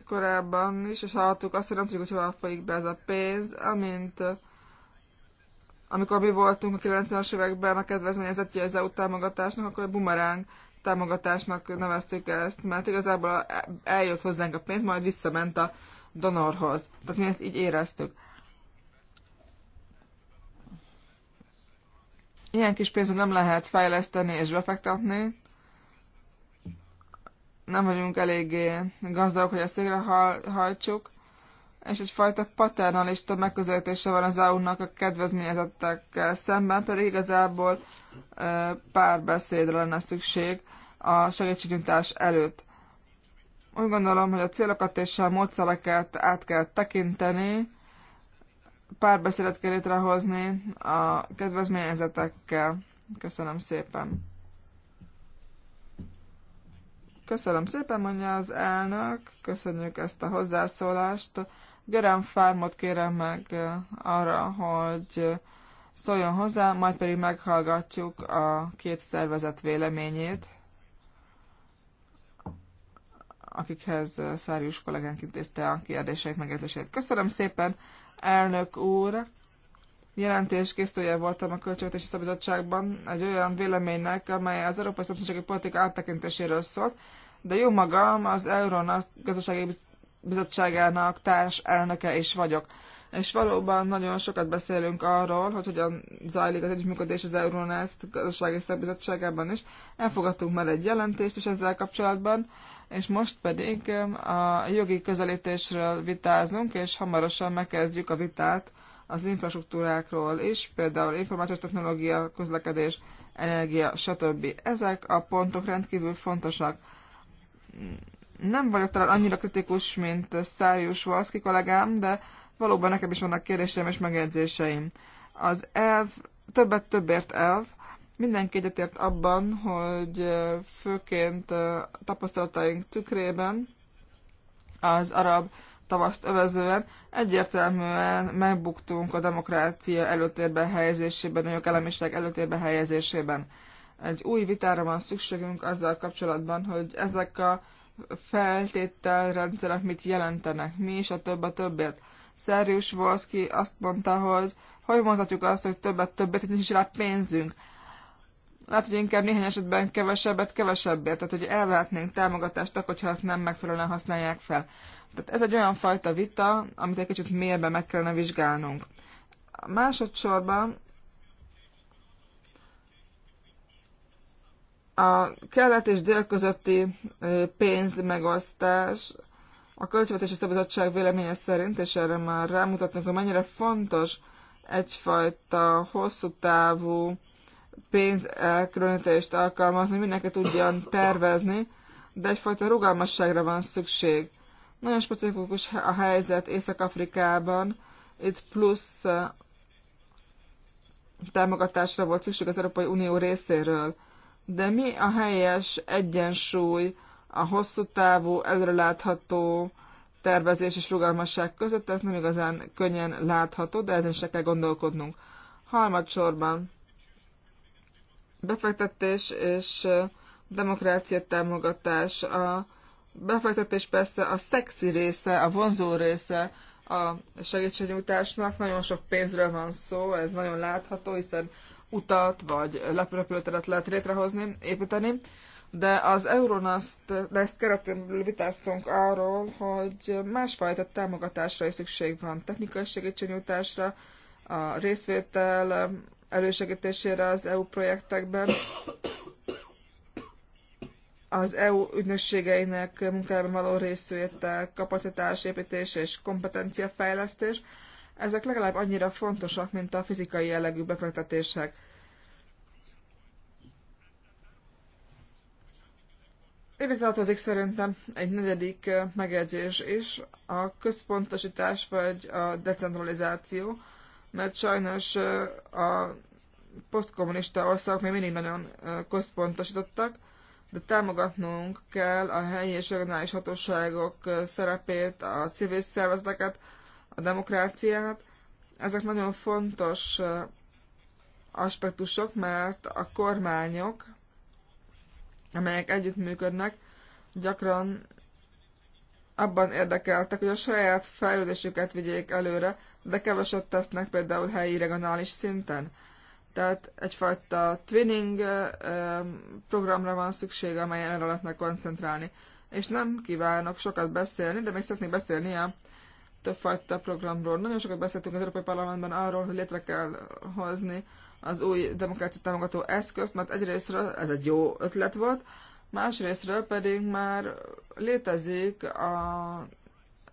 korábban is, és hallottuk azt, hogy nem tudjuk, hogy hova folyik be ez a pénz, amint amikor mi voltunk a 90-es években a kedvezményezettje az EU támogatásnak, akkor a bumeráng támogatásnak neveztük ezt, mert igazából eljött hozzánk a pénz, majd visszament a donorhoz. Tehát mi ezt így éreztük. Ilyen kis pénzt nem lehet fejleszteni és befektetni. Nem vagyunk eléggé gazdagok, hogy ezt végrehajtsuk. És egyfajta paternalista megközelítése van az EU-nak a kedvezményezettekkel szemben, pedig igazából beszédre lenne szükség a segítségnyújtás előtt. Úgy gondolom, hogy a célokat és a módszereket át kell tekinteni, párbeszédet kell létrehozni a kedvezményezetekkel. Köszönöm szépen. Köszönöm szépen, mondja az elnök. Köszönjük ezt a hozzászólást. Gerem Fármot kérem meg arra, hogy szóljon hozzá, majd pedig meghallgatjuk a két szervezet véleményét akikhez Szárius kollégánk intézte a kérdéseit, megjegyzéseit. Köszönöm szépen, elnök úr! Jelentés készítője voltam a Költségvetési Szabizottságban egy olyan véleménynek, amely az Európai Szomszédsági Politika áttekintéséről szólt, de jó magam az Euronat gazdasági bizottságának társ elnöke is vagyok. És valóban nagyon sokat beszélünk arról, hogy hogyan zajlik az együttműködés az Euronest gazdasági szakbizottságában is. Elfogadtunk már egy jelentést is ezzel kapcsolatban, és most pedig a jogi közelítésről vitázunk, és hamarosan megkezdjük a vitát az infrastruktúrákról is, például információs technológia, közlekedés, energia, stb. Ezek a pontok rendkívül fontosak. Nem vagyok talán annyira kritikus, mint Szárius Valszki kollégám, de valóban nekem is vannak kérdéseim és megjegyzéseim. Az elv, többet többért elv, Mindenki egyetért abban, hogy főként tapasztalataink tükrében az arab tavaszt övezően egyértelműen megbuktunk a demokrácia előtérbe helyezésében, a jogállamiság előtérbe helyezésében. Egy új vitára van szükségünk azzal kapcsolatban, hogy ezek a feltételrendszerek mit jelentenek, mi is a több a többért. Szerjus Volszki azt mondta, hogy hogy mondhatjuk azt, hogy többet többet, hogy nincs rá pénzünk. Lehet, hogy inkább néhány esetben kevesebbet, kevesebbet, tehát hogy elvehetnénk támogatást, akkor, hogyha azt nem megfelelően használják fel. Tehát ez egy olyan fajta vita, amit egy kicsit mélyebben meg kellene vizsgálnunk. A másodszorban a kelet és dél közötti pénzmegosztás a Költségvetési Szabadság véleménye szerint, és erre már rámutatnak, hogy mennyire fontos egyfajta hosszú távú pénz elkülönítést alkalmazni, mindenki tudjon tervezni, de egyfajta rugalmasságra van szükség. Nagyon specifikus a helyzet Észak-Afrikában, itt plusz eh, támogatásra volt szükség az Európai Unió részéről. De mi a helyes egyensúly a hosszú távú, előrelátható tervezés és rugalmasság között? Ez nem igazán könnyen látható, de ezen se kell gondolkodnunk. Harmadsorban Befektetés és demokrácia támogatás. A befektetés persze a szexi része, a vonzó része a segítségnyújtásnak. Nagyon sok pénzről van szó, ez nagyon látható, hiszen utat vagy lepülőteret lehet létrehozni, építeni. De az de ezt keretén vitáztunk arról, hogy másfajta támogatásra is szükség van, technikai segítségnyújtásra, a részvétel elősegítésére az EU projektekben. Az EU ügynökségeinek munkájában való részvétel, kapacitásépítés és kompetenciafejlesztés, ezek legalább annyira fontosak, mint a fizikai jellegű befektetések. Ide tartozik szerintem egy negyedik eh, megjegyzés is, a központosítás vagy a decentralizáció mert sajnos a posztkommunista országok még mindig nagyon központosítottak, de támogatnunk kell a helyi és regionális hatóságok szerepét, a civil szervezeteket, a demokráciát. Ezek nagyon fontos aspektusok, mert a kormányok, amelyek együttműködnek, gyakran abban érdekeltek, hogy a saját fejlődésüket vigyék előre, de keveset tesznek például helyi regionális szinten. Tehát egyfajta twinning programra van szüksége, amelyen erre lehetne koncentrálni. És nem kívánok sokat beszélni, de még szeretnék beszélni a többfajta programról. Nagyon sokat beszéltünk az Európai Parlamentben arról, hogy létre kell hozni az új demokrácia támogató eszközt, mert egyrésztről ez egy jó ötlet volt, másrésztről pedig már létezik a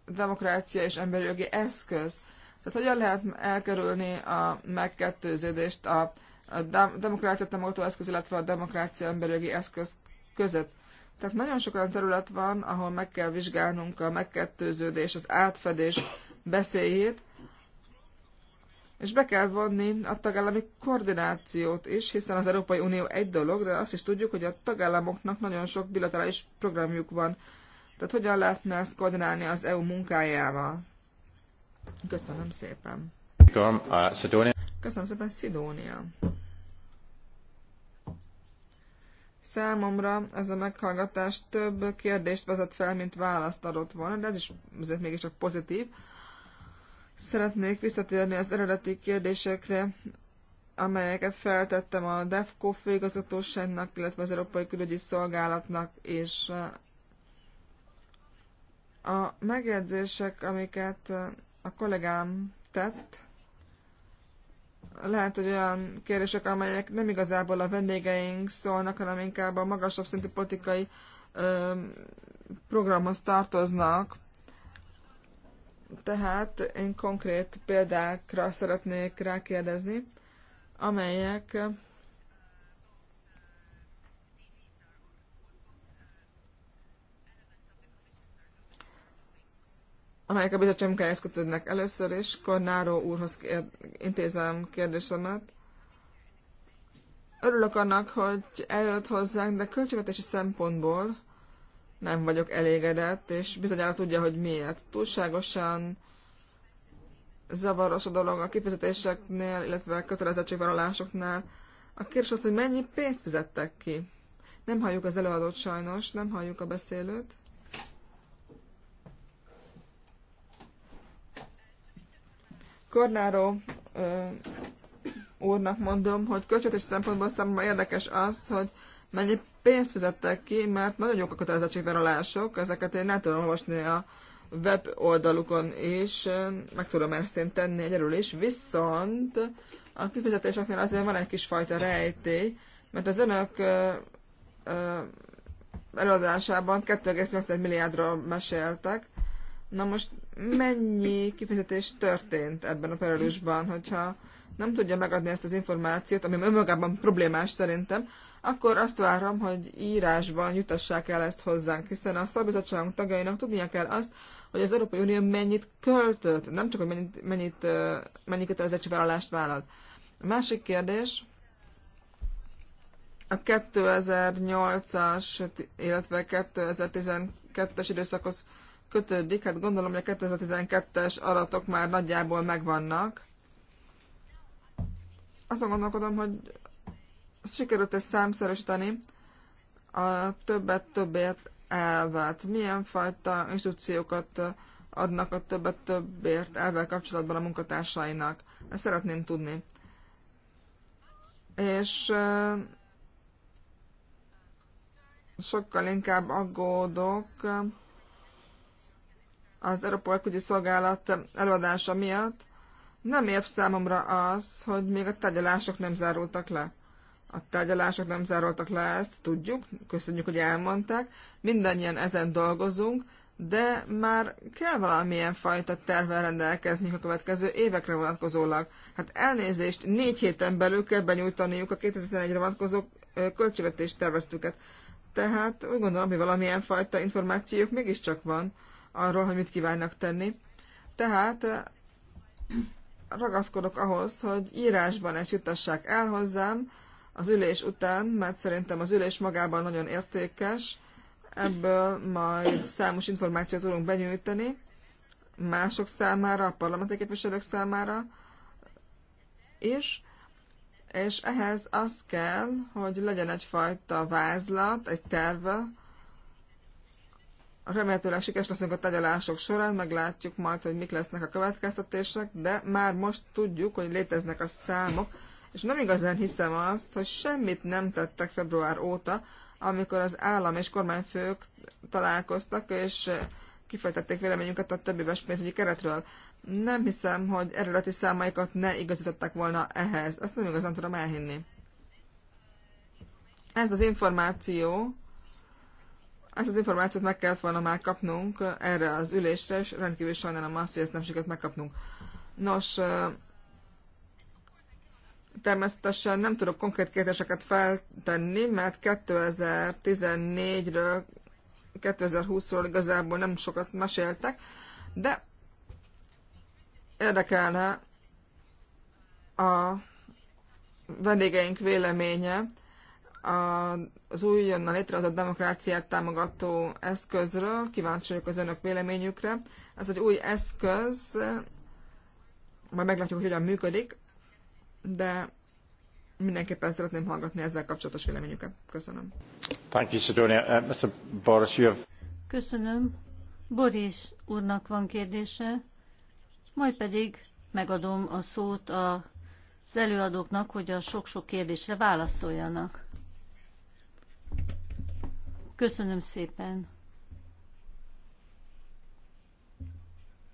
demokrácia és emberi jogi eszköz. Tehát hogyan lehet elkerülni a megkettőződést a, a demokrácia támogató eszköz, illetve a demokrácia emberjogi eszköz között? Tehát nagyon sok olyan terület van, ahol meg kell vizsgálnunk a megkettőződés, az átfedés beszéjét, és be kell vonni a tagállami koordinációt is, hiszen az Európai Unió egy dolog, de azt is tudjuk, hogy a tagállamoknak nagyon sok bilaterális programjuk van. Tehát hogyan lehetne ezt koordinálni az EU munkájával? Köszönöm szépen. Uh, Köszönöm szépen, Szidónia. Számomra ez a meghallgatás több kérdést vezet fel, mint választ adott volna, de ez is azért mégiscsak pozitív. Szeretnék visszatérni az eredeti kérdésekre, amelyeket feltettem a DEFCO főigazgatóságnak, illetve az Európai Külügyi Szolgálatnak, és a megjegyzések, amiket a kollégám tett, lehet, hogy olyan kérdések, amelyek nem igazából a vendégeink szólnak, hanem inkább a magasabb szintű politikai ö, programhoz tartoznak. Tehát én konkrét példákra szeretnék rákérdezni, amelyek amelyek a bizottság munkájához kötődnek. Először is Kornáró úrhoz kér, intézem kérdésemet. Örülök annak, hogy eljött hozzánk, de költségvetési szempontból nem vagyok elégedett, és bizonyára tudja, hogy miért. Túlságosan zavaros a dolog a kifizetéseknél, illetve a kötelezettségvállalásoknál. A kérdés az, hogy mennyi pénzt fizettek ki. Nem halljuk az előadót sajnos, nem halljuk a beszélőt. Kornáró úrnak mondom, hogy költségvetési szempontból számomra érdekes az, hogy mennyi pénzt fizettek ki, mert nagyon jók a kötelezettségvállalások, ezeket én nem tudom olvasni a web oldalukon is, meg tudom ezt én tenni egyelőre is, viszont a kifizetéseknél azért van egy kis fajta rejtély, mert az önök ö, ö, előadásában 2,8 milliárdról meséltek. Na most mennyi kifizetés történt ebben a periódusban, hogyha nem tudja megadni ezt az információt, ami önmagában problémás szerintem, akkor azt várom, hogy írásban jutassák el ezt hozzánk, hiszen a szabizottságunk tagjainak tudnia kell azt, hogy az Európai Unió mennyit költött, nem csak, hogy mennyit, mennyit, mennyi vállalást vállalt. A másik kérdés, a 2008-as, illetve 2012-es időszakhoz kötődik, hát gondolom, hogy a 2012-es aratok már nagyjából megvannak. Azon gondolkodom, hogy sikerült ezt számszerűsíteni a többet többért elvált. Milyen fajta instrukciókat adnak a többet többért elvel kapcsolatban a munkatársainak? Ezt szeretném tudni. És sokkal inkább aggódok, az Európai Külügyi Szolgálat előadása miatt, nem ér számomra az, hogy még a tárgyalások nem zárultak le. A tárgyalások nem zárultak le, ezt tudjuk, köszönjük, hogy elmondták, mindannyian ezen dolgozunk, de már kell valamilyen fajta tervvel rendelkezni a következő évekre vonatkozólag. Hát elnézést, négy héten belül kell benyújtaniuk a 2011-re vonatkozó költségvetés terveztüket. Tehát úgy gondolom, hogy valamilyen fajta információk mégiscsak van arról, hogy mit kívánnak tenni. Tehát eh, ragaszkodok ahhoz, hogy írásban ezt jutassák el hozzám az ülés után, mert szerintem az ülés magában nagyon értékes, ebből majd számos információt tudunk benyújtani mások számára, a parlamenti képviselők számára is, és ehhez az kell, hogy legyen egyfajta vázlat, egy terve remélhetőleg sikeres leszünk a tegyelások során, meglátjuk majd, hogy mik lesznek a következtetések, de már most tudjuk, hogy léteznek a számok, és nem igazán hiszem azt, hogy semmit nem tettek február óta, amikor az állam és kormányfők találkoztak, és kifejtették véleményünket a többi pénzügyi keretről. Nem hiszem, hogy eredeti számaikat ne igazították volna ehhez. Ezt nem igazán tudom elhinni. Ez az információ, ezt az információt meg kellett volna már kapnunk erre az ülésre, és rendkívül sajnálom azt, hogy ezt nem sikerült megkapnunk. Nos, természetesen nem tudok konkrét kérdéseket feltenni, mert 2014-ről, 2020-ról igazából nem sokat meséltek, de érdekelne a vendégeink véleménye az újonnan létrehozott demokráciát támogató eszközről. Kíváncsi vagyok az önök véleményükre. Ez egy új eszköz, majd meglátjuk, hogy hogyan működik, de mindenképpen szeretném hallgatni ezzel kapcsolatos véleményüket. Köszönöm. Thank you, Sidonia. Uh, Mr. Boris, you have... Köszönöm. Boris úrnak van kérdése, majd pedig megadom a szót az előadóknak, hogy a sok-sok kérdésre válaszoljanak. Köszönöm szépen.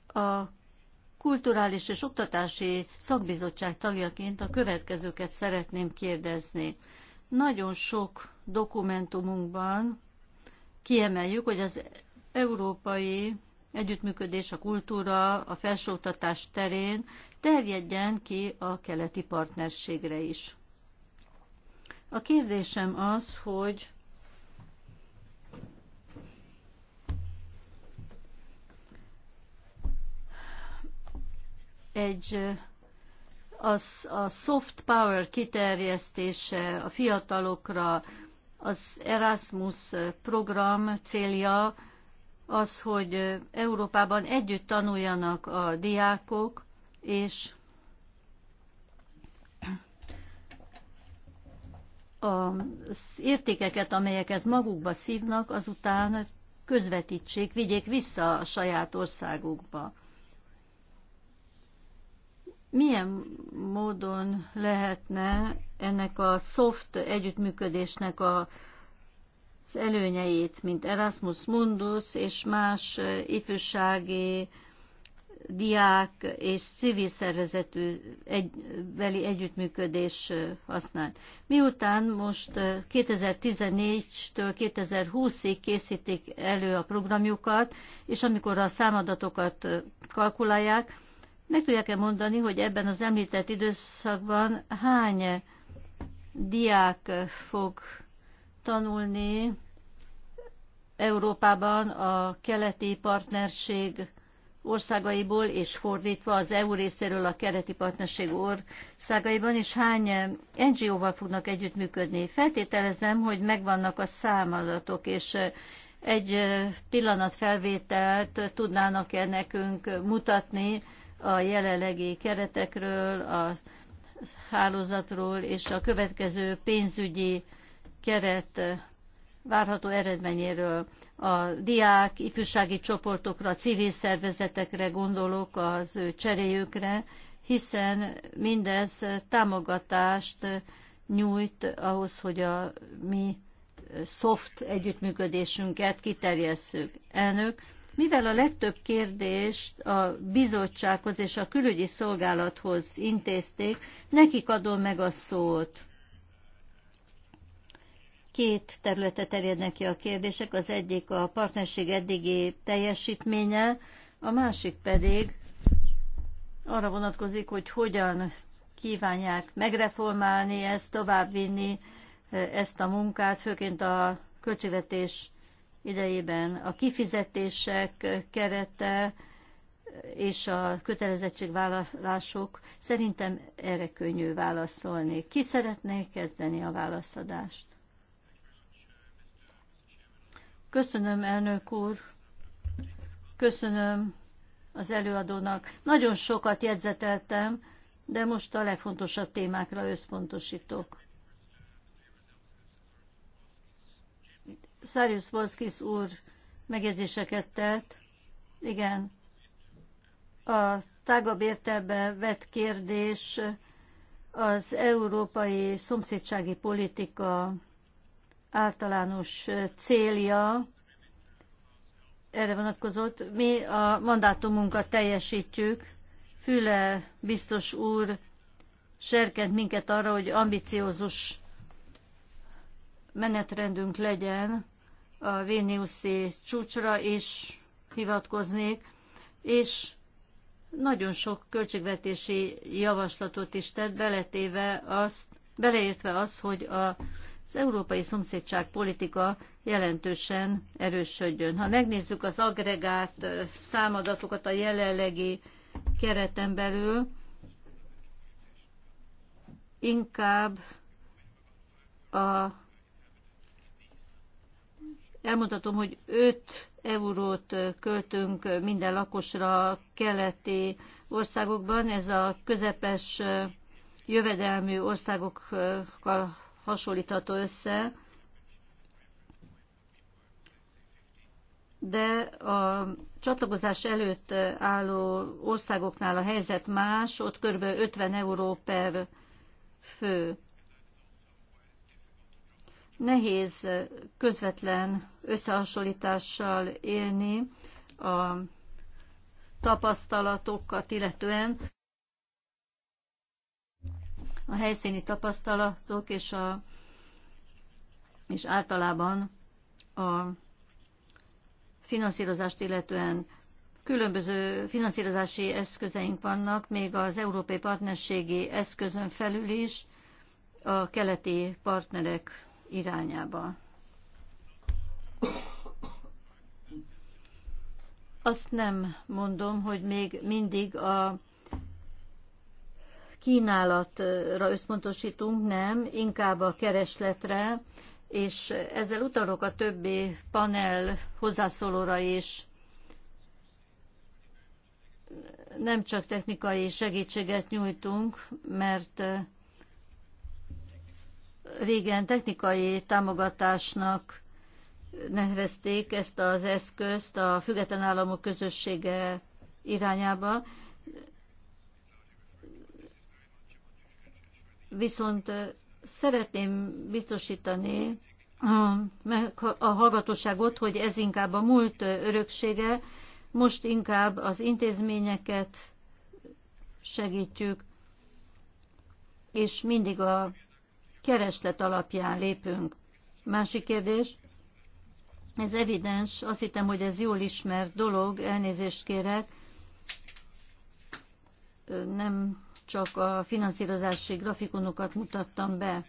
A Kulturális és Oktatási Szakbizottság tagjaként a következőket szeretném kérdezni. Nagyon sok dokumentumunkban kiemeljük, hogy az európai együttműködés a kultúra, a felsőoktatás terén terjedjen ki a keleti partnerségre is. A kérdésem az, hogy egy az, a soft power kiterjesztése a fiatalokra, az Erasmus program célja az, hogy Európában együtt tanuljanak a diákok, és az értékeket, amelyeket magukba szívnak, azután közvetítsék, vigyék vissza a saját országukba milyen módon lehetne ennek a soft együttműködésnek a az előnyeit, mint Erasmus Mundus és más ifjúsági diák és civil szervezetű egy, beli együttműködés használt. Miután most 2014-től 2020-ig készítik elő a programjukat, és amikor a számadatokat kalkulálják, meg tudják-e mondani, hogy ebben az említett időszakban hány diák fog tanulni Európában a keleti partnerség országaiból, és fordítva az EU részéről a keleti partnerség országaiban, és hány NGO-val fognak együttműködni. Feltételezem, hogy megvannak a számadatok, és egy pillanatfelvételt tudnának-e nekünk mutatni a jelenlegi keretekről, a hálózatról és a következő pénzügyi keret várható eredményéről. A diák, ifjúsági csoportokra, civil szervezetekre gondolok, az ő cseréjükre, hiszen mindez támogatást nyújt ahhoz, hogy a mi soft együttműködésünket kiterjesszük. Elnök, mivel a legtöbb kérdést a bizottsághoz és a külügyi szolgálathoz intézték, nekik adom meg a szót. Két területet terjednek ki a kérdések, az egyik a partnerség eddigi teljesítménye, a másik pedig arra vonatkozik, hogy hogyan kívánják megreformálni ezt, továbbvinni eh, ezt a munkát, főként a költségvetés idejében. A kifizetések kerete és a kötelezettségvállalások szerintem erre könnyű válaszolni. Ki szeretné kezdeni a válaszadást? Köszönöm, elnök úr. Köszönöm az előadónak. Nagyon sokat jegyzeteltem, de most a legfontosabb témákra összpontosítok. Szárius Volszkis úr megjegyzéseket tett. Igen, a tágabb értelme vett kérdés az európai szomszédsági politika általános célja erre vonatkozott. Mi a mandátumunkat teljesítjük. Füle biztos úr serkent minket arra, hogy ambiciózus menetrendünk legyen a Véniuszi csúcsra is hivatkoznék, és nagyon sok költségvetési javaslatot is tett, beletéve azt, beleértve azt, hogy a az európai szomszédság politika jelentősen erősödjön. Ha megnézzük az agregát számadatokat a jelenlegi kereten belül, inkább a elmondhatom, hogy 5 eurót költünk minden lakosra keleti országokban. Ez a közepes jövedelmű országokkal hasonlítható össze. de a csatlakozás előtt álló országoknál a helyzet más, ott kb. 50 euró per fő. Nehéz közvetlen összehasonlítással élni a tapasztalatokat, illetően a helyszíni tapasztalatok és, a, és általában a finanszírozást illetően különböző finanszírozási eszközeink vannak, még az Európai Partnerségi Eszközön felül is a keleti partnerek irányába. Azt nem mondom, hogy még mindig a kínálatra összpontosítunk, nem, inkább a keresletre, és ezzel utalok a többi panel hozzászólóra is. Nem csak technikai segítséget nyújtunk, mert régen technikai támogatásnak nevezték ezt az eszközt a független államok közössége irányába. Viszont szeretném biztosítani a, hallgatóságot, hogy ez inkább a múlt öröksége, most inkább az intézményeket segítjük, és mindig a kereslet alapján lépünk. Másik kérdés, ez evidens, azt hittem, hogy ez jól ismert dolog, elnézést kérek. Nem csak a finanszírozási grafikonokat mutattam be.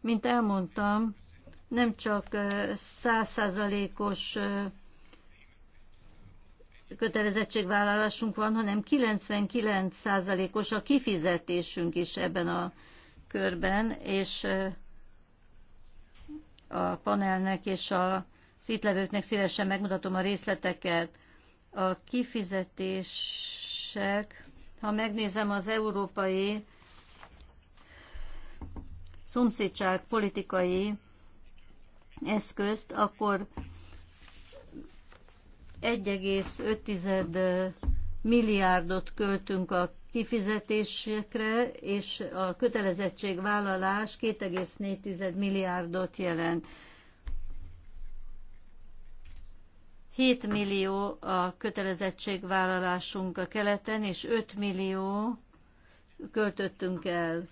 Mint elmondtam, nem csak százszázalékos kötelezettségvállalásunk van, hanem 99%-os a kifizetésünk is ebben a körben, és a panelnek és a az itt levőknek szívesen megmutatom a részleteket. A kifizetések, ha megnézem az európai szomszédság politikai eszközt, akkor 1,5 milliárdot költünk a kifizetésekre, és a kötelezettségvállalás 2,4 milliárdot jelent. 7 millió a kötelezettségvállalásunk a keleten, és 5 millió költöttünk el.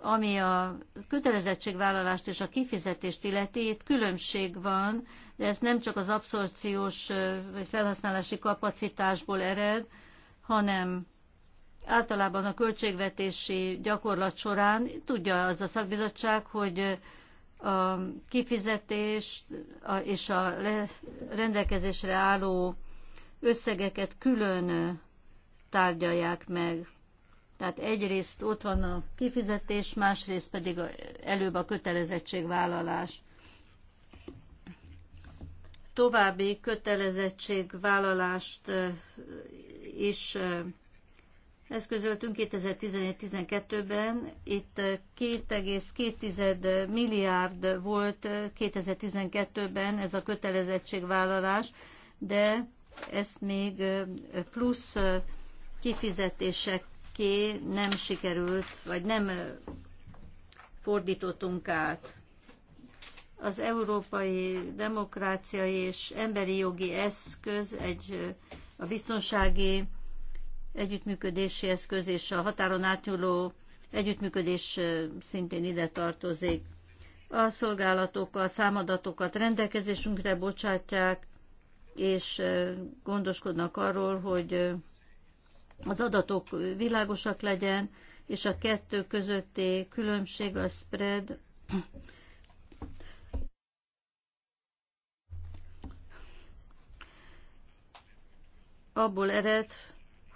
Ami a kötelezettségvállalást és a kifizetést illeti, itt különbség van, de ez nem csak az abszorciós vagy felhasználási kapacitásból ered, hanem általában a költségvetési gyakorlat során tudja az a szakbizottság, hogy a kifizetés és a rendelkezésre álló összegeket külön tárgyalják meg. Tehát egyrészt ott van a kifizetés, másrészt pedig előbb a kötelezettségvállalás. További kötelezettségvállalást is közöltünk 2011-12-ben, itt 2,2 milliárd volt 2012-ben ez a kötelezettségvállalás, de ezt még plusz kifizetéseké nem sikerült, vagy nem fordítottunk át. Az európai demokrácia és emberi jogi eszköz egy a biztonsági együttműködési eszköz és a határon átnyúló együttműködés szintén ide tartozik. A szolgálatokat, számadatokat rendelkezésünkre bocsátják, és gondoskodnak arról, hogy az adatok világosak legyen, és a kettő közötti különbség, a spread, abból ered,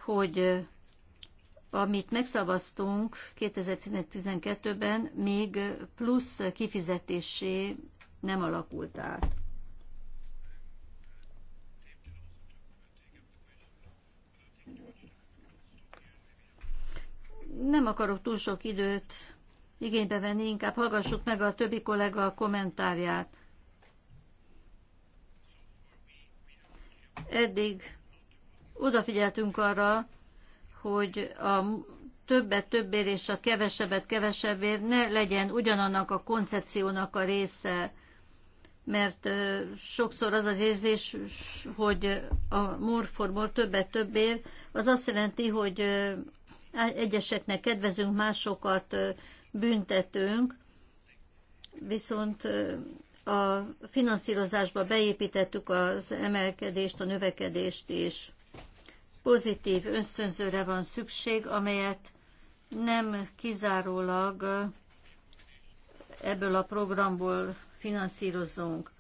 hogy amit megszavaztunk 2012-ben, még plusz kifizetésé nem alakult át. Nem akarok túl sok időt igénybe venni, inkább hallgassuk meg a többi kollega kommentárját. Eddig odafigyeltünk arra, hogy a többet többér és a kevesebbet kevesebbér ne legyen ugyanannak a koncepciónak a része, mert sokszor az az érzés, hogy a more for more többet többér, az azt jelenti, hogy egyeseknek kedvezünk, másokat büntetünk, viszont a finanszírozásba beépítettük az emelkedést, a növekedést is pozitív ösztönzőre van szükség, amelyet nem kizárólag ebből a programból finanszírozunk.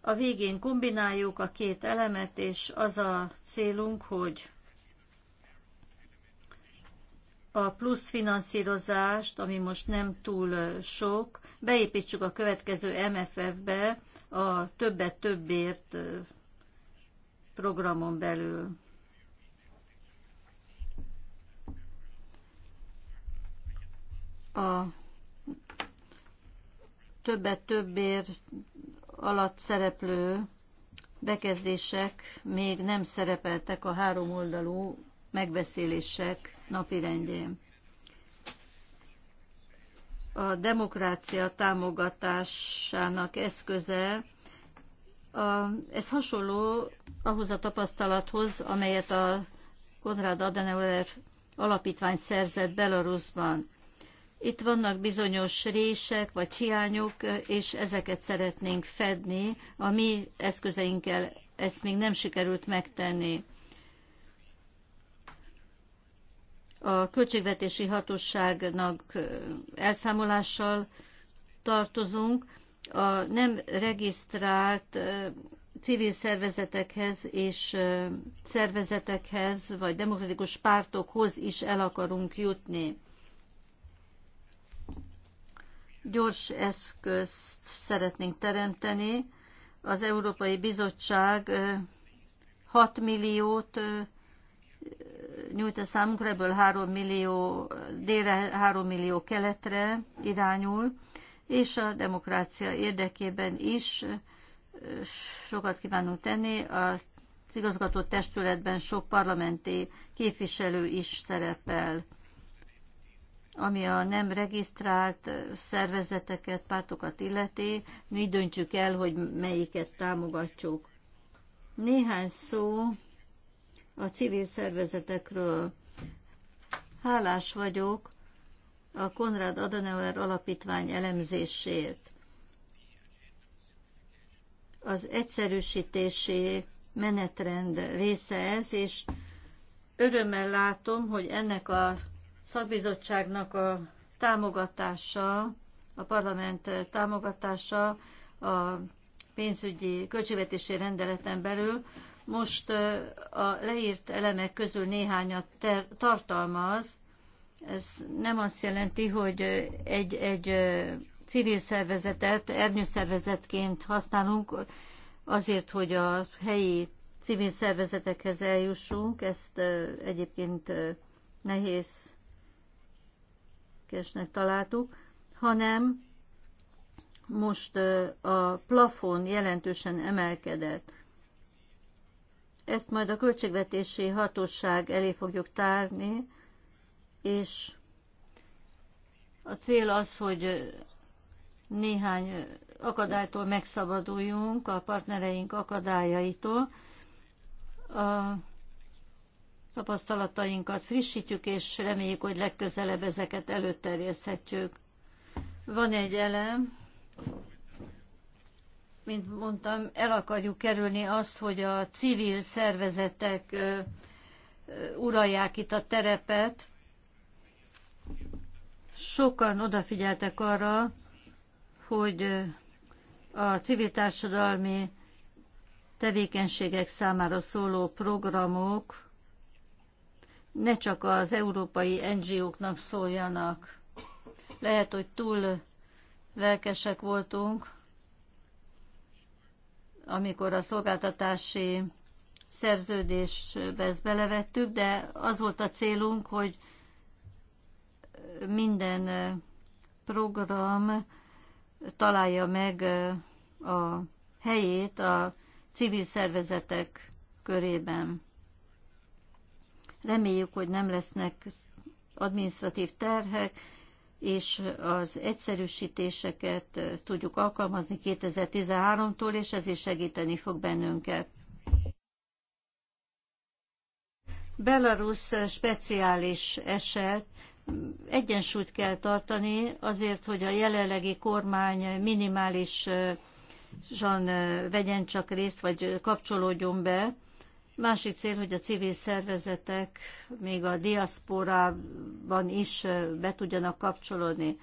A végén kombináljuk a két elemet, és az a célunk, hogy a plusz finanszírozást, ami most nem túl sok, beépítsük a következő MFF-be a többet többért programon belül. a többet többért alatt szereplő bekezdések még nem szerepeltek a három oldalú megbeszélések napirendjén. A demokrácia támogatásának eszköze, a, ez hasonló ahhoz a tapasztalathoz, amelyet a Konrad Adenauer alapítvány szerzett Belarusban. Itt vannak bizonyos rések vagy hiányok, és ezeket szeretnénk fedni. A mi eszközeinkkel ezt még nem sikerült megtenni. A költségvetési hatóságnak elszámolással tartozunk. A nem regisztrált civil szervezetekhez és szervezetekhez, vagy demokratikus pártokhoz is el akarunk jutni gyors eszközt szeretnénk teremteni. Az Európai Bizottság 6 milliót nyújt a számunkra, ebből 3 millió délre, 3 millió keletre irányul, és a demokrácia érdekében is sokat kívánunk tenni. Az igazgató testületben sok parlamenti képviselő is szerepel ami a nem regisztrált szervezeteket, pártokat illeti, mi döntsük el, hogy melyiket támogatjuk. Néhány szó a civil szervezetekről. Hálás vagyok a Konrad Adenauer Alapítvány elemzését. Az egyszerűsítési menetrend része ez, és örömmel látom, hogy ennek a szakbizottságnak a támogatása, a parlament támogatása a pénzügyi költségvetési rendeleten belül most a leírt elemek közül néhányat ter- tartalmaz. Ez nem azt jelenti, hogy egy, egy civil szervezetet ernyőszervezetként használunk azért, hogy a helyi civil szervezetekhez eljussunk. Ezt egyébként nehéz érdekesnek találtuk, hanem most a plafon jelentősen emelkedett. Ezt majd a költségvetési hatóság elé fogjuk tárni, és a cél az, hogy néhány akadálytól megszabaduljunk, a partnereink akadályaitól. A tapasztalatainkat frissítjük, és reméljük, hogy legközelebb ezeket előterjeszthetjük. Van egy elem, mint mondtam, el akarjuk kerülni azt, hogy a civil szervezetek uralják itt a terepet. Sokan odafigyeltek arra, hogy a civil társadalmi tevékenységek számára szóló programok ne csak az európai NGO-knak szóljanak. Lehet, hogy túl lelkesek voltunk, amikor a szolgáltatási szerződésbe ezt belevettük, de az volt a célunk, hogy minden program találja meg a helyét a civil szervezetek körében. Reméljük, hogy nem lesznek administratív terhek, és az egyszerűsítéseket tudjuk alkalmazni 2013-tól, és ez is segíteni fog bennünket. Belarus speciális eset, egyensúlyt kell tartani azért, hogy a jelenlegi kormány minimálisan vegyen csak részt, vagy kapcsolódjon be Másik cél, hogy a civil szervezetek még a diaszporában is be tudjanak kapcsolódni.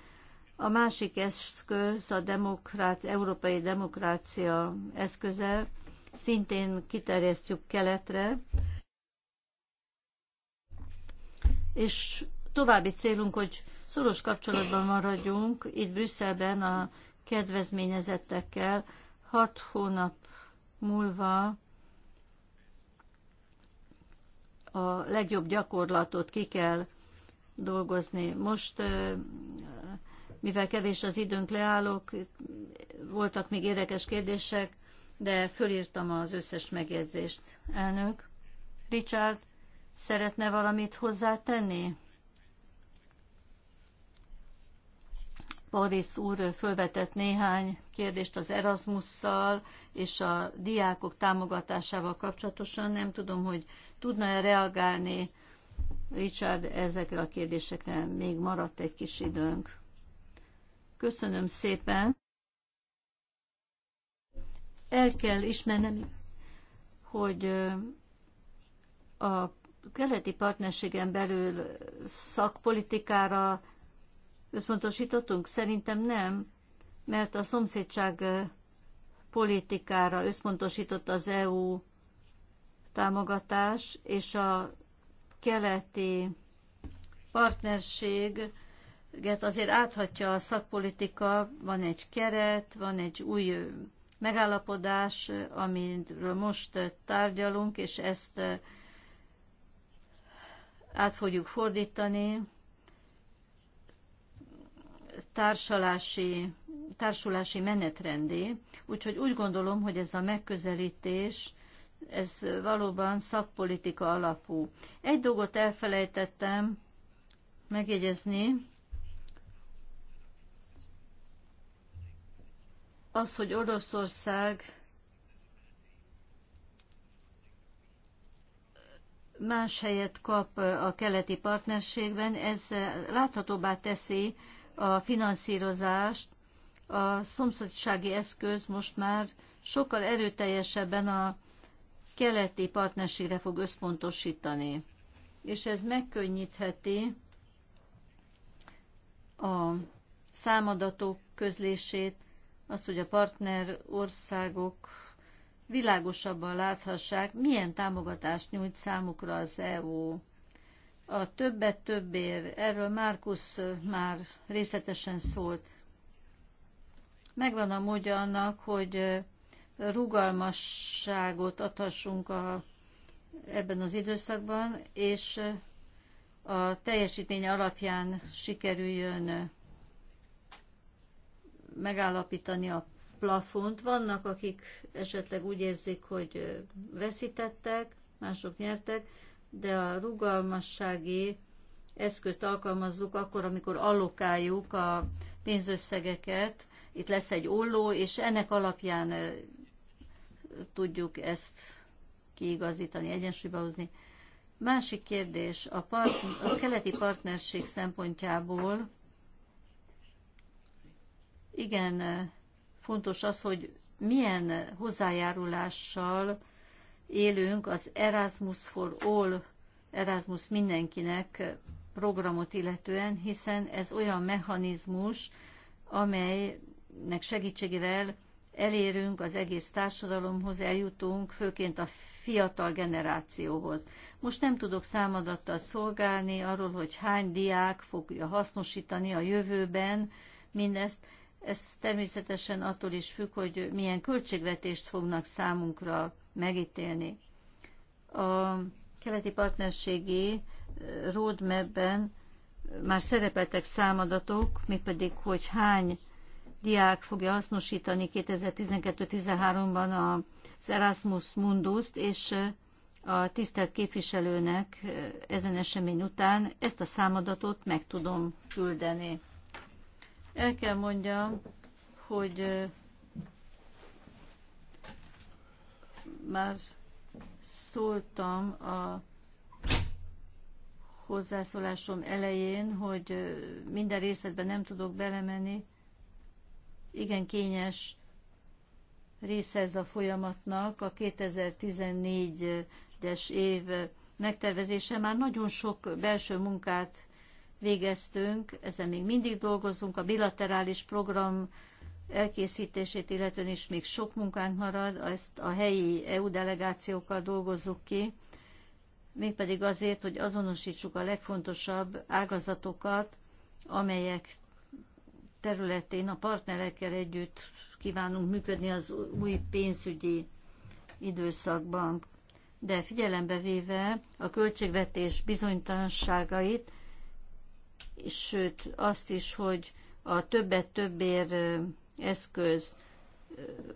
A másik eszköz a demokrát, európai demokrácia eszköze, szintén kiterjesztjük keletre, és további célunk, hogy szoros kapcsolatban maradjunk itt Brüsszelben a kedvezményezettekkel. Hat hónap múlva a legjobb gyakorlatot ki kell dolgozni. Most, mivel kevés az időnk, leállok, voltak még érdekes kérdések, de fölírtam az összes megjegyzést. Elnök, Richard, szeretne valamit hozzátenni? Boris úr fölvetett néhány kérdést az Erasmusszal és a diákok támogatásával kapcsolatosan. Nem tudom, hogy Tudna-e reagálni, Richard, ezekre a kérdésekre? Még maradt egy kis időnk. Köszönöm szépen. El kell ismernem, hogy a keleti partnerségen belül szakpolitikára összpontosítottunk? Szerintem nem, mert a szomszédság politikára összpontosított az EU támogatás és a keleti partnerséget azért áthatja a szakpolitika, van egy keret, van egy új megállapodás, amiről most tárgyalunk, és ezt át fogjuk fordítani társalási, társulási menetrendé. Úgyhogy úgy gondolom, hogy ez a megközelítés ez valóban szakpolitika alapú. Egy dolgot elfelejtettem megjegyezni, az, hogy Oroszország más helyet kap a keleti partnerségben, ez láthatóbbá teszi a finanszírozást. A szomszédsági eszköz most már sokkal erőteljesebben a keleti partnerségre fog összpontosítani, és ez megkönnyítheti a számadatok közlését, az, hogy a partner országok világosabban láthassák, milyen támogatást nyújt számukra az EU. A többet többér, erről Márkusz már részletesen szólt. Megvan a módja annak, hogy rugalmasságot adhassunk a, ebben az időszakban, és a teljesítmény alapján sikerüljön megállapítani a plafont. Vannak, akik esetleg úgy érzik, hogy veszítettek, mások nyertek, de a rugalmassági eszközt alkalmazzuk akkor, amikor allokáljuk a pénzösszegeket. Itt lesz egy olló, és ennek alapján tudjuk ezt kiigazítani, egyensúlyba hozni. Másik kérdés, a, part, a keleti partnerség szempontjából igen fontos az, hogy milyen hozzájárulással élünk az Erasmus for All, Erasmus mindenkinek programot illetően, hiszen ez olyan mechanizmus, amelynek segítségével elérünk az egész társadalomhoz, eljutunk, főként a fiatal generációhoz. Most nem tudok számadattal szolgálni arról, hogy hány diák fogja hasznosítani a jövőben mindezt. Ez természetesen attól is függ, hogy milyen költségvetést fognak számunkra megítélni. A keleti partnerségi roadmap-ben már szerepeltek számadatok, mégpedig, hogy hány diák fogja hasznosítani 2012-13-ban az Erasmus Mundust, és a tisztelt képviselőnek ezen esemény után ezt a számadatot meg tudom küldeni. El kell mondjam, hogy már szóltam a hozzászólásom elején, hogy minden részletben nem tudok belemenni, igen kényes része ez a folyamatnak. A 2014-es év megtervezése már nagyon sok belső munkát végeztünk, ezen még mindig dolgozunk, a bilaterális program elkészítését illetően is még sok munkánk marad, ezt a helyi EU delegációkkal dolgozzuk ki, mégpedig azért, hogy azonosítsuk a legfontosabb ágazatokat, amelyek területén a partnerekkel együtt kívánunk működni az új pénzügyi időszakban. De figyelembe véve a költségvetés bizonytanságait, és sőt azt is, hogy a többet többér eszköz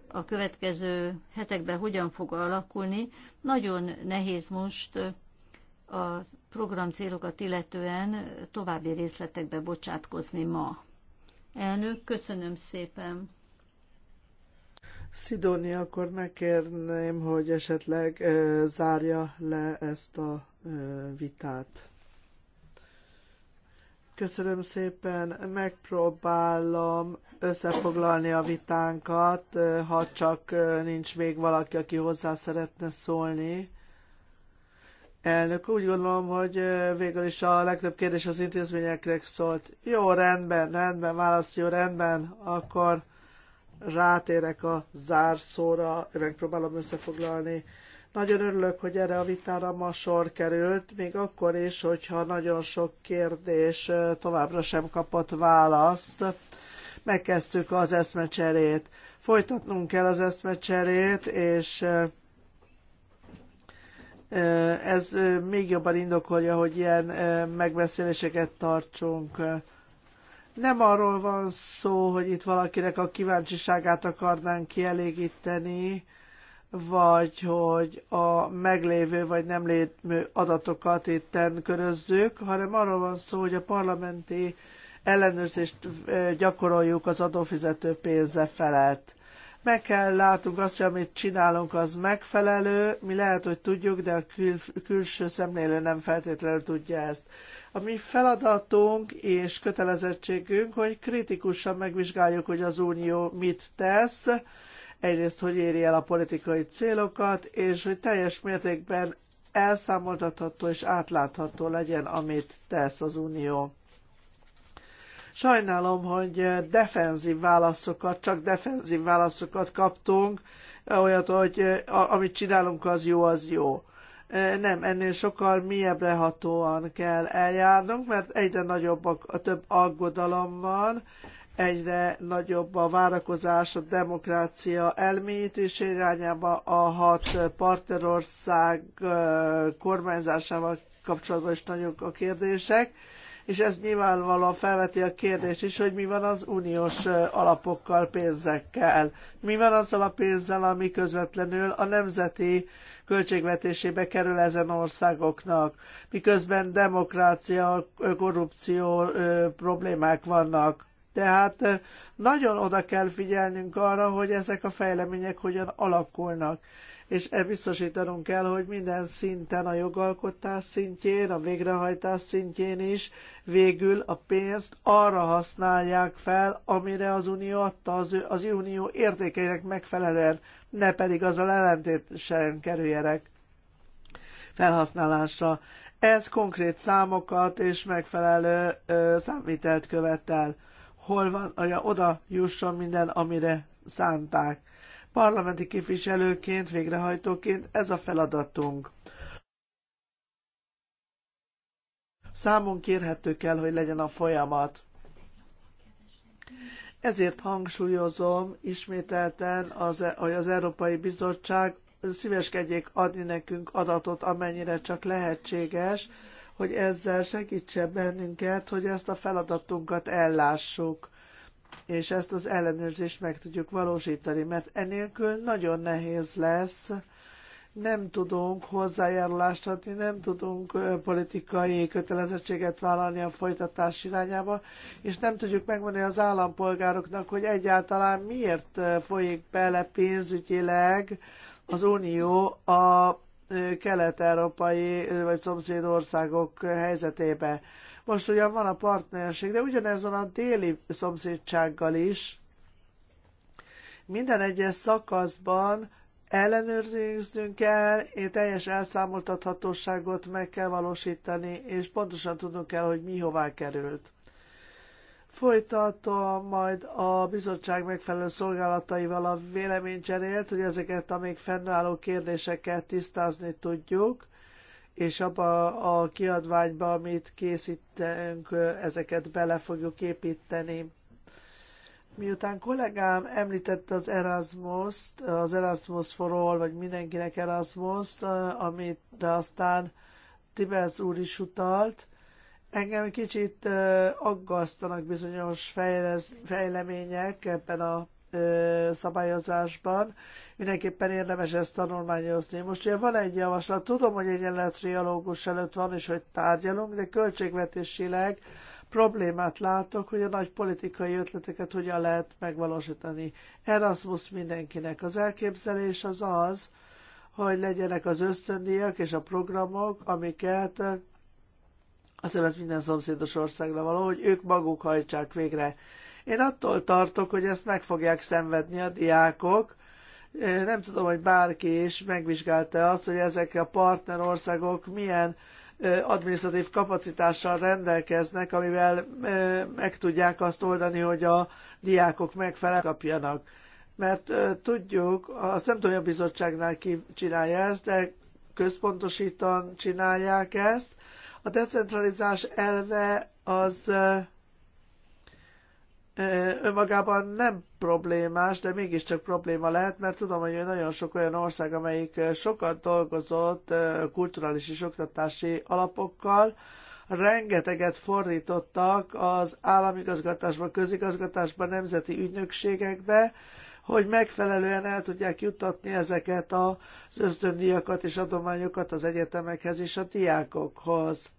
a következő hetekben hogyan fog alakulni. Nagyon nehéz most a program célokat illetően további részletekbe bocsátkozni ma. Elnök, köszönöm szépen. Szidóni, akkor megkérném, hogy esetleg e, zárja le ezt a e, vitát. Köszönöm szépen, megpróbálom összefoglalni a vitánkat, ha csak nincs még valaki, aki hozzá szeretne szólni. Elnök, úgy gondolom, hogy végül is a legtöbb kérdés az intézményeknek szólt. Jó, rendben, rendben, válasz, jó, rendben, akkor rátérek a zárszóra, megpróbálom összefoglalni. Nagyon örülök, hogy erre a vitára ma sor került, még akkor is, hogyha nagyon sok kérdés továbbra sem kapott választ. Megkezdtük az eszmecserét. Folytatnunk kell az eszmecserét, és ez még jobban indokolja, hogy ilyen megbeszéléseket tartsunk. Nem arról van szó, hogy itt valakinek a kíváncsiságát akarnánk kielégíteni, vagy hogy a meglévő vagy nem lévő adatokat itten körözzük, hanem arról van szó, hogy a parlamenti ellenőrzést gyakoroljuk az adófizető pénze felett. Meg kell látunk azt, hogy amit csinálunk, az megfelelő. Mi lehet, hogy tudjuk, de a kül- külső szemlélő nem feltétlenül tudja ezt. A mi feladatunk és kötelezettségünk, hogy kritikusan megvizsgáljuk, hogy az Unió mit tesz, egyrészt, hogy éri el a politikai célokat, és hogy teljes mértékben elszámoltatható és átlátható legyen, amit tesz az Unió. Sajnálom, hogy defenzív válaszokat, csak defenzív válaszokat kaptunk, olyat, hogy amit csinálunk, az jó, az jó. E, nem, ennél sokkal mélyebbre hatóan kell eljárnunk, mert egyre nagyobb a, a több aggodalom van, egyre nagyobb a várakozás a demokrácia elmélyítés irányába a hat partnerország e, kormányzásával kapcsolatban is nagyok a kérdések, és ez nyilvánvalóan felveti a kérdést is, hogy mi van az uniós alapokkal, pénzekkel. Mi van azzal a pénzzel, ami közvetlenül a nemzeti költségvetésébe kerül ezen országoknak, miközben demokrácia, korrupció problémák vannak. Tehát nagyon oda kell figyelnünk arra, hogy ezek a fejlemények hogyan alakulnak és e biztosítanunk kell, hogy minden szinten, a jogalkotás szintjén, a végrehajtás szintjén is végül a pénzt arra használják fel, amire az Unió adta az, az Unió értékeinek megfelelően, ne pedig a ellentétesen kerüljenek felhasználásra. Ez konkrét számokat és megfelelő ö, számítelt követel. Hol van, hogy oda jusson minden, amire szánták. Parlamenti képviselőként, végrehajtóként ez a feladatunk. Számon kérhető kell, hogy legyen a folyamat. Ezért hangsúlyozom ismételten, az, e- hogy az Európai Bizottság szíveskedjék adni nekünk adatot, amennyire csak lehetséges, hogy ezzel segítse bennünket, hogy ezt a feladatunkat ellássuk és ezt az ellenőrzést meg tudjuk valósítani, mert enélkül nagyon nehéz lesz, nem tudunk hozzájárulást adni, nem tudunk politikai kötelezettséget vállalni a folytatás irányába, és nem tudjuk megmondani az állampolgároknak, hogy egyáltalán miért folyik bele pénzügyileg az Unió a kelet-európai vagy szomszéd országok helyzetébe. Most ugyan van a partnerség, de ugyanez van a déli szomszédsággal is. Minden egyes szakaszban ellenőriznünk kell, és teljes elszámoltathatóságot meg kell valósítani, és pontosan tudnunk kell, hogy mi hová került. Folytatom majd a bizottság megfelelő szolgálataival a véleménycserélt, hogy ezeket a még fennálló kérdéseket tisztázni tudjuk, és abba a kiadványba, amit készítünk, ezeket bele fogjuk építeni. Miután kollégám említette az erasmus az Erasmus for All, vagy mindenkinek erasmus amit aztán Tibes úr is utalt, engem kicsit aggasztanak bizonyos fejlesz, fejlemények ebben a szabályozásban. Mindenképpen érdemes ezt tanulmányozni. Most ugye van egy javaslat, tudom, hogy egy trialógus előtt van, és hogy tárgyalunk, de költségvetésileg problémát látok, hogy a nagy politikai ötleteket hogyan lehet megvalósítani. Erasmus mindenkinek. Az elképzelés az az, hogy legyenek az ösztöndíjak és a programok, amiket azt hiszem ez minden szomszédos országra való, hogy ők maguk hajtsák végre. Én attól tartok, hogy ezt meg fogják szenvedni a diákok. Nem tudom, hogy bárki is megvizsgálta azt, hogy ezek a partnerországok milyen adminisztratív kapacitással rendelkeznek, amivel meg tudják azt oldani, hogy a diákok megfelel kapjanak. Mert tudjuk, azt nem tudom, hogy a bizottságnál ki csinálja ezt, de központosítan csinálják ezt. A decentralizás elve az önmagában nem problémás, de mégiscsak probléma lehet, mert tudom, hogy nagyon sok olyan ország, amelyik sokat dolgozott kulturális és oktatási alapokkal, rengeteget fordítottak az államigazgatásba, közigazgatásba, nemzeti ügynökségekbe, hogy megfelelően el tudják juttatni ezeket az ösztöndíjakat és adományokat az egyetemekhez és a diákokhoz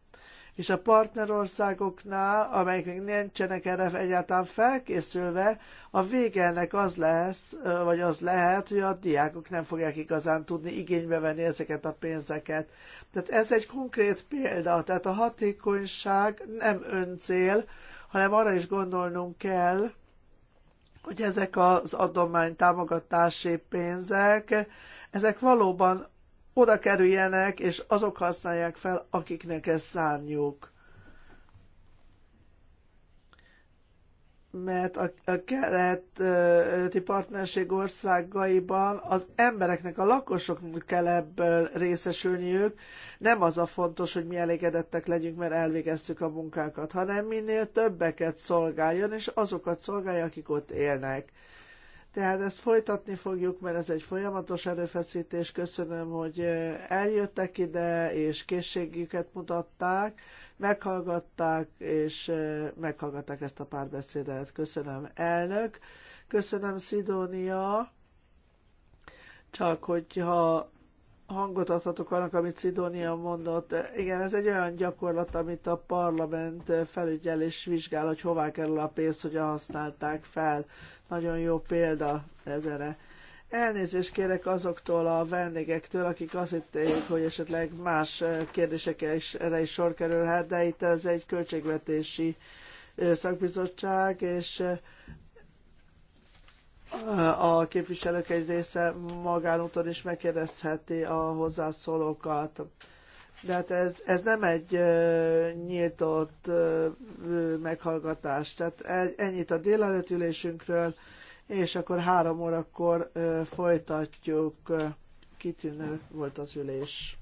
és a partnerországoknál, amelyek még nincsenek erre egyáltalán felkészülve, a vége ennek az lesz, vagy az lehet, hogy a diákok nem fogják igazán tudni igénybe venni ezeket a pénzeket. Tehát ez egy konkrét példa, tehát a hatékonyság nem öncél, hanem arra is gondolnunk kell, hogy ezek az adomány támogatási pénzek, ezek valóban oda kerüljenek, és azok használják fel, akiknek ez szárnyuk. mert a, a keleti partnerség országaiban az embereknek, a lakosoknak kell ebből részesülniük. Nem az a fontos, hogy mi elégedettek legyünk, mert elvégeztük a munkákat, hanem minél többeket szolgáljon, és azokat szolgálja, akik ott élnek. Tehát ezt folytatni fogjuk, mert ez egy folyamatos erőfeszítés. Köszönöm, hogy eljöttek ide, és készségüket mutatták, meghallgatták, és eh, meghallgatták ezt a párbeszédet. Köszönöm, elnök. Köszönöm, Szidónia. Csak hogyha hangot adhatok annak, amit Szidónia mondott. Igen, ez egy olyan gyakorlat, amit a parlament felügyel és vizsgál, hogy hová kerül a pénz, hogyan használták fel. Nagyon jó példa ezere. Elnézést kérek azoktól a vendégektől, akik azt hitték, hogy esetleg más kérdésekre is, erre is sor kerülhet, de itt ez egy költségvetési szakbizottság, és a képviselők egy része magánúton is megkérdezheti a hozzászólókat. De hát ez, ez nem egy ö, nyíltott meghallgatás. Tehát e, ennyit a délelőtt ülésünkről, és akkor három órakor folytatjuk. Kitűnő volt az ülés.